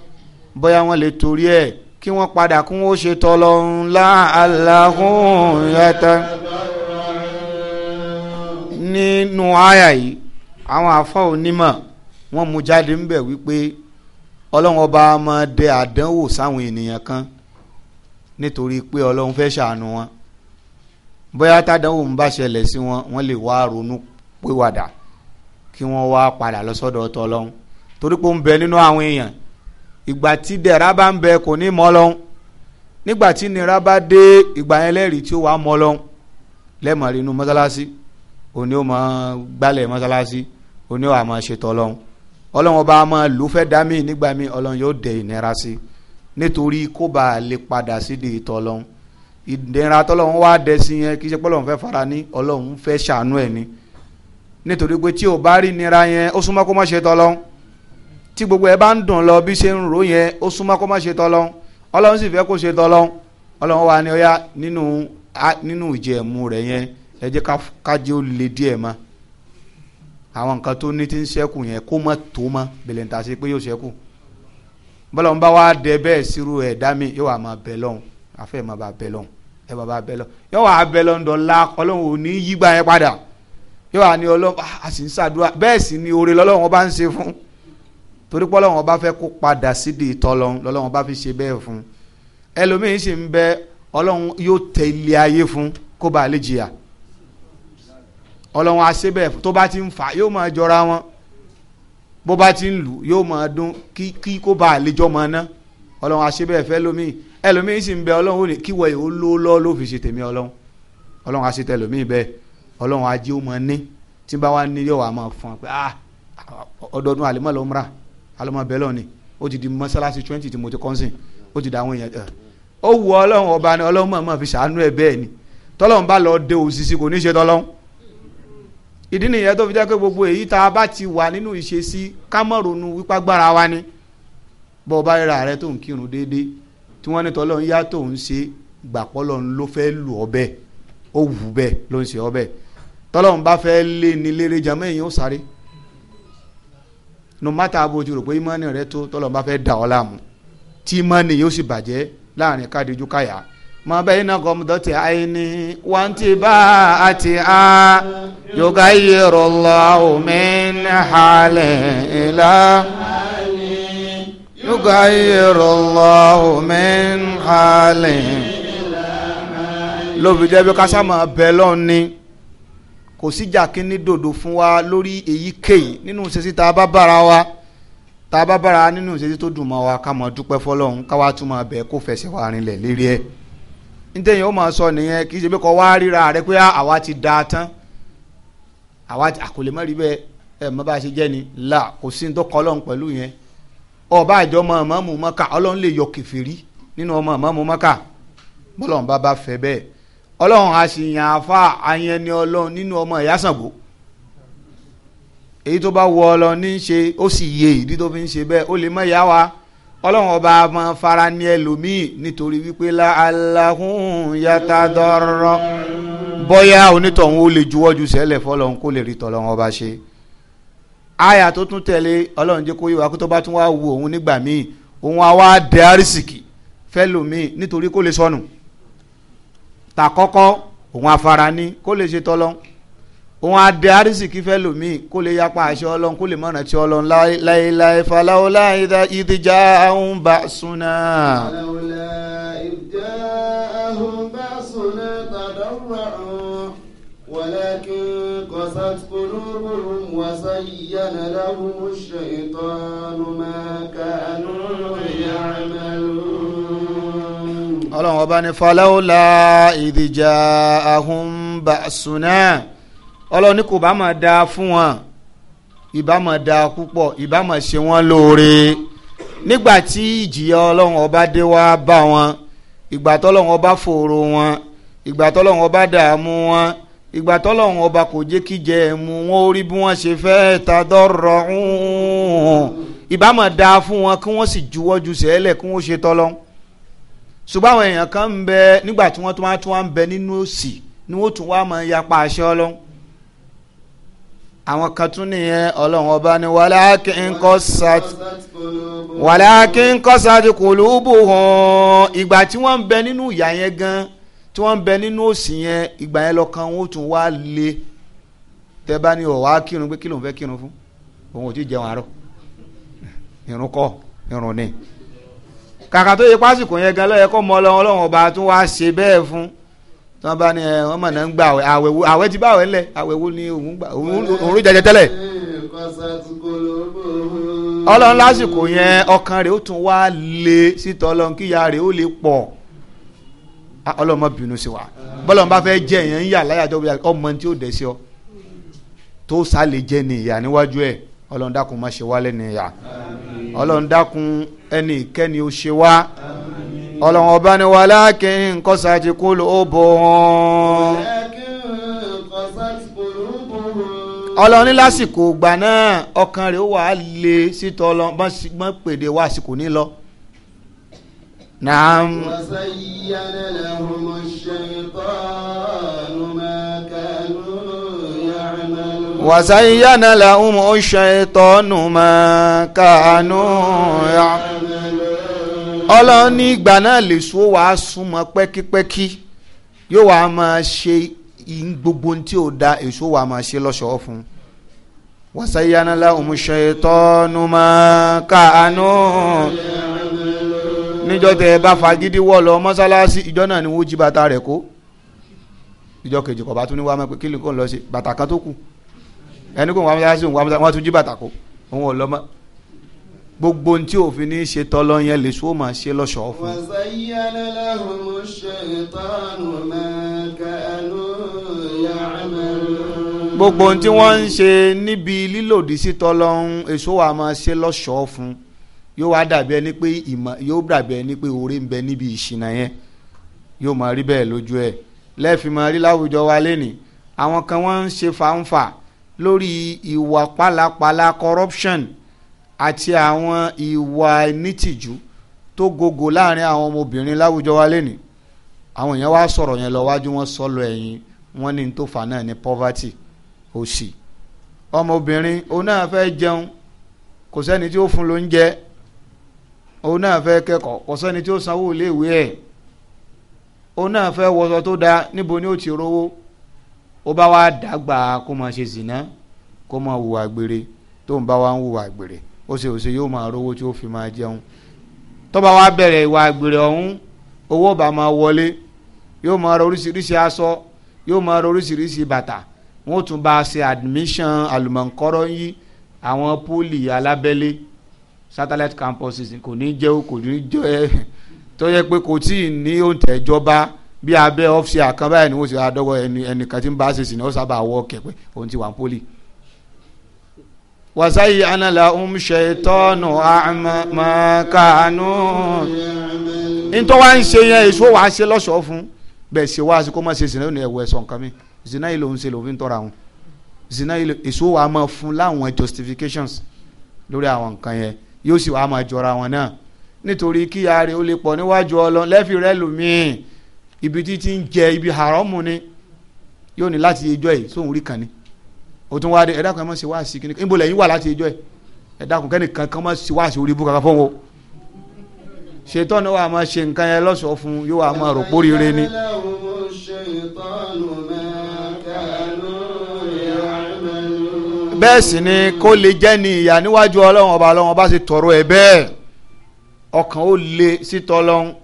A: bóyá wọn lè torí ẹ̀ kí wọ́n padà kí ó ṣe tọlọ́hún láàláhùn yàtọ̀ nínú àyà yìí àwọn àfọ onímọ̀ wọ́n mú jáde ń bẹ̀ wípé ọlọ́run ọba máa dẹ àdánwò sáwọn ènìyàn kan nítorí pé ọlọ́run fẹ́ ṣàánú wọn bóyá tádánwò ń bá ṣẹlẹ̀ sí wọn wọ́n lè wá ronú pé wàdà kí wọ́n wá padà lọ sọ́dọ̀ ọ̀tọ̀ ọlọ́run torí pé ó ń bẹ nínú àwọn èèyàn ìgbà tí dẹ̀ra bá ń bẹ kò ní mọ́ lọ́hún nígbà tí nira bá dé ìgbà yẹn lẹ́rìí tí ó wàá mọ́ lọ́hún lẹ́mọ̀rí inú mọ́sálásí òní ó máa gbálẹ̀ mọ́sálásí òní ó wà máa ṣètò ọlọ́hún ọlọ́hún ọba máa lù fẹ́ dá mí nígbà mí ọlọ́hún yóò dẹ ìnira sí nítorí kó bá a lè padà sídìí ìtọ́ ọlọ́hún ìdẹ̀ra tọ́lọ́hún wá dẹ sí yẹn kì í ṣe fẹ́ fara ní ọlọ́hún fẹ́ ṣàánú ẹ̀ ni nítorí pé tí ò bá rí ìnira yẹn ó súnmọ́ kó má ṣètò ọlọ́hún tí gbogbo ẹ bá ń dùn lọ bí ṣe ń ro yẹn ó súnmọ́ kó má ṣe tọ́lọ́n ọlọ́run sì fẹ́ kó ṣe tọ́lọ́n ọlọ́run wa ni ó yá nínú nínú ìjẹ̀mú rẹ̀ yẹn ẹ jẹ́ kájẹ́ ó le díẹ̀ ma àwọn nǹkan tó ní ti ń ṣẹ́kù yẹn kó má tó ma bẹ̀lẹ̀ ta sí pé yóò ṣẹ́kù bọ́lá ń bá wa dẹ bẹ́ẹ̀ sírú ẹ̀ dá mi yóò wà máa bẹ̀ lọ́hùn àfẹ́ máa bá bẹ̀ lọ́hùn ẹ bá bá bẹ̀ lọ́hùn yóò wà bẹ̀ lọ́hùn dọ̀la ọlọ́run ò ní yígbà yẹn padà yóò wà ní ọlọ́run a bẹ́ẹ̀ sì ni oore lọ́lọ́run ọba ń ṣe fún torí pé ọlọ́run ọba fẹ́ kó padà sídìí tọ́lọ́run lọ́lọ́run ọba fi ṣe bẹ́ẹ̀ fún un ẹlòmíín sì ń bẹ ọlọ́run yóò tẹ ilé ayé fún kó bá lè jìyà ọlọ́run á ṣe bẹ́ẹ̀ tó bá ti ń fà yóò máa jọra wọn bó bá ti ń lù yóò máa dún kí kí kó bá lè jọ máa ná ọlọ́run á ṣe bẹ́ẹ̀ fẹ́ lómìn ẹlòmíín sì ń bẹ ọlọ́run ò ní kíwọ yìí ló lọ́ ló fi ṣe tèmi ọlọ́run ọlọ́run á ṣe tẹ lómìn bẹ́ẹ̀ ọlọ́run á jẹ́ ó máa ní tí ah ọdọọdún àlè alọ́mọ bẹ́ẹ̀ lọ́ni ó ti di mọ́sálásí twenty tí mo ti kọ́nsìn ó ti di àwọn èèyàn ó wù ọlọ́run ọba ni ọlọ́run mọ̀ọ́mọ́ fi ṣàánú ẹ̀ bẹ́ẹ̀ ni tọ́lọ́run bá lọ de òṣìṣì kò ní ṣe tọ́lọ́run ìdí nìyẹn tó fi jẹ́ pé gbogbo èyí tá a bá ti wà nínú ìṣesí kámọ́rònú wípé agbára wa ni bọ́ ọba rírà rẹ tó ń kírun déédéé tí wọ́n ní tọ́lọ́run yá tó ń ṣe gbàpọ́ lọ́run bá fẹ́ lé ní lérè jàmọ́ èèyàn ó sáré no matter abo ti rò pé imani rẹ tó tọ́lọ̀ bá fẹ́ dà ọ́ láàmú tí imani yóò sì bàjẹ́ láàrin kádìjú káyà mọ bẹ́ẹ̀ iná gọmọdọ́tì àìní wọ́n ti bá a ti a yoga yẹrọ lọ omi ní halẹ̀ ìlà yoga yẹrọ lọ omi ní halẹ̀ lóbi jẹ́ bí kásámọ̀ bẹ́ẹ̀ lọ́ni. kò síjà kínní dòdò fún wa lórí èyíkéyìí nínú ìṣesí tá a bá bára wa tá a bá bára nínú ìṣesí tó dùn mọ́ wa ká mọ̀ dúpẹ́ fọlọ́run ká wá tún mọ̀ bẹ́ẹ̀ kó fẹsẹ̀ wa rinlẹ̀ lérí ẹ̀ ntẹ̀yìn ó máa sọ nìyẹn kì í ṣe pé kọ́ wá ríra rẹ pé ti da tán àwa àkòlè mọ́ rí bẹ́ẹ̀ ẹ̀ mọ́ ṣe jẹ́ ni kò sí ní tó yẹn ọba àjọ yọ nínú ọmọ mọ́ka bọ́lọ́run bá ọlọ́run a sì yàn àfa àyẹn ni ọlọ́run nínú ọmọ ìyá Ṣàngó èyí tó bá wọ ọ lọ ní í ṣe ó sì yẹ ìdí tó fi ń ṣe bẹ́ẹ̀ ó lè mọ ìyá wa ọlọ́run ọba ọmọ fara ní ẹlòmíì nítorí wípé aláhùn yàtá dọ́rọ́ bọ́yá onítọ̀hún ó lè juwọ́jú sẹ́lẹ̀ fọlọ́run kó lè rí tọ́lọ́run ọba ṣe àyà tó tún tẹ̀lé ọlọ́run jẹ́ kó yẹ wá kó tó bá tún wá wo òun nígbà míì òun á wá dẹ àrísìkì fẹ́lòmíì nítorí kó lè sọnù. So tàkọ́kọ́ òun afara ní kó lè ṣe tọ́lọ́ òun adé arísìkí fẹ́ lòmíì kó lè yapa àṣẹ ọlọ́run kó lè mọ̀ràn tí ọlọ́run láéláé faláwọlá ìdíjà ń bá súná. faláwọlá
C: ìdíjà ولكن قست قلوبهم وزين لهم الشيطان ما كانوا يعملون
A: ọlọ́run ọba ní falawla ìdìjà ahùnbàṣúná ọlọ́run ní kò bá máa da fún wọn ìbá máa da púpọ̀ ìbá máa ṣe wọ́n lóore nígbà tí ìjìyà ọlọ́run ọba dé wá bá wọn ìgbà tọ́lọ́run ọba fòrò wọn ìgbà tọ́lọ́run ọba dààmú wọn ìgbà tọ́lọ́run ọba kò jẹ́ kí jẹ ẹ̀mú wọn ó rí bí wọ́n ṣe fẹ́ ta dọ́rọ̀ ìbá máa da fún wọn kí wọ́n sì juwọ́jú sẹ́lẹ̀ kí wọ́n ṣe tọ́lọ́run ṣùgbọ́n àwọn èèyàn kan ń bẹ nígbà tí wọ́n tún wá tún wá ń bẹ nínú òsì ni wọ́n tún wá máa yapa àṣẹ ọlọ́run àwọn kan tún nìyẹn ọlọ́run ọba ni walakin qasat walakin qasat qulubuhum ìgbà tí wọ́n ń bẹ nínú ìyà yẹn gan tí wọ́n ń bẹ nínú òsì yẹn ìgbà yẹn lọ́kàn wọn tún wá le tẹ́ bá ní ọ̀wá kírun pé kí ló ń fẹ́ kírun fún òun ò tí jẹun àárọ̀ ìrun kọ́ ìrun ni kàkà tó yẹ pásìkò yẹn gan lọ́yẹ kó mọ ọlọ́run ọlọ́run ọba tún wá ṣe bẹ́ẹ̀ fún tí wọ́n bá ní ẹ wọ́n mọ̀ náà ń gba àwẹ̀ wo àwẹ̀ ti bá àwẹ̀ lẹ̀ àwẹ̀ wo ni òun gbà òun rí jẹjẹ tẹ́lẹ̀.
C: ọlọ́run lásìkò yẹn
A: ọkàn rẹ̀ ó tún wá le síta ọlọ́run kíyà rẹ̀ ó lè pọ̀ ọlọ́run má bínú sí wa bọ́lọ́run bá fẹ́ jẹ́ yẹn ń yà láyàjọ́ ọmọ tí ó dẹ̀ ọ tó sálè jẹ́ ni ìyà níwájú ẹ̀ ọlọ́run dákun má ṣe wálé ni ìyà ọlọ́run dákun ẹnì kẹ́ni ó ṣe wá ọlọ́run ọba ni walakin qasat qulubuhum. ọlọ́run ní lásìkò ìgbà náà ọkàn rẹ̀ ó wà á le sítọ́ ọlọ́run bá pèdè wá àsìkò ní lọ. نعم وزين لهم الشيطان ما وزين لهم الشيطان ما كانوا يعملون ọlọ́run ní ìgbà náà lè so wàá súnmọ́ pẹ́kípẹ́kí yóò wàá máa ṣe gbogbo tí ò da èso wàá máa ṣe lọ́ṣọ̀ọ́ fún un. wàsáyánálá òmùṣẹ́ tọ́nu máa káàánú níjọ́ tẹ ẹ bá fagídí wọ̀ lọ mọ́sálásí ìjọ náà ni wọ́n jí bàtà rẹ̀ kó ìjọ kejì kọ̀ tún ní wàá máa pé kí lè kó lọ ṣe bàtà kan tó kù ẹni kò ń wá mọ́sálásí òun wá mọ́sálásí wọ́n tún jí bàtà kó òun ò lọ mọ́ gbogbo ntí òfin ní ṣe tọ́lọ́ yẹn lè sọ ma ṣe lọ́ṣọ́ fún.
C: wàsáyẹ́lẹ́ lẹ́hùn ṣètọ́nù mẹ́kànú yàmẹ́rẹ́. gbogbo ntí wọ́n ń ṣe
A: níbi lílòdì sí tọ́lọ́ èso wa máa ṣe lọ́ṣọ́ fún yóò wá dàbí ẹni pé ìmọ̀ yóò dàbí ẹni pé oore ń bẹ níbi ìṣìnà yẹn yóò máa rí bẹ́ẹ̀ lójú ẹ̀ lẹ́ẹ̀fì máa rí láwùjọ wa lẹ́nìí àwọn kan wọ́n ń ṣe fàǹfà lórí ìwà pálapàla corruption àti àwọn ìwà nítìjú tó gogò láàrin àwọn ọmọbìnrin láwùjọ wa lẹ́nìí àwọn èèyàn wá sọ̀rọ̀ yẹn lọ wájú wọn sọ lọ ẹ̀yìn wọn ní tó fà náà ní poverty òṣì ọmọbìnrin òun náà fẹ́ jẹun kò sẹ́ni tí ó fún lóúnjẹ òun náà fẹ́ kẹ́kọ̀ọ́ kò sẹ́ni tí ó sanwó iléèwé ẹ̀ òun náà fẹ́ wọṣọ tó dáa níbo ni ó ti rówó ó bá wá dàgbà kó máa ṣe zìnà kó máa hùwà gbèrè tó ń bá wá ń hùwà gbèrè ó ṣe òṣè yóò máa rówó tí ó fi máa jẹun tó bá wá bẹ̀rẹ̀ ìwà gbèrè ọ̀hún owó bá máa wọlé yóò máa ra oríṣiríṣi aṣọ yóò máa ra oríṣiríṣi bàtà wọn tún bá a ṣe admission àlùmọ̀ǹkọ́rọ́ yìí àwọn pólì alábẹ́lé satellite campuses kò ní jẹ́ kò ní jẹ́ tó yẹ pé kò tí ì ní òǹtẹ̀jọba bí abẹ́ ọ́fíìsì àkànbá ẹni wọ́n ti adọ́wọ́ ẹni ẹnìkan tí ń bá a ṣe sìn ní ó sábà wọ́ kẹ̀pẹ́ òun ti wà ń pólì. wàsáyì anala ń um ṣe tọ́nù àmọ́kànú
C: nítorí wàá ń ṣe yẹn èso wàá
A: ṣe lọ́sọ̀ọ́ fún bẹ́ẹ̀ ṣe wá sí kó má ṣe sìn ní ẹ̀wọ̀ ẹ̀sọ̀ nǹkan mi zina yìí ló ń ṣe lòun fi ń tọ́ra wọn zina yìí èso wàá máa fún láwọn justifications lórí àwọn nǹkan yẹn yóò sì wàá máa jọra wọn náà nítorí kíyàrá ó pọ̀ níwájú ọlọ́ lẹ́fì ibi tí ti ń jẹ ibi haramu ni yóò ní láti ijọ́ yìí sóhun rí kan ni o tún wá dé ẹ̀dá kan mọ̀ sí wáàsí kíni níbo lẹ́yìn wà láti ijọ́ yìí ẹ̀dá kan kẹ́ni kankan mọ̀ sí wáàsí orí ibùkún kankan fún wọn ṣètọ́nù wa máa ṣe nǹkan yẹn lọ́sọ̀ọ́ fún yóò wá máa rò pórí ire ni. bẹ́ẹ̀ sì ni kó lè jẹ́ ní ìyá níwájú ọlọ́run ọba ọlọ́run ọba ṣe tọrọ ẹ̀ bẹ́ẹ̀ ọkàn ó le sí tọ́lọ́run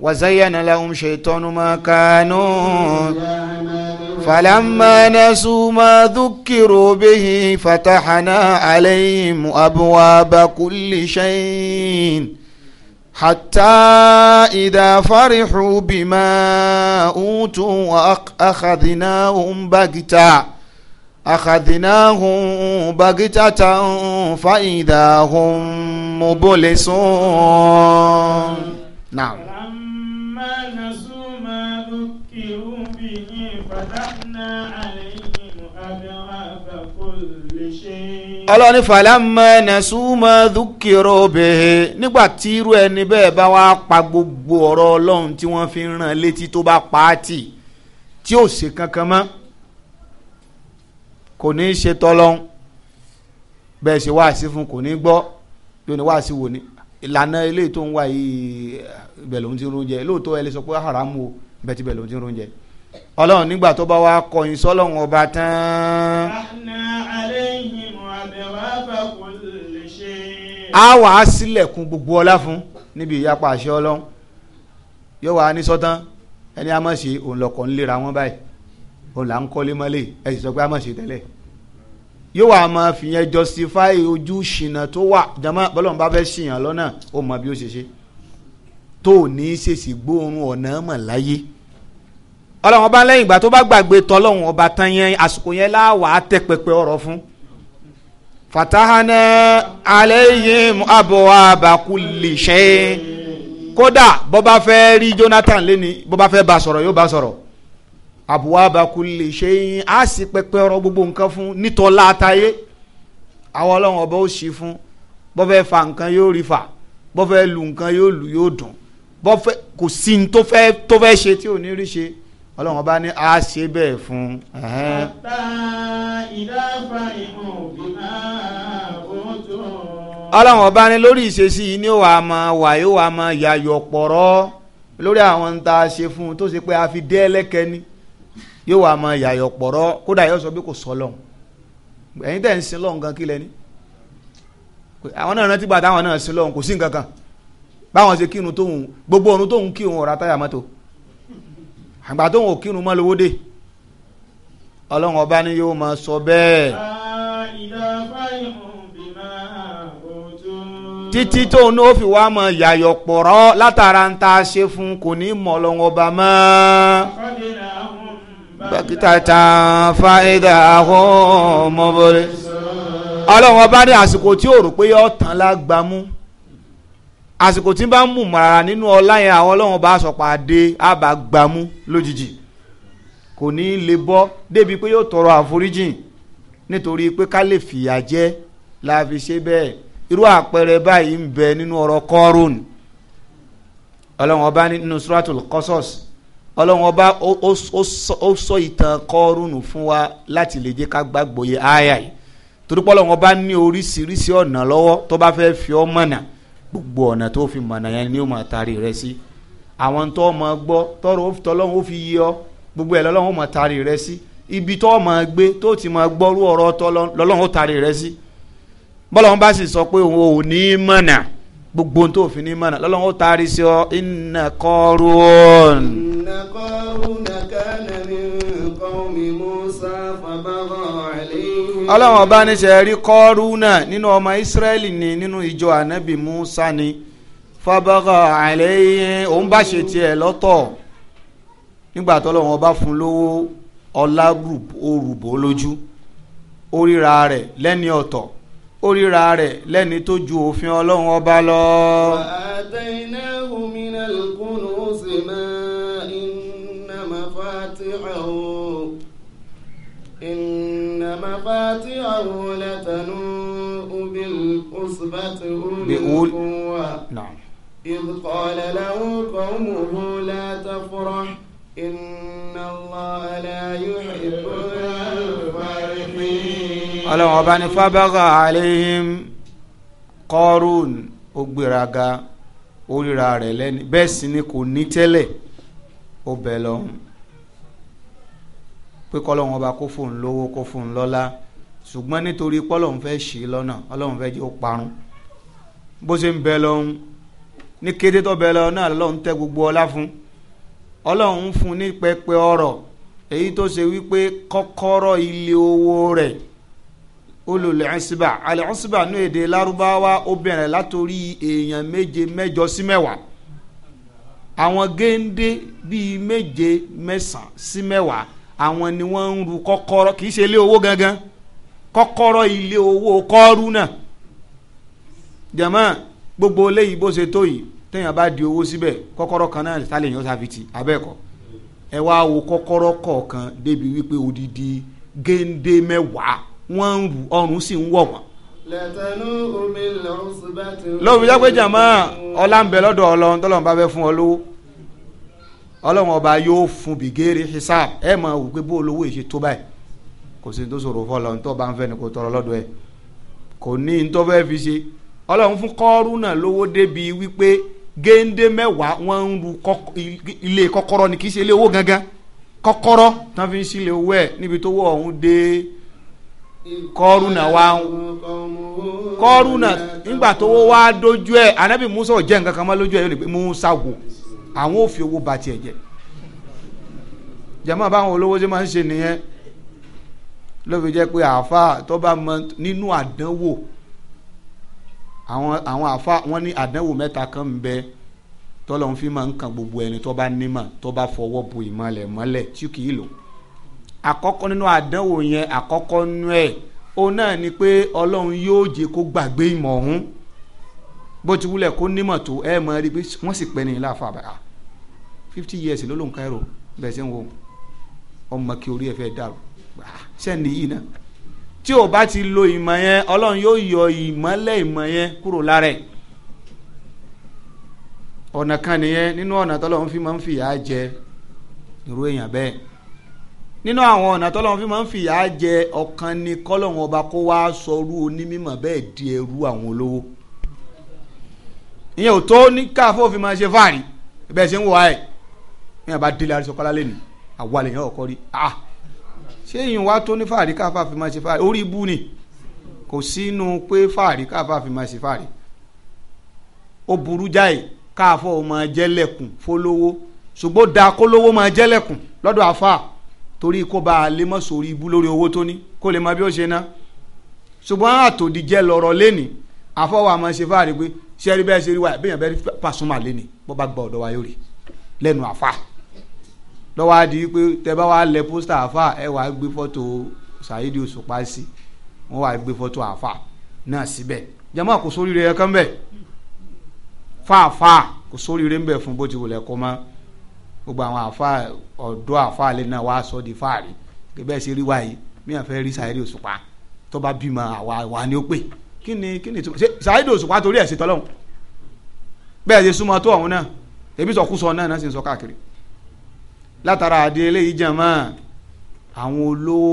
A: وزين لهم شيطان ما كانوا فلما نسوا ما ذكروا به فتحنا عليهم أبواب كل شيء حتى إذا فرحوا بما أوتوا وأخذناهم بغتة أخذناهم بغتة فإذا هم مبلسون نعم ọlọ́ni falamma nasuma dhukiro bihi nígbà tí irú ẹni bẹ́ẹ̀ bá wá pa gbogbo ọ̀rọ̀ ọlọ́run tí wọ́n fi ràn létí tó bá pa á tì tí ò ṣe kankan mọ́ kò ní í ṣe tọ́lọ́hún bẹ́ẹ̀ ṣe wáàsí fún kò ní gbọ́ yóò ní wáàsí wò ní ìlànà eléyìí tó ń wá yìí ibẹ̀ ti ń rún jẹ lóòótọ́ ẹ lè sọ pé haramu bẹ́ẹ̀ ti bẹ̀ ti ń rún jẹ ọlọ́run nígbà tó bá wá kọyìn sọ́lọ́run ọba tán. a wà á sílẹ̀kùn gbogbo ọlá fún níbi ìyapa àṣẹ ọlọ́run yóò wá ní sọ́tán ẹni a mọ̀ sí òun lọ́kọ̀ ń lera wọn báyìí òun ń kọ́lé mọ́lẹ̀ ẹ sì sọ pé a mọ̀ sí tẹ́lẹ̀ yóò wá máa fìyẹn justify ojú ṣìnà tó wà jama bọ́lọ́run bá fẹ́ ṣìyàn lọ́nà ó mọ bí ó ṣe ṣe tó ní í ṣèṣì gbóòórùn ọ̀nà mọ̀ láyé ọlọ́run ọba lẹ́yìn ìgbà tó bá gbàgbé tọ́lọ́run ọba tán yẹn àsìkò yẹn láwàá tẹ pẹpẹ ọ̀rọ̀ fún. fatahana aleyhim abwaaba kulli kódà bó fẹ́ rí Jonathan lẹ́ni bó bá fẹ́ bá sọ̀rọ̀ yóò bá sọ̀rọ̀ abwaaba kulli shay á sì pẹpẹ ọ̀rọ̀ gbogbo nǹkan fún nítọ́lá àtayé àwọn ọlọ́run ọba ó sì fún bó fẹ́ fa nǹkan yóò rí fa bó fẹ́ lu nǹkan yóò lu yóò dùn bó fẹ́ kò sí ní tó fẹ́ tó fẹ́ ṣe tí ò ní rí ṣe ọlọ́run ọba ní a ṣe bẹ́ẹ̀ fún. àtà
B: ìdáfà ìmọ̀ bímá
A: òótọ́. ọlọ́run ọba ní lórí ìṣesí ni wàá máa wà yóò wàá máa yàyọ̀ pọ̀rọ́ lórí àwọn tá ṣe fún un tó ṣe pé a fi dé ẹlẹ́kẹ́ ni yóò wàá máa yàyọ̀ pọ̀rọ́ kódà yóò sọ pé kò sọ lọ́hùn ẹ̀yin tẹ̀ ń sin lọ́hùn gan kí lẹ́ni àwọn náà rántí gbà táwọn náà sin lọ́hùn kò sí nǹkan kan báwọn ṣe kírun tóhùn gbogbo ọ̀run tóhùn kírun ọ̀rá àgbà tó ń wò kírun lówó dé ọlọ́run ọba ni yóò máa sọ bẹ́ẹ̀. títí tóun ní ó fi wá mọ yàyọ̀ pọ̀rọ́ látara ń ta ṣe fún kò ní mọ̀ ọlọ́run ọba mọ́. dókítà tán fáyidà ahọ́ ọmọ bọ́lẹ̀. ọlọ́run ọba ní àsìkò tí ó rò pé yọ lágbàmú àsìkò tí bá ń mú màrà nínú ọlá yẹn àwọn ọlọ́run bá sọ pàdé àbá gbàmú lójijì kò ní í lè bọ́ débi pé yóò tọrọ àforíjìn nítorí pé ká lè fìyà jẹ la fi ṣe bẹ́ẹ̀ irú àpẹẹrẹ báyìí ń bẹ nínú ọ̀rọ̀ kọ́rùn ọlọ́run ọba nínú suratul qasas ọlọ́run ọba ó sọ ìtàn kọ́rùn fún wa láti lè jẹ́ ká gbàgbọ́ yẹ ááyà torípọ́ ọlọ́run ọba ní oríṣiríṣi ọ̀nà lọ́wọ́ tó bá fẹ́ fi ọ́ mọ̀nà gbogbo ọ̀nà tó fi mọ̀nà yẹn ni ó máa taari rẹ sí àwọn tó máa gbọ́ tọrọ tọlọ́hún ó fi yí ọ gbogbo ẹ̀ lọ́lọ́hún ó máa taari rẹ sí ibi tó máa gbé tó ti máa gbọ́rú ọ̀rọ̀ tọlọ́hún lọ́lọ́hún ó taari rẹ sí bọ́lọ́hún bá sì sọ pé òun ò ní mọ̀nà gbogbo tó fi ní mọ̀nà lọ́lọ́hún ó taari sí ọ iná kọ́rùn. iná kọ́rùn nàkánà min qawmi ọlọ́run ọba níṣẹ́ rí kọ́rúnà nínú ọmọ ìsírẹ́lì ni nínú ìjọ ànábì musa ni fábọ́gà àìlẹ́yìn òun bá ṣe tiẹ̀ lọ́tọ̀ nígbà tọ́lọ́run ọba fún lówó ọlá òrùbó lójú ó ríra rẹ̀ lẹ́ni ọ̀tọ̀ ó rẹ̀ lẹ́ni tó ju òfin ọlọ́run ọba lọ.
C: àtẹ̀yìnà omi náà lókun. مفاتحه لتنوء بالعصبة أولي القوة نعم إذ قال له قومه لا تفرح إن الله لا يحب الفرحين ọlọ́run ọba ní fábàgà
A: àlẹ́yìn kọ́rùn ó gbéraga ó ríra rẹ̀ lẹ́ni bẹ́ẹ̀ sì ni kò ní tẹ́lẹ̀ ó bẹ̀ lọ́hùn pé kọ́lọ́hún ọba kó fóun lówó kó fóun lọ́lá ṣùgbọ́n nítorí pọ́lọ́hún fẹ́ ṣì í lọ́nà ọlọ́hún fẹ́ jẹ́ ó parun bó ṣe ń bẹ lọ́hún ní kété tó bẹ lọ́hún náà lọ́hún tẹ gbogbo ọlá fún ọlọ́hún fún ní pẹpẹ ọrọ̀ èyí tó ṣe wípé kọ́kọ́rọ́ ilé owó rẹ̀ olùlẹ̀ ẹ̀sìbà alẹ́ ẹ̀sìbà ní èdè lárúbáwá ó bẹ̀rẹ̀ látòrí èèyàn méje mẹ́jọ sí mẹ́wàá àwọn géńdé bíi méje mẹ́sàn-án sí mẹ́wàá àwọn ni wọ́n ń ru kọ́kọ́rọ́ kì í ṣe ilé owó gangan kọ́kọ́rọ́ ilé owó kọ́ọ́rù náà jẹ̀mọ́ gbogbo léyìí bó ṣe tó yìí téèyàn bá di owó síbẹ̀ kọ́kọ́rọ́ kan náà sálẹ̀ yẹn ó sàfitì abẹ́ẹ̀kọ́ ẹ wá wo kọ́kọ́rọ́ kọ̀ọ̀kan débi wípé odidi géńdé mẹ́wàá wọ́n ń rù ọrùn sì ń wọ̀ wọ́n.
C: lọ́wọ́ fi jápé jàmọ́
A: ọlá ń bẹ lọ́dọ̀ ọlọ́run tọ́lọ́run ọlọ́run ọba yóò fún bìgéèrè hisab ẹ mọ̀ wò bó olówó yìí ṣe tó báyìí kò sí ní tó ni kò tọrọ lọ́dọ̀ ẹ kò ní ní fi ṣe ọlọ́run fún kọ́rùnà lówó débi wípé géńdé mẹ́wàá wọ́n ń ru ilé kọ́kọ́rọ́ ni kì í ṣe ilé owó gangan kọ́kọ́rọ́ tán fi ń sílẹ̀ owó ẹ̀ níbi tó wọ́ wa nígbà musa ò jẹ́ nǹkan kan mọ́ lójú àwọn ò fi owó ba tiẹ̀ jẹ́ jàmọ́ báwọn olówó ṣe máa ń ṣe nìyẹn ló fi jẹ́ pé àáfàá tó bá mọ nínú àdánwò àwọn àwọn àáfàá wọ́n ní àdánwò mẹ́ta kan ń bẹ tọ́lọ́ ń fi máa ń kan gbogbo ẹni tó bá nímọ̀ tó bá fọwọ́ bu ìmọ̀lẹ̀ mọ́lẹ̀ tí kì í lò àkọ́kọ́ nínú àdánwò yẹn àkọ́kọ́ nínú ẹ̀ òun náà ni pé ọlọ́run yóò jẹ́ kó gbàgbé ìmọ̀ ọ̀hún bó ti wúlẹ̀ kó nímọ̀ tó ẹ mọ̀ ẹ́ rí pé wọ́n sì pẹ́ ní ilé àfa ah, fifty years ló ló ń káyọ̀rọ̀ bẹ́ẹ̀ sẹ́ ń wo ọmọ kí orí ẹ̀ fẹ́ dàrú sẹ́ni ah, yìí náà tí o bá ti lo ìmọ̀ yẹn ọlọ́run yóò yọ ìmọ̀lẹ̀ ìmọ̀ yẹn kúrò lára ẹ̀ ọ̀nà kan nìyẹn nínú ọ̀nà tọ́lọ́run fi máa ń fìyà jẹ irú èèyàn bẹ́ẹ̀ nínú àwọn ọ̀nà tọ́lọ́run fi máa ń fìyà jẹ ọ̀kan ni kọ́lọ́run ọba kó wá sọ irú onímọ̀ bẹ́ẹ̀ di ẹrú àwọn olówó ìyẹn ò tó ní káfó fi máa ṣe fáàrí bẹ́ẹ̀ ṣe ń wọ ayé ìyẹn bá délé arísọ kọ́lá lẹ́nu àwa lèyàn ọ̀kọ́ rí ah ṣé ìyẹn wá tó ní fáàrí káfá fi máa ṣe fáàrí orí ibú ni kò sínú pé fáàrí káfá fi máa ṣe fáàrí ó burú jáì káfó máa jẹ́lẹ̀kùn fólówó ṣùgbọ́n da kólówó máa jẹ́lẹ̀kùn lọ́dọ̀ àfa torí kó bá a lè mọ̀ sórí ibú lórí owó tó ní kó lè mọ bí ó ṣe ná ṣùgbọ́n àtòdíjẹ́ lọ́rọ̀ lénìí àfọwọ́ àmọ́ ṣe fáàrí pé ṣe rí ṣe rí wa bẹ́ẹ̀ bẹ́ẹ̀ Pasuma lé ni bó bá gba ọ̀dọ̀ wa yóò rí lẹ́nu àfa lọ́wọ́ á di pé tẹ bá wàá lẹ pósítà àfa ẹ wàá gbé fọ́tò Saheed Òṣùpá sí wọ́n wàá gbé fọ́tò àfa náà síbẹ̀ jama kò sóríire ẹ kán bẹ̀ fáàfáà kò sóríire ń bẹ̀ fún bó ti wùlẹ̀ kọ́ mọ́ gbogbo àwọn àfa ọ̀dọ́ àfa lè náà wàá sọ di fáàrí bẹ́ẹ̀ ṣe rí wa yìí mí àfẹ́ rí Saheed Òṣùpá tó bá bímọ àwa wa ni ó pè kí ni kí ni ìtumọ̀ ṣe ṣáájú òṣùpá torí ẹ̀ ṣe tọ́lọ́hún bẹ́ẹ̀ ṣe súnmọ́ tó ọ̀hún náà ebi sọ kúsọ náà náà sì ń sọ káàkiri látara àdé eléyìí jẹ́ mọ́ àwọn olówó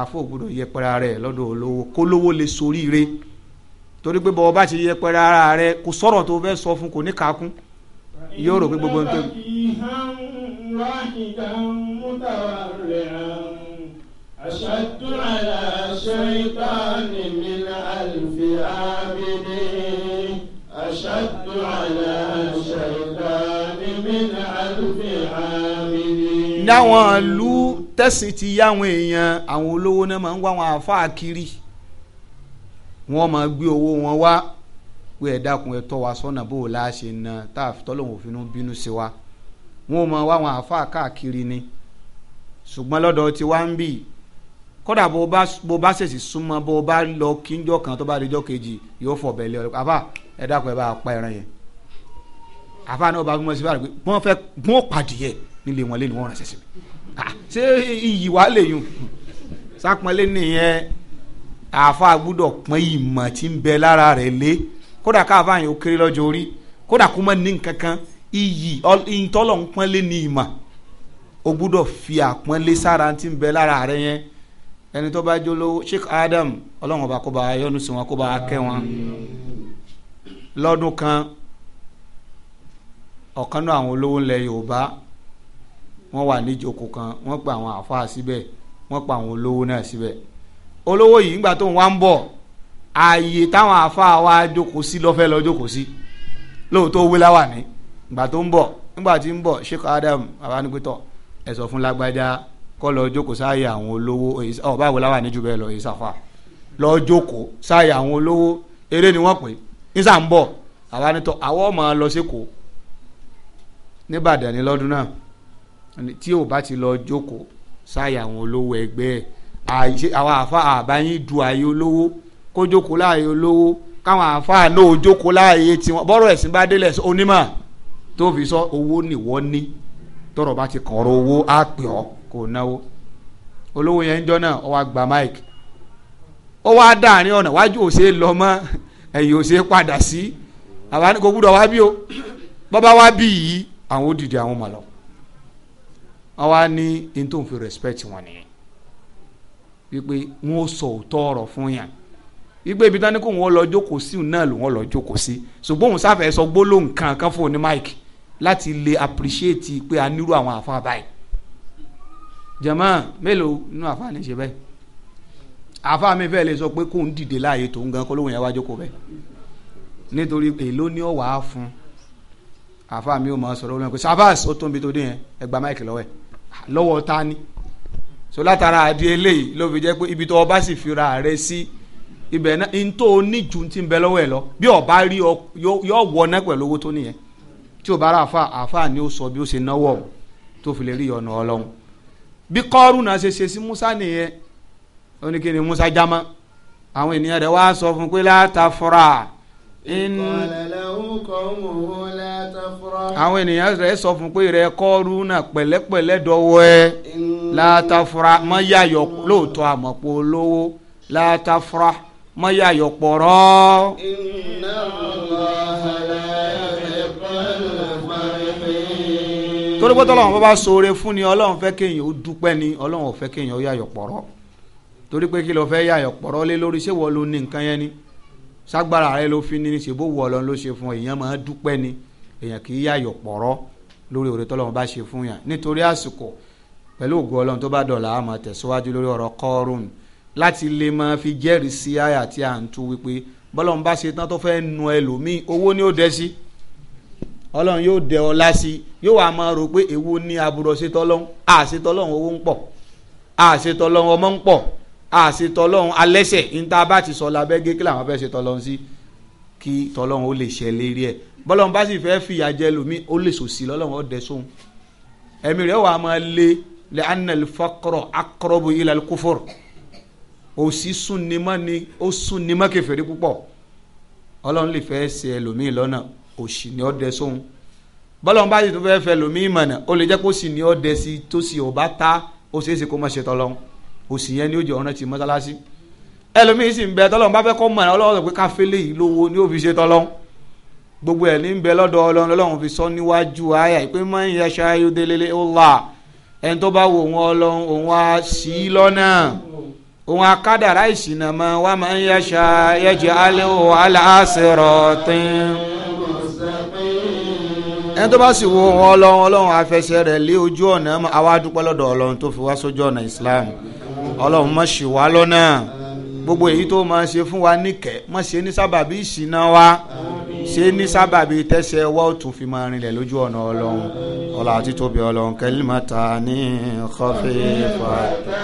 A: afọ́gbọ́dọ̀ yẹpẹrẹ ara rẹ̀ lọ́dọ̀ olówó kólówó lè sorí ire torí pé bọ́ọ̀ bá ṣe yẹpẹrẹ ara rẹ̀ kò sọ̀rọ̀ tó fẹ́ sọ fún kò ní kakún yóò rò pé gbogbo ń pè.
B: ìhàn wáhìdá mú tàwa rẹ̀ hàn. أشهدت على شيطان من ألف عابد أشهدت على شيطان من ألف عابد láwọn
A: ìlú tẹ̀sìn ti yáwọn èèyàn àwọn olówó náà máa máa gbé owó wọn wá pé ẹ dákun ẹ tọ́ wa sọ́nà bó o láṣẹ na tá a fi òfin bínú sí wa wọ́n máa wá àwọn àáfàá káàkiri ni ṣùgbọ́n lọ́dọ̀ tí wá ń bì kódà bó bá bó bá ṣèṣì súnmọ́ bó bá lọ kíjọ́ kan tó bá dijọ́ kejì yóò fọ̀ bẹ́ẹ̀ lé ọ àbá ẹ dákun ẹ bá pa ẹran yẹn àbá náà bá gbọ́n sí báyìí pé wọ́n fẹ́ gbọ́n pàdìyẹ nílé wọn lé ni wọ́n rán ṣẹ̀ṣẹ̀ mi ah, ṣé iyì wàá lè yùn sápọ́nlé nìyẹn àáfà gbúdọ̀ pọ́n ìmọ̀ tí ń bẹ lára rẹ̀ lé kódà káàfà yẹn ó kéré lọ́jọ́ orí kódà kó mọ́ ní nǹkan kan iyì ìtọ́lọ̀ ń pọ́nlé ní ìmọ̀ ó gbúdọ̀ fi àpọ́nlé sára tí ń bẹ lára rẹ̀ yẹn ẹni tó bá jólówó Sheikh Adam ọlọ́run ọba kó bá yọ́nú sí wọn kó bá kẹ́ wọn lọ́dún kan ọ̀kan náà àwọn olówó ńlẹ̀ Yorùbá wọ́n wà níjókòó kan wọ́n pa àwọn àfáà síbẹ̀ wọ́n pa àwọn olówó náà síbẹ̀ olówó yìí ńgbà tó ń wá ń bọ̀ ààyè táwọn àfáà wa jókòó sí lọ́fẹ́ lọ jókòó sí lóòótọ́ owó láwà ní ìgbà tó ń bọ̀ nígbà tí ń bọ̀ Sheikh Adam abánigbétọ̀ ẹ sọ fún lágbájá kọ́ lọ jókòó sáàyè àwọn olówó ọ̀ báwo láwà níjú bẹ́ẹ̀ lọ ìsàfà lọ jókòó sáàyè àwọn olówó eré ni wọ́n pè ìsà ń bọ̀ àwa ni tọ́ àwọ̀ máa lọ sékòó níbàdàn ní lọ́dún náà tí ò bá ti lọ jókòó sáàyè àwọn olówó ẹgbẹ́ ẹ̀ àwa àfa àbáyín du àyè olówó kó jókòó láàyè olówó káwọn àfa náà jókòó láàyè tiwọn bọ́rọ̀ ẹ̀sìn bá délẹ̀ onímọ̀ tó fi sọ owó nìwọ ní tọrọ bá ti kàn ọ̀rọ̀ owó á pè ọ́ kò náwó olówó yẹn ń jọ náà ó wá gba mike ó wá dáàrin ọ̀nà wájú òsè lọ mọ́ ẹ̀yìn òsè padà sí àwa ni kò gbúdọ̀ wá bí o bọ́bá wá bí yìí àwọn ó dìde àwọn màlọ́ wọn wá ní n tó ń fi respect wọn nìyẹn wípé wọn ó sọ òótọ́ ọ̀rọ̀ fún yàn igbe ibi tani kò wọn lọ jókòó sí náà ló lọ jókòó sí ṣùgbọ́n òun sáfẹ́ sọ gbólóhùn kan kan fún oní mike láti lè appreciate pé a nírú àwọn àfa báyìí jẹ̀mọ́ mélòó inú àfa ní ṣe bẹ́ẹ̀ àfa mi fẹ́ lè sọ pé kò ń dìde láàyè tó ń gan kó lóun yẹn wá jókòó bẹ́ẹ̀ nítorí èló ní ọ̀wà á fún àfa mi máa sọ̀rọ̀ olóyún pé sabas ó tún bi tó dé yẹn ẹ gba máìkì lọ́wọ́ ẹ̀ lọ́wọ́ ta ni so látara àdí eléyìí ló fi jẹ́ pé ibi tó o bá sì fira rẹ sí ibẹ̀ náà n tó ti ń bẹ lọ́wọ́ ẹ̀ lọ bí o rí ọ yọ wọ ná pẹ̀lú owó tó nìyẹn tí o bá rà àfa ni ó sọ bí ó ṣe náwó tó fi lè rí ọ̀nà ọlọ́run bí kọ́rùnà ṣe ṣe sí musa nìyẹn ó ní kí ni musa jámá àwọn ènìyàn rẹ̀ wá sọ fún pé láta fura. àwọn ènìyàn rẹ̀ sọ fún pé rẹ̀ kọ́rùnà pẹ̀lẹ́pẹ̀lẹ́ dọ́wọ́ ẹ láta fura mọ́ yàyọ̀ lóòótọ́ àmọ̀pọ̀ olówó láta fura mọ́ yàyọ̀ pọ̀rọ́.
C: torí pé tọ́lọ́wọ́n bá
A: ṣoore fún ni ọlọ́run fẹ́ kéèyàn ó dúpẹ́ ni ọlọ́run ò fẹ́ kéèyàn ó yàyọ̀ pọ̀rọ́ torí pé kí ló fẹ́ yàyọ̀ pọ̀rọ́ lé lórí ṣé wọ́n ló ní nǹkan yẹn ni ságbára rẹ ló fi ní ní ṣèbó wọ ọlọ́run ló ṣe fún èèyàn máa dúpẹ́ ni èèyàn kì í yàyọ̀ pọ̀rọ́ lórí oore tọ́lọ́run bá ṣe fún yàn nítorí àsìkò pẹ̀lú ògo ọlọ́run tó bá dọ̀là á máa tẹ̀síwájú lórí ọ̀rọ̀ kọ́rùn láti lè máa fi ọlọ́run yóò dẹ ọ lásì yóò wá máa rò pé èwo ní aburú ṣetọ́lọ́hún àṣetọ́lọ́hún owó ń pọ̀ àṣetọ́lọ́hún ọmọ ń pọ̀ àṣetọ́lọ́hún alẹ́sẹ̀ níta bá ti sọ lábẹ́ gé kí làwọn fẹ́ ṣetọ́lọ́hún sí kí tọ́lọ́hún ó lè ṣẹ lérí ẹ̀ bọ́lọ́hún bá sì fẹ́ fìyà jẹ lómi ó lè sòsì lọ́lọ́hún ó dẹ sóhun ẹ̀mí rẹ̀ wà máa lé lẹ́ anal fakọrọ akọrọbù ilal kúfọ̀rọ̀ òsì súnnimọ́ ni ó súnnimọ́ kẹfẹ́rí púpọ̀ ọlọ́run lè fẹ́ ṣe ẹlòmíì lọ́nà òsì ni ó dẹ sóhun bọ́lọ́n bá sì tún fẹ́ẹ́ fẹ́ lòmíì mọ̀nà ó lè jẹ́ kó sì ni ó dẹ sí tó sì ò bá ta ó ṣeé ṣe kó má ṣe tọ́lọ́hún òsì yẹn ni ó jẹ́ ọ̀ràn ti mọ́sálásí ẹlòmíì sì ń bẹ tọ́lọ́hún bá fẹ́ kó mọ̀nà ọlọ́run sọ pé káfílẹ̀ yìí lówó ni ó fi ṣe tọ́lọ́hún gbogbo ẹ̀ ní ń bẹ lọ́dọ̀ ọlọ́run fi sọ níwájú ayà pé man yasha yudilil Allah ẹni tó bá wo òun ọlọ́run òun á sí lọ́nà òun á kádàrá ìsìnà ẹni tó bá sì wo wọn ọlọ́run ọlọ́run afẹsẹ̀ rẹ̀ lé ojú ọ̀nà àwa lọ́dọ̀ ọlọ́run tó fi wá sójú ọ̀nà Islam ọlọ́run má ṣì wá lọ́nà gbogbo èyí tó máa ṣe fún wa níkẹ́ má ṣe ní sábàbí ìṣìnà wa ṣe ní sábàbí tẹ́sẹ̀ wa ó fi máa rinlẹ̀ lójú ọ̀nà ọlọ́run ọlọ́run àti tóbi ọlọ́run kẹ́lí mọ́ta ní kọ́fí fàtà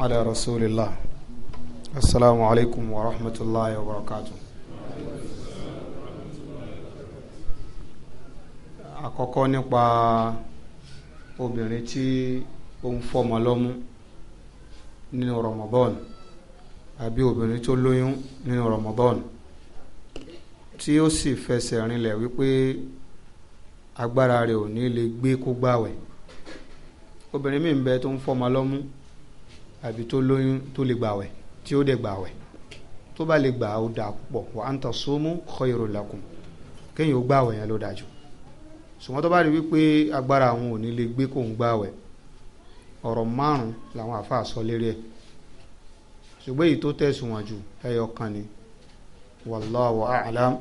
A: على رسول الله السلام عليكم ورحمة الله وبركاته àkọ́kọ́ nípa obìnrin tí ó ń fọmọ lọ́mú nínú Ramadan àbí obìnrin tó lóyún nínú Ramadan tí ó sì fẹsẹ̀ rinlẹ̀ wípé agbára rẹ̀ ò ní gbé kó gbàwẹ̀ obìnrin ń bẹ tó ń fọmọ lọ́mú àbí tó lóyún tó lè gbàwẹ̀ tí ó dẹ̀ gbàwẹ̀ tó bá lè gbà ó dà púpọ̀ wa an tasumu khayrun lakum kéèyàn ó gbàwẹ̀ yẹn ló dájú ṣùgbọ́n tó bá rí wípé agbára àwọn ò ní lè gbé kó ń gbàwẹ̀ ọ̀rọ̀ márùn-ún làwọn àfáà sọ lérí ẹ̀ ṣùgbọ́n èyí tó tẹ̀sùnwọ̀n jù ẹyọ ni wallahu a'lam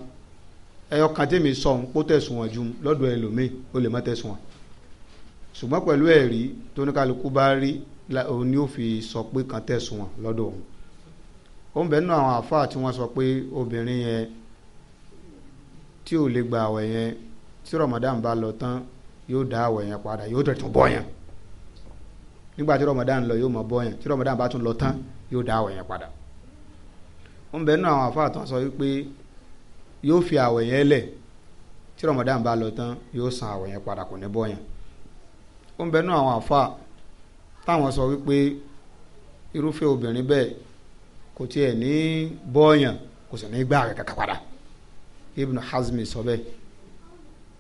A: ẹyọ kan tèmi sọ ń kó tẹ̀sùnwọ̀n jù lọ́dọ̀ ẹlòmíì ó lè má tẹ̀sùnwọ̀n ṣùgbọ́n pẹ̀lú ẹ̀rí tóníkàlùkù bá rí òun ni ó fi sọ pé kan tẹ̀sùn wọn lọ́dọ̀ òun ó ń bẹ nínú àwọn àáfàá tí wọ́n sọ pé obìnrin yẹn tí ò lè gba àwẹ̀ yẹn tí Ramadan bá lọ tán yóò dá àwẹ̀ yẹn padà yóò tẹ̀ tún bọ́ yẹn nígbà tí Ramadan lọ yóò mọ̀ bọ́ yẹn tí Ramadan bá tún lọ tán yóò dá àwẹ̀ yẹn padà ó ń bẹ nínú àwọn àáfàá tí wọ́n sọ wípé yóò fi àwẹ̀ yẹn lẹ̀ tí Ramadan bá lọ tán yóò san àwẹ̀ yẹn padà kò ní bọ́ yẹn ó ń bẹ nínú àwọn àáfàá táwọn sọ wípé irúfẹ́ obìnrin bẹ́ẹ̀ kò tiẹ̀ ní bọ́ọ̀yàn kò sì ní gbà rẹ̀ kàkà padà Ibn Hazmi sọ bẹ́ẹ̀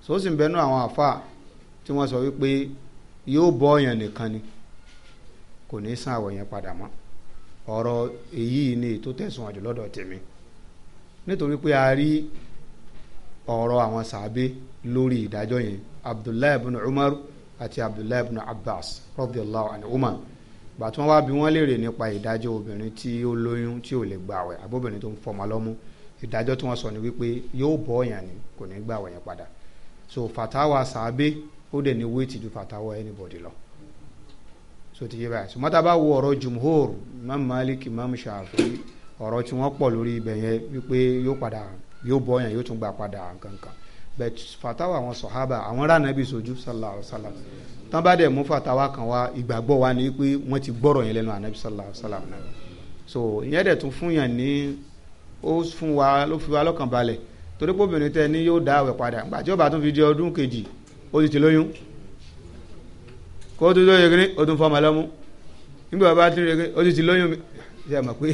A: sọ sì ń bẹnu àwọn àfa tí wọ́n sọ wípé yóò bọ́ọ̀yàn nìkan ni kò ní san àwọ̀ yẹn padà mọ́ ọ̀rọ̀ èyí ni tó tẹ̀sùn àjò lọ́dọ̀ tèmi nítorí pé a rí ọ̀rọ̀ àwọn sàábé lórí ìdájọ́ yẹn Abdullahi ibn Umar àti abdullahi ibn abbas radiyallahu anhuma gbàtí wọ́n wá bi wọ́n léèrè nípa ìdájọ́ obìnrin tí ó lóyún tí ò lè gbààwẹ̀ àbóbìnrin tó ń fọmọ lọ́mú ìdájọ́ tí wọ́n sọ ni wípé yóò bọ́ ọ̀yàn ni kò ní gbààwẹ̀ yẹn padà so fatawa sàábé ó dẹ̀ ní wéètì ju fatawa anybody lọ so ti yé báyìí ṣùgbọ́n tá a bá wo ọ̀rọ̀ jumhur imam malik imam shafi ọ̀rọ̀ tí wọ́n pọ̀ lórí ibẹ̀ yẹn wípé yóò padà yóò bọ́ ọ̀yàn yóò tún gbà padà kankan but fatawa àwọn sọ̀hábà àwọn rà nàbí sojú sallallahu alayhi wa sallam tán bá dẹ̀ mú fatawa kan wá ìgbàgbọ́ wa ni pé wọ́n ti gbọ́rọ̀ yẹn lẹ́nu ànábì sallallahu alayhi wa sallam náà so ìyẹn dẹ̀ tún fún yàn ní ó fún wa ló fi wa lọ́kàn balẹ̀ torí pé obìnrin tẹ ni yóò dá àwẹ̀ padà gbà tí ó bá tún fi di ọdún kejì ó ti ti lóyún kó o tún tó yegere o tún fọmọ lọ́mú nígbà bá tún yegere o ti ti lóyún ṣe mọ̀ pé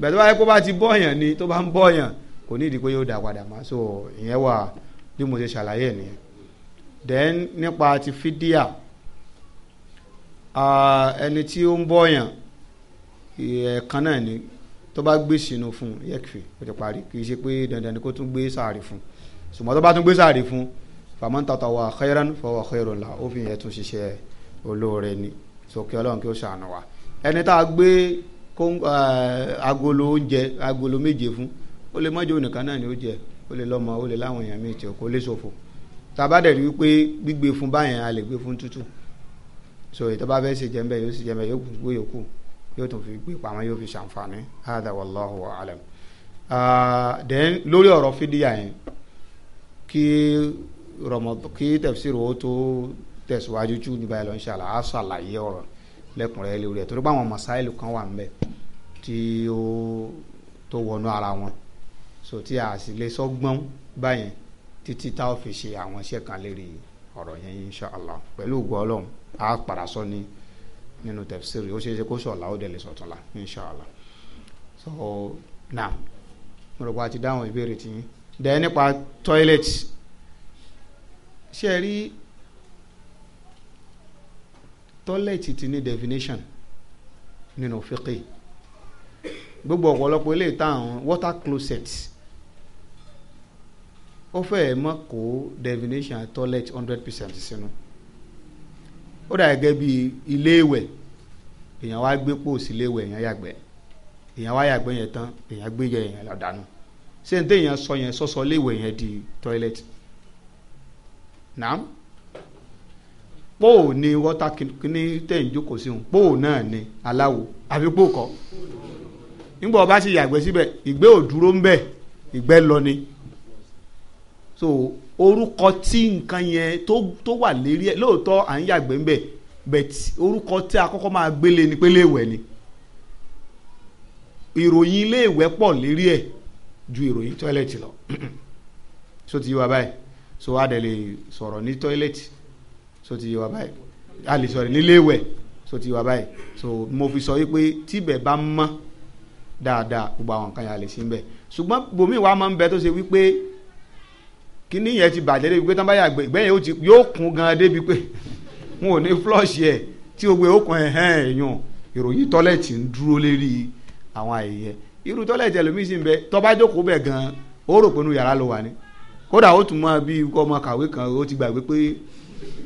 A: bẹ̀rẹ̀ bá yẹ kó bá ti bọ́ọ̀yàn ni tó bá ń bọ́ọ̀yàn kò ní ìdí pé yóò dá padà mọ́ so ìyẹn wà bí mo ṣe ṣàlàyé nìyẹn then nípa ti fídíà uh, ẹni tí ó ń bọ̀yàn ẹ̀ẹ̀kan náà ni tó bá gbé sínú fún yẹ́kìfì ó ti parí kì í ṣe pé dandan ni kó tún gbé sáàrì fún ṣùgbọ́n tó bá tún gbé sáàrì fún faman tatawwa khairan fahuwa khairun lahu ó fi yẹn tún ṣiṣẹ́ olóore ni sókè ọlọ́run kí ó ṣàánú wa ẹni tá a gbé uh, agolo oúnjẹ agolo méje fún ó lè mọ́jọ́ nìkan náà ni ó jẹ ó lè lọ́mọ ó lè láwọn èèyàn míì tí ó kó lè ṣòfò tàbá dẹ̀ rí wípé gbígbé fún báyẹn a lè gbé fún tútù so ètò bá fẹ́ ṣe jẹ́ńbẹ́ yóò ṣe jẹ́ńbẹ́ yóò gbé yòókù yóò tún fi gbé pamọ́ yóò fi ṣàǹfààní hádà wàláhù alam. then lórí ọ̀rọ̀ fídíà yẹn kí rọmọdọ kí tẹ̀síìrì ó tó tẹ̀síwájú tù nígbà yẹn lọ inshallah á ṣàlàyé ọ̀rọ̀ lẹ́kùnrẹ́rẹ́ lórí ẹ̀ torí pé àwọn kan wà ń bẹ̀ tí ó tó wọnú ara wọn so tí a sì lè sọ gbọ́n báyẹn títí tá a fi ṣe àwọn iṣẹ́ kan lérí ọ̀rọ̀ yẹn insha allah pẹ̀lú ògùn ọlọ́run a padà sọ ní nínú tafsiri ó ṣeé ṣe kó sọ̀la ó dẹ̀ lè sọ̀tún la insha so na mo rò pé a ti dáhùn ìbéèrè tí yín dẹ̀ nípa toilet ṣe é rí toilet ti ní definition nínú fiqh gbogbo ọ̀pọ̀lọpọ̀ ilé ìtàn water closet ó fẹ́ẹ̀ mọ́ kó definition toilet hundred percent sínú ó dà gẹ́gẹ́ bí ilé ìwẹ̀ èèyàn wá gbé pò sí ilé ìwẹ̀ èèyàn yàgbẹ́ èèyàn wá yàgbẹ́ yẹn tán èèyàn gbé yẹ èèyàn lọ́dàánù ṣé n téèyàn sọ yẹn sọ́sọ ilé yẹn di toilet naam pò ní wọ́tà kíní téèyàn jókòó sí òun pò náà ni aláwo àbí pò kọ́ nígbà wọ́n bá sì yàgbẹ́ síbẹ̀ ìgbẹ́ ò ń bẹ̀ ìgbẹ́ lọ ni so orúkọ tí nǹkan yẹn tó tó wà lérí ẹ̀ lóòótọ́ à ń yàgbẹ́ ń bẹ̀ but orúkọ tí a kọ́kọ́ máa gbélé ni pé léèwẹ̀ ni ìròyìn léèwẹ̀ pọ̀ lérí ẹ̀ ju ìròyìn tọ́ílẹ̀tì lọ
B: (clears throat)
A: so ti yí wa báyìí so a dẹ̀ lè sọ̀rọ̀ ní tọ́ílẹ̀tì so ti yí wa báyìí a lè sọ̀rọ̀ ní léèwẹ̀ so ti yí wa báyìí so mo fi sọ wípé tíbẹ̀ bá mọ́ dáadáa gbogbo àwọn nǹkan yẹn a lè sí ń bẹ̀ ṣùgbọ́n bòmíì wa máa ń bẹ tó ṣe wípé kíní yẹn ti bàjẹ́ débi pé tán bá yàgbẹ́ ìgbẹ́yìn yóò kún gan débi pé (laughs) wọn ò ní flush yẹ tí o gbé okùn ẹ̀hẹ́n èèyàn ìròyìn tọ́lẹ̀tì ń dúró lérí àwọn àyẹ̀yẹ irú tọ́lẹ̀tì ẹlòmíì sì ń bẹ tó jókòó bẹ̀ gan ó rò pé inú yàrá ló wà ní kódà ó tún mọ bí ikú ọmọ kàwé kan ó ti gbàgbé pé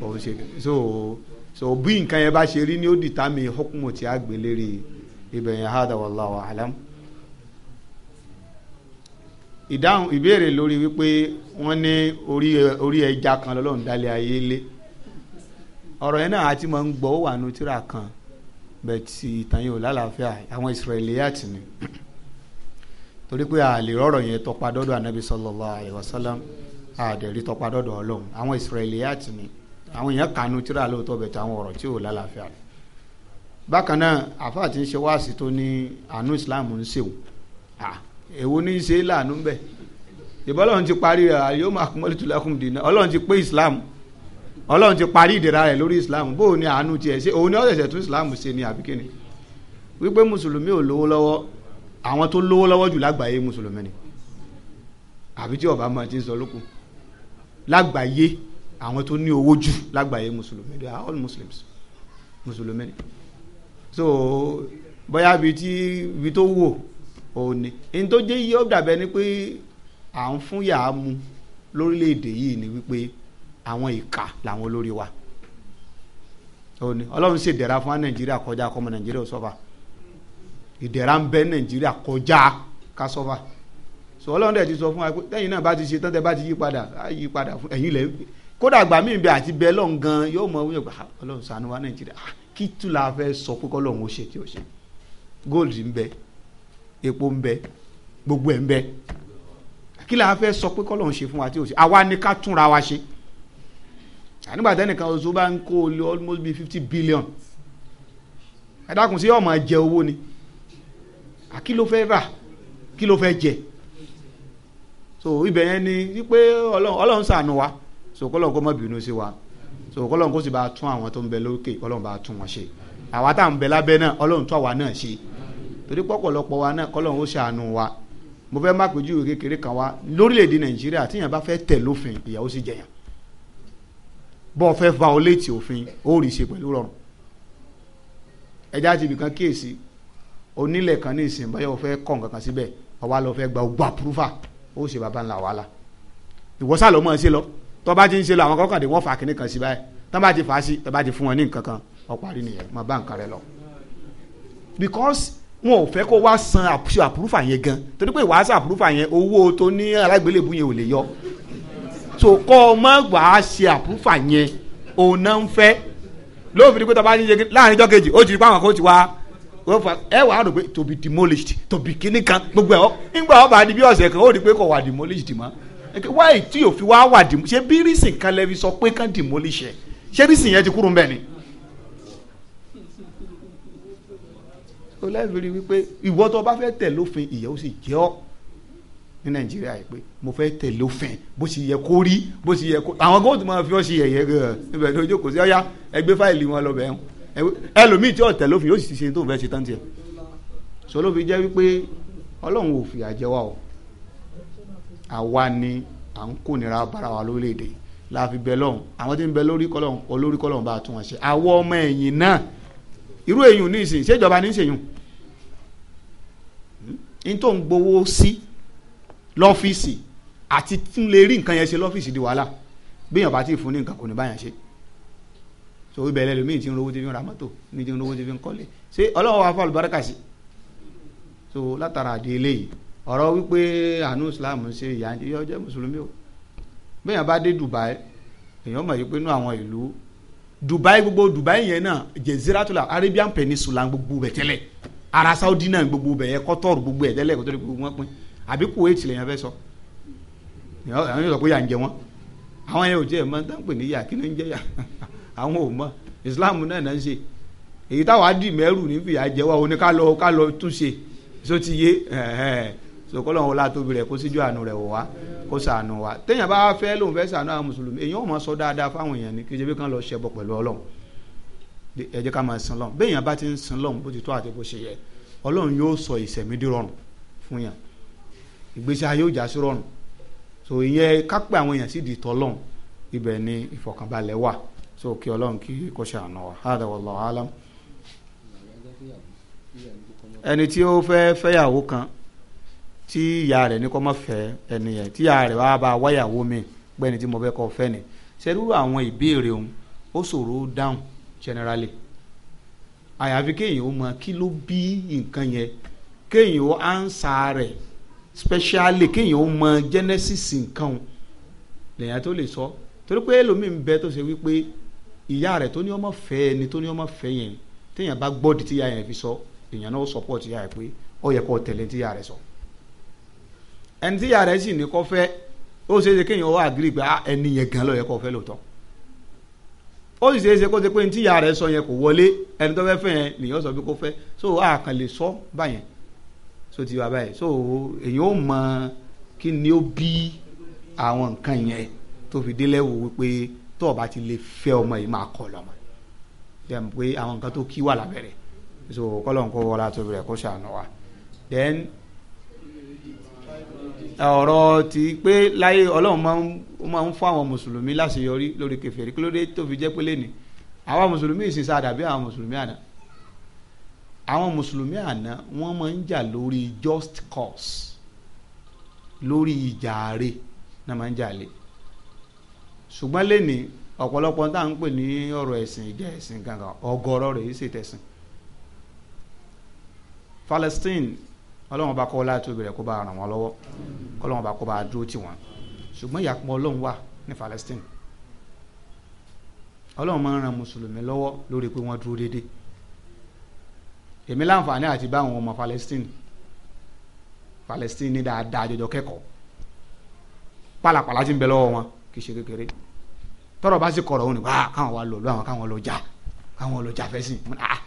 A: òun ṣe so so bí nǹkan yẹn bá ṣe rí ni ó dìtàmì hókùmù tí a gbé lérí ibẹ̀ hádà wallahu ìdáhùn ìbéèrè lórí wípé wọ́n ní orí orí ẹja kan lọ́lọ́run dálé ayé lé ọ̀rọ̀ yẹn náà àti máa ń gbọ́ wà nù tíra kan bẹ̀tì ìtàn yìí ò lálàáfíà àwọn Israeliyat ni (clears throat) torí pé a lè rọ̀rọ̀ yẹn tọpa dọ́dọ̀ anabi sallallahu alaihi wasallam àdẹ̀rí tọpa dọ́dọ̀ ọlọ́run àwọn Israeliyat ni àwọn èèyàn kanu tíra lóòótọ́ bẹ̀tì àwọn ọ̀rọ̀ tí ò lálàáfíà bákan náà àfáà ti ń ṣe wáàsí tó ní àánú Islam ń ṣèwò èwo ní í ṣe láàánú bẹ́ẹ̀ ìbọn ọlọ́run ti parí rẹ̀ àyè ó máa kún mọ́lẹ́tù lákùn dìínà ọlọ́run ti pé islam ọlọ́run ti parí ìdẹ̀ra rẹ̀ lórí islam bó ni ní àánú tiẹ̀ ṣe òun ní ọ̀sẹ̀sẹ̀ tún islam ṣe ni àbí kíni wípé mùsùlùmí ò lówó lọ́wọ́ àwọn tó lówó lọ́wọ́ jù lágbàáyé mùsùlùmí ni àbí tí ọba máa ti ń sọ lókun lágbàáyé àwọn tó ní owó jù lágbàáyé mùsùlùmí they are all muslims mùsùlùmí ni so bóyá ibi tí ibi tó wò òun ni ní tó jẹ́ yíyọ́ dàbẹ́ ni pé à ń fún yàá mu lórílẹ̀‐èdè yìí ni wípé àwọn ìka làwọn olórí wa òun ni ọlọ́run ṣe ìdẹ̀ra fún wa nàìjíríà kọjá kọ́mọ nàìjíríà ò sọ́fà ìdẹ̀ra ń bẹ nàìjíríà kọjá ká sọ́fà sọ ọlọ́run dẹ̀ ti sọ fún wa pé lẹ́yìn náà bá ti ṣe tán tẹ́ bá ti yí padà á yí padà fún ẹ̀yin lẹ́ kódà àgbà míì bẹ àti bẹ lọ́n gan yóò mọ wíwọ̀n ah, ọlọ́run ṣàánú wa nàìjíríà ah, kí tù la fẹ́ sọ pé kọ́ lọ́run ó ṣe tí ó ṣe gold ń bẹ epo ń bẹ gbogbo ẹ̀ ń bẹ kí la fẹ́ sọ pé kọ́lọ̀ ń ṣe fún wa tí ò ṣe àwa ni ká túnra wa ṣe nígbà tẹ́nìkan oṣù bá ń kó o lé almost bíi fifty billion ẹ dákun sí ọmọ jẹ owó ni kí ló fẹ́ rà kí ló fẹ́ jẹ so ibẹ̀ yẹn ni wípé ọlọ́run ṣàánú wa so kọ́lọ̀ kó má bínú sí wa so kọ́lọ̀ kó sì bá tún àwọn tó ń bẹ lókè ọlọ́run bá tún wọn ṣe àwa tá à ń bẹ lábẹ́ náà ọlọ́run tún àwa náà ṣe torí pọ̀pọ̀lọpọ̀ wa náà kọ́lọ́hún ó ṣàánú wa mo fẹ́ má pèjú kékeré kan wa lórílẹ̀‐èdè nàìjíríà tíyàn bá fẹ́ tẹ̀ lófin ìyàwó sì jẹyàn bọ́ọ̀ fẹ́ violate òfin ó rì í ṣe pẹ̀lú rọrùn ẹja ti ibìkan kíyèsí onílẹ̀ kan ní ìsìn báyọ̀ o fẹ́ kọ̀ nǹkan kan síbẹ̀ ọwọ́ lọ fẹ́ gba ogbà púrúfà ó ṣe bàbá ńlá wàhálà ìwọ́sà lọ́mọ ẹ ṣe lọ tó bá ti ń ṣe lọ àwọn kọ́kàn dé wọ́n fà kíní kan sí báyìí tó bá ti fà sí tó bá ti fún wọn ní nǹkan kan ó nìyẹn máa bá nǹkan rẹ lọ because wọn ò fẹ́ kó wá san àpúrúfà yẹn gan torí pé wàá san àpúrúfà yẹn owó tó ní alágbélébú yẹn ò lè yọ so kọ́ ọ mọ́ wàá ṣe àpúrúfà yẹn òun náà ń fẹ́ lóòfin ni pé tọ́ba ní yege láàrin ọjọ́ kejì ó ti rí pé àwọn kan ó ti wá ẹ wàá rò pé to be demolished to be kíní kan gbogbo ẹ̀ ọ́ nígbà ọba ni bí ọ̀sẹ̀ kan ó rí pé kò wà demolished mọ́ wáyé tí òfin wá wà demolished ṣé bí rísìn kan lẹ́bi sọ pé kan demolished ṣé rísìn yẹn ti kúrò ń ni ó lẹ́bìrì wípé ìwọ tó bá fẹ́ tẹ̀ lófin ìyà ó sì jẹ́ ọ́ ní nàìjíríà yìí pé mo fẹ́ tẹ̀ lófin bó sì yẹ kó rí bó sì yẹ kó àwọn góòtù máa fi ọ́ sí ẹ̀yẹ gan ibẹ̀ tó jókòó sí ọ́yá ẹgbẹ́ fáìlì wọn lọ́bẹ̀ ẹ̀hún ẹlòmíì tí ò tẹ̀ lófin yóò sì ṣe tó fẹ́ ṣe tán tiẹ̀ sọ fi jẹ́ wípé ọlọ́run ò fìyà jẹ wá o àwa ni à ń kó nira bára wa lórílẹ̀‐èdè la fi bẹ lọ́hùn àwọn tí ń bẹ lórí kọ́lọ́hùn olórí kọ́lọ́hùn bá a tún ní tó ń gbowó sí lọ́fíìsì àti tún lè rí nǹkan yẹn ṣe lọ́fíìsì di wàhálà bíyàn bá ti fún ní nǹkan kò ní báyàn ṣe so ibẹ̀ lẹ́nu míì ti ń rówó tí fi ń ra mọ́tò míì ti ń rówó tí fi ń kọ́lé ṣé ọlọ́wọ́ wa fọ́ àlùbáríkà sí so látara àdé eléyìí ọ̀rọ̀ wípé àánú Islam ṣe ìyá ìyá ọjọ́ mùsùlùmí o bíyàn bá dé Dubai èèyàn mọ̀ yìí pé inú àwọn ìlú Dubai gbogbo Dubai yẹn náà Jeziratul Arabian Peninsula gbogbo bẹ̀ ara Saudi náà gbogbo bẹ̀yẹ kọ́tọ́ọ̀rù gbogbo ẹ̀ tẹ́lẹ̀ kó tó di gbogbo wọn pin àbí Kuwait lèyàn fẹ́ sọ àwọn yóò sọ pé yà ń jẹ wọn àwọn yẹn ò jẹ́ ẹ̀mọ́ tán pè ní yà kí ló ń jẹ́ yà (laughs) àwọn ò mọ̀ Islam náà náà ń ṣe èyí táwa dì mẹ́rù ní fìyà jẹ wa oní ká lọ ká lọ túnṣe so ti yé sokolo wọn la tóbi rẹ kó síjú àánú rẹ wò wá kó sànù wá téèyàn bá fẹ́ lóun fẹ́ sànù àwọn mùsùlùmí èyí ò mọ̀ sọ dáadáa fáwọn èèyàn ní kí jẹ́bi kan lọ ṣẹbọ pẹ̀lú Ọlọ́run ẹ jẹ́ ká máa sin lọ́hùn bẹ́ẹ̀ yẹn bá ti ń sin lọ́hùn bó ti tó àti bó ṣe yẹ ọlọ́run yóò sọ ìṣẹ̀mí di fún yàn ìgbésí ayé òjà sí rọrùn so ìyẹn ká pé àwọn èèyàn sì di tọ́lọ́hùn ibẹ̀ ni ìfọ̀kànbalẹ̀ wà so kí ọlọ́run kí kò ṣàánú wa hádà wallahu alam. ẹni tí ó fẹ́ fẹ́yàwó kan tí ìyá rẹ̀ ní kó má fẹ́ ẹni yẹn tí ìyá rẹ̀ wá bá wáyàwó mi pẹ́ni tí mo fẹ́ kọ́ fẹ́ ni ṣerú àwọn ìbéèrè òun ó ṣòro dáhùn generally àyàfi kéèyàn ó mọ kí ló bí nǹkan yẹn kéèyàn ó ansa rẹ̀ specially kéèyàn ó mọ genesis nǹkan o lèyàn tó lè sọ torí pé ẹlòmíì ń bẹ tó ṣe wípé ìyá rẹ̀ tó ní ọmọ fẹ́ ẹni tó ní ọmọ fẹ́ yẹn téèyàn bá gbọ́ di yẹn fi sọ èèyàn náà ó support ìyá rẹ̀ pé ó yẹ kó tẹ̀lé tíyà rẹ̀ sọ ẹni tíyà rẹ̀ sì ní kó fẹ́ ó ṣe é ṣe kéèyàn ó agree pé ah, ẹni yẹn gan ló yẹ kó fẹ́ lóòótọ́ ó sì ṣeé ṣe kó ṣe pé tí ìyá rẹ̀ sọ yẹn kò wọlé ẹni tó fẹ́ fẹ́ yẹn nìyẹn sọ pé kó fẹ́ so a kàn lè sọ báyẹn so ti wà báyìí so èyàn ó mọ kí ni ó bí àwọn nǹkan yẹn tó fi délẹ̀ wò wípé tó o bá ti lè fẹ́ ọmọ yìí máa kọ̀ lọ́mọ dem pé àwọn nǹkan tó kí wà lábẹ́rẹ́ so kọ́lọ̀ ń kó wọlé àtòbí rẹ̀ kó ṣàánú wa then ọ̀rọ̀ ti pé láyé ọlọ́run máa ń ó máa ń fún àwọn mùsùlùmí láṣeyọrí lórí kèfèrí kí ló dé tó fi jẹ́ pé lẹ́nu àwọn mùsùlùmí ìsìn sáà dàbí àwọn mùsùlùmí àná àwọn mùsùlùmí àná wọ́n máa ń jà lórí just cause lórí ìjà àre náà máa ń jà lé ṣùgbọ́n lẹ́nu ọ̀pọ̀lọpọ̀ tá à ń pè ní ọ̀rọ̀ ẹ̀sìn ìjà ẹ̀sìn gangan ọ̀gọ̀rọ̀ rẹ̀ yìí ṣètẹ̀sìn Palestine ọlọ́run bá kọ́ láti obìnrin kó bá ràn wọ́n lọ́wọ́ kọ́lọ́run bá kó bá dúró tì wọ́n ṣùgbọ́n ìyàpọ̀ ọlọ́run wà ní Palestine ọlọ́run máa ń ran mùsùlùmí lọ́wọ́ lórí pé wọ́n dúró déédéé èmi láǹfààní àti bá àwọn ọmọ Palestine Palestine ní dáadáa jọjọ kẹ́kọ̀ọ́ pálapàla ti ń bẹ lọ́wọ́ wọn kì í ṣe kékeré tọ́rọ̀ bá sì kọ̀rọ̀ òun ni wá káwọn wá lọ lọ àwọn káwọn lọ jà káwọn lọ jà fẹsìn ah,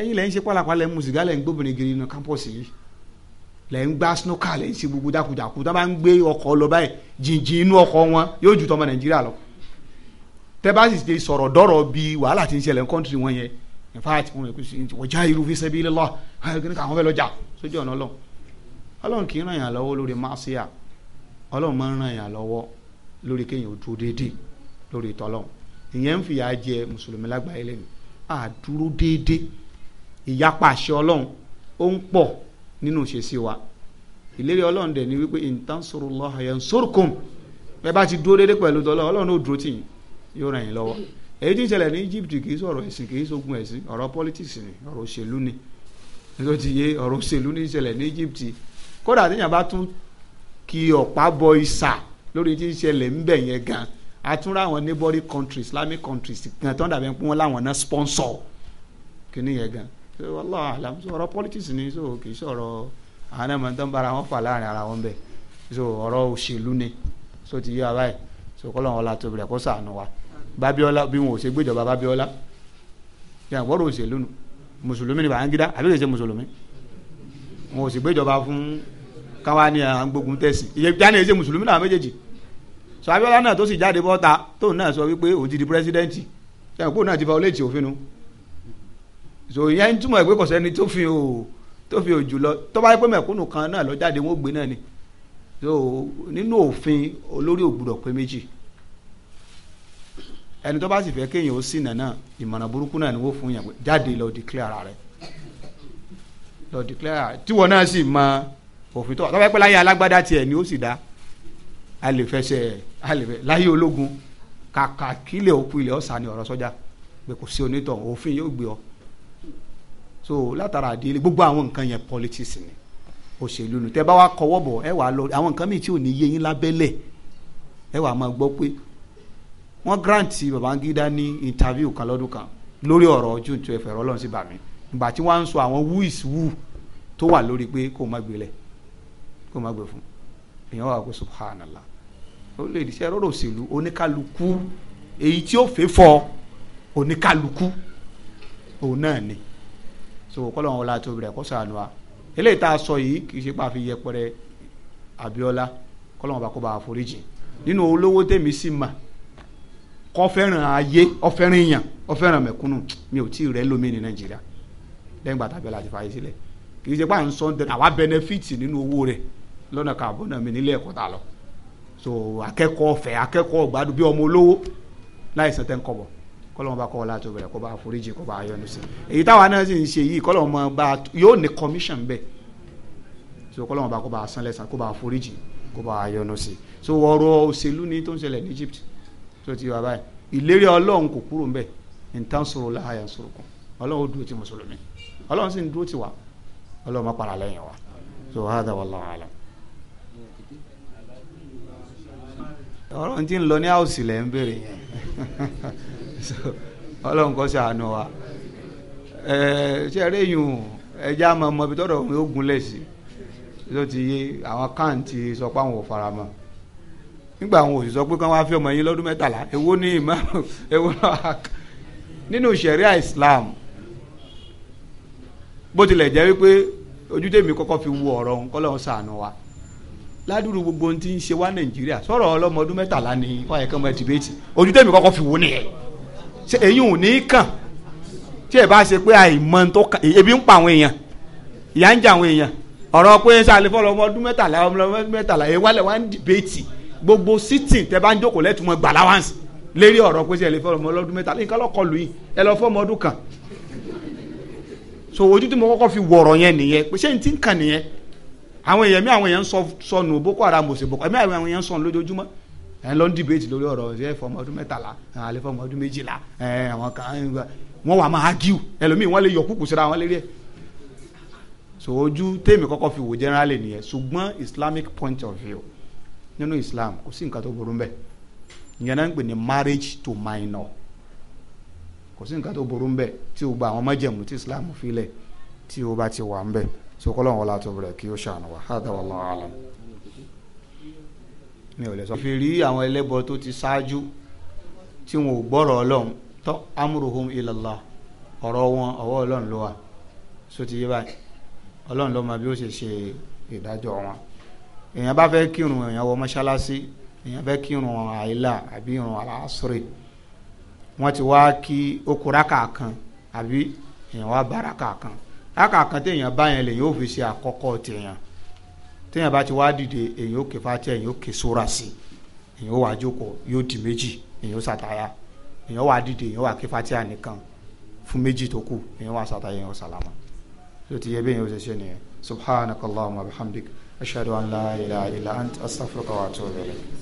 A: ẹ̀yin lẹ ń ṣe pálapàla ẹ mú sìgá lẹ ń gbóbìnrin giri nínú kámpọ̀sì yìí lẹ ń gbá snooker lẹ ń ṣe gbogbo dákujàku tá a bá ń gbé ọkọ̀ lọ báyìí jìnjìn inú ọkọ̀ wọn yóò ju tọmọ nàìjíríà lọ tẹ bá sì ṣe sọ̀rọ̀ dọ́rọ̀ bí wàhálà ti ń ṣẹlẹ̀ ní kọ́ńtìrì wọn yẹn in fact wọn kò sí ọjà irú fi ṣẹbi lọ àwọn fẹ́ lọ́jà sójú ọ̀nà ọlọ́run ọlọ́run kì í ràn yàn lọ́wọ́ lórí máṣíà ọlọ́run máa ń ràn yàn lọ́wọ́ lórí kéèyàn dúró déédéé lórí tọ́lọ́run ìyẹn ń fìyà jẹ mùsùlùmí lágbàáyé lẹ́nu àdúró déédéé ìyapa ọlọ́run ó ń pọ̀ nínú ìṣesí wa ìlérí ọlọ́run dẹ̀ ni wípé intansurullaha yansurkum ẹ bá ti dúró dédé pẹ̀lú tọ́lọ́ ọlọ́run ó dúró tì yín yóò ràn yín lọ́wọ́ èyí tí ń ṣẹlẹ̀ ní Egypt kì í sọ̀rọ̀ ẹ̀sìn kì í sógun ẹ̀sìn ọ̀rọ̀ politics ni ọ̀rọ̀ òṣèlú ni nítorí ti yé ọ̀rọ̀ òṣèlú ní ìṣẹ̀lẹ̀ ní Egypt kódà àtẹ̀yìn bá tún kí ọ̀pá bọ ìsà lórí tí ń ṣẹlẹ̀ ń bẹ̀ yẹn gan àtúnrà àwọn neighboring countries Islamic countries kan tó ń dàbí pé wọ́n láwọn náà sponsor kìnìyẹn gan so wallahu alam so ọ̀rọ̀ politics ni so kì í sọ̀rọ̀ àwọn náà máa ń tán bára wọn fà láàrin ara wọn bẹ̀ so ọ̀rọ̀ òṣèlú ni so ti yí wa báyìí so kọ́ lọ́wọ́ la tóbi rẹ̀ kó sànù wa bábíọ́lá bí wọn ò ṣe gbéjọba bábíọ́lá yàrá ìwọ́rọ̀ òṣèlú nu mùsùlùmí ni Bàǹgídá àbí kìí ṣe mùsùlùmí wọn ò sì gbéjọba fún káwa ní à ń gbógun tẹ̀sí iye jáde ṣe mùsùlùmí náà méjèèjì so Abíọ́lá náà tó sì jáde bọ́ta tóun náà sọ wípé òun ti di pírẹsidẹ́ǹtì yàrá òpó náà ti fa olóòtú òfin nu so ìyẹn túmọ̀ pé kò sẹ́ni tó fi o tó fi òjò lọ tó bá yẹ pé mẹ̀kúnnù kan náà lọ jáde wọ́n gbé náà ni so nínú òfin olórí ò gbọ́dọ̀ pé méjì ẹni tó bá sì fẹ́ kéèyàn ó sì nànà ìmọ̀ràn burúkú náà ni wọ́n fún yàn pé jáde lọ declare ara rẹ lọ declare tiwọ náà sì mọ òfin tó wà tó bá yẹ pé láyé alágbádá tiẹ̀ ni ó sì dá a lè fẹsẹ̀ a lè fẹ láyé ológun kàkà kílẹ̀ òkú ilẹ̀ ọ̀sán ni ọ̀rọ̀ sọ́jà pé kò sí onítọ̀ òfin yóò gbé ọ so látara àdéhìlẹ gbogbo àwọn nǹkan yẹn politics ni òṣèlú nu tẹ bá wa kọwọ́ bọ̀ ẹ wàá lọ àwọn nǹkan míì tí ò ní yé yín lábẹ́lẹ̀ ẹ wàá máa gbọ́ pé wọ́n grant Babangida ní interview kan lọ́dún kan lórí ọ̀rọ̀ June twelve ẹ̀rọ ọlọ́run sí bàmí ìgbà tí wọ́n á ń sọ àwọn who is who tó wà lórí pé kó má gbélé kó má gbé fún èèyàn wà pé subhanallah orílẹ̀-èdè iṣẹ́ rọ́rọ̀ òṣèlú oníkálukú èyí tí ó fẹ́ fọ oníkálukú òun náà ni so kọ́lọ́wọ́n wọlé àti obìnrin kó ṣàánú wa eléyìí tá a sọ yìí kì í ṣe pàfi yẹpẹrẹ Abíọ́lá kọ́lọ́wọ́n bá kó bá àforíjì nínú olówó tèmi sì mà kọ́ fẹ́ràn ayé ọ̀fẹ́ràn èèyàn ọ̀fẹ́ràn mẹ̀kúnnù mi ò tí ì rẹ́ lómi ní Nàìjíríà lẹ́yìn gbàtà Abíọ́lá ti fàyè sílẹ̀ kì í ṣe pàà ń sọ àwa bẹnẹfìtì nínú owó rẹ̀ lọ́nà kààbọ̀ mi nílé ẹ̀kọ́ ta lọ so akẹ́kọ̀ọ́ ọ̀fẹ́ akẹ́kọ̀ọ́ gbádùn bí ọmọ olówó láìsàn tẹ́ ń kọ́ bọ̀ kọ́lọ́mọ bá kọ́ ọlá tó bẹ̀rẹ̀ kó bá foríjì kó bá yọ́nú sí èyí táwa náà sì ń ṣe yìí kọ́lọ́mọ bá yóò ní commission bẹ́ẹ̀ so kọ́lọ́mọ bá kó bá san lẹ́sàn kó bá foríjì kó bá yọ́nú sí so ọ̀rọ̀ òṣèlú ni tó ń ṣẹlẹ̀ ní Egypt tó ti wà báyìí ìlérí ọlọ́run kò kúrò ńbẹ̀ nǹkan sọ̀rọ̀ láàyè sọ̀rọ̀ kan ọlọ́run dúró ti mùsùlùmí ọlọ́run sì ń dúró ti wà ọlọ́run má para lẹ́yìn wa so hada wallahu alam. ọ̀rọ̀ ti ń lọ ní àwòsílẹ̀ ń béèrè yẹn. (laughs) ọlọ́run kọ́ ṣàánú wa ṣe eré yùn ẹja máa mọ ibi tọ́rọ̀ òun ó gúnlẹ̀ sí ló ti yé àwọn kan ti sọ pé àwọn ò fara mọ́ nígbà àwọn òṣìṣọ́ pé kán wá fi ọmọ yín lọ́dún mẹ́tàlá èwo ní ìmáàmù (laughs) èwo náà nínú ṣẹ̀ríà Islam bó tilẹ̀ jẹ́ wípé ojú tèmi kọ́kọ́ fi wo ọ̀rọ̀ òun kọ́lọ́run ṣàánú wa ládùúrú gbogbo ohun tí ń ṣe wá Nàìjíríà sọ̀rọ̀ ọlọ́mọ ọdún mẹ́tàlá ni wọ́n yẹ kán mọ ẹ̀ tìbẹ́tì ojú tèmi kọ́kọ́ fi wo nìyẹn ṣe èyí ò ní kàn tí ẹ bá ṣe pé àìmọ̀ tó kàn ebi ń pa àwọn èèyàn ìyà ń jẹ àwọn èèyàn ọ̀rọ̀ pé sàlẹ̀ fọlọ́ ọmọ ọdún mẹ́tàlá ọmọ ọdún mẹ́tàlá ẹ wálẹ̀ wá ń dìbẹ́tì gbogbo sítìn tẹ bá ń jókòó lẹ́tùmọ̀ gbà láwáǹsì lérí ọ̀rọ̀ pé sàlẹ̀ fọlọ́ ọmọ ọdún mẹ́tàlá nǹkan lọ́kọ lù yìí ẹ lọ fọ́ ọmọ ọdún kan so ojú tí mo kọ́kọ́ fi wọ̀rọ̀ yẹn nìyẹn pé ṣé n ti ń kàn nìyẹn àwọn èèyàn mi àwọn èèyàn ń sọnù Boko Haram òsè Boko èmi àwọn èèyàn ń sọnù lójoojúmọ́ ẹ lọ ń dìbẹ́tì lórí ọ̀rọ̀ ẹ fọmọ ọdún mẹ́tàlá àlẹ́ fọmọ ọdún méjìlá ẹ àwọn kan wọ́n wà máa ágíù ẹlòmíì wọ́n lè yọ kúkú síra wọn lérí ẹ̀ so ojú tèmi kọ́kọ́ fi wò generally nìyẹn ṣùgbọ́n islamic point of view nínú islam kò sí nǹkan tó burú mbẹ̀ ìyẹn náà ń pè ní marriage to minor kò sí nǹkan tó burú mbẹ̀ tí o gba àwọn májẹ̀mú tí islam fi lẹ̀ tí o bá ti wà mbẹ̀ so kọ́lọ́n wọlé àtọ̀bẹ̀rẹ̀ kí o ṣàánú wa hádà wallahu alam mi ò lè sọ. ìfìrí àwọn ẹlẹ́bọ tó ti ṣáájú tí wọn ò gbọ́rọ̀ ọlọ́run tó amúròhùn ìlàlá ọ̀rọ̀ wọn ọwọ́ ọlọ́run ló wà só ti yé báyìí ọlọ́run ló mọ bí ó ṣe ṣe ìdájọ́ wọn. èèyàn bá fẹ́ kírun èèyàn wọ mọ́ṣáláṣí èèyàn fẹ́ kírun àìlà àbí irun àlàásùrè wọ́n ti wá kí okùn rákà kan àbí èèyàn wá bá rákà kan rákà kan téèyàn bá lè yóò fi ṣe àkọ́kọ́ tèèyàn téèyàn bá ti wá dìde èyàn ó ké fàtí èyàn ó ké sóra sí èyàn ó wá jókòó yóò di méjì èyàn ó sàtáyà èyàn ó wá dìde èyàn ó wá ké fàtí ànìkan fún méjì tó kù èyàn ó wá sàtáyà èyàn ó sàlámà tó ti yẹ bẹ́ẹ̀ yẹn ó ṣe ṣe nìyẹn subhanakallahumma wa bihamdik ashhadu an la ilaha illa ant astaghfiruka wa atubu ilayk.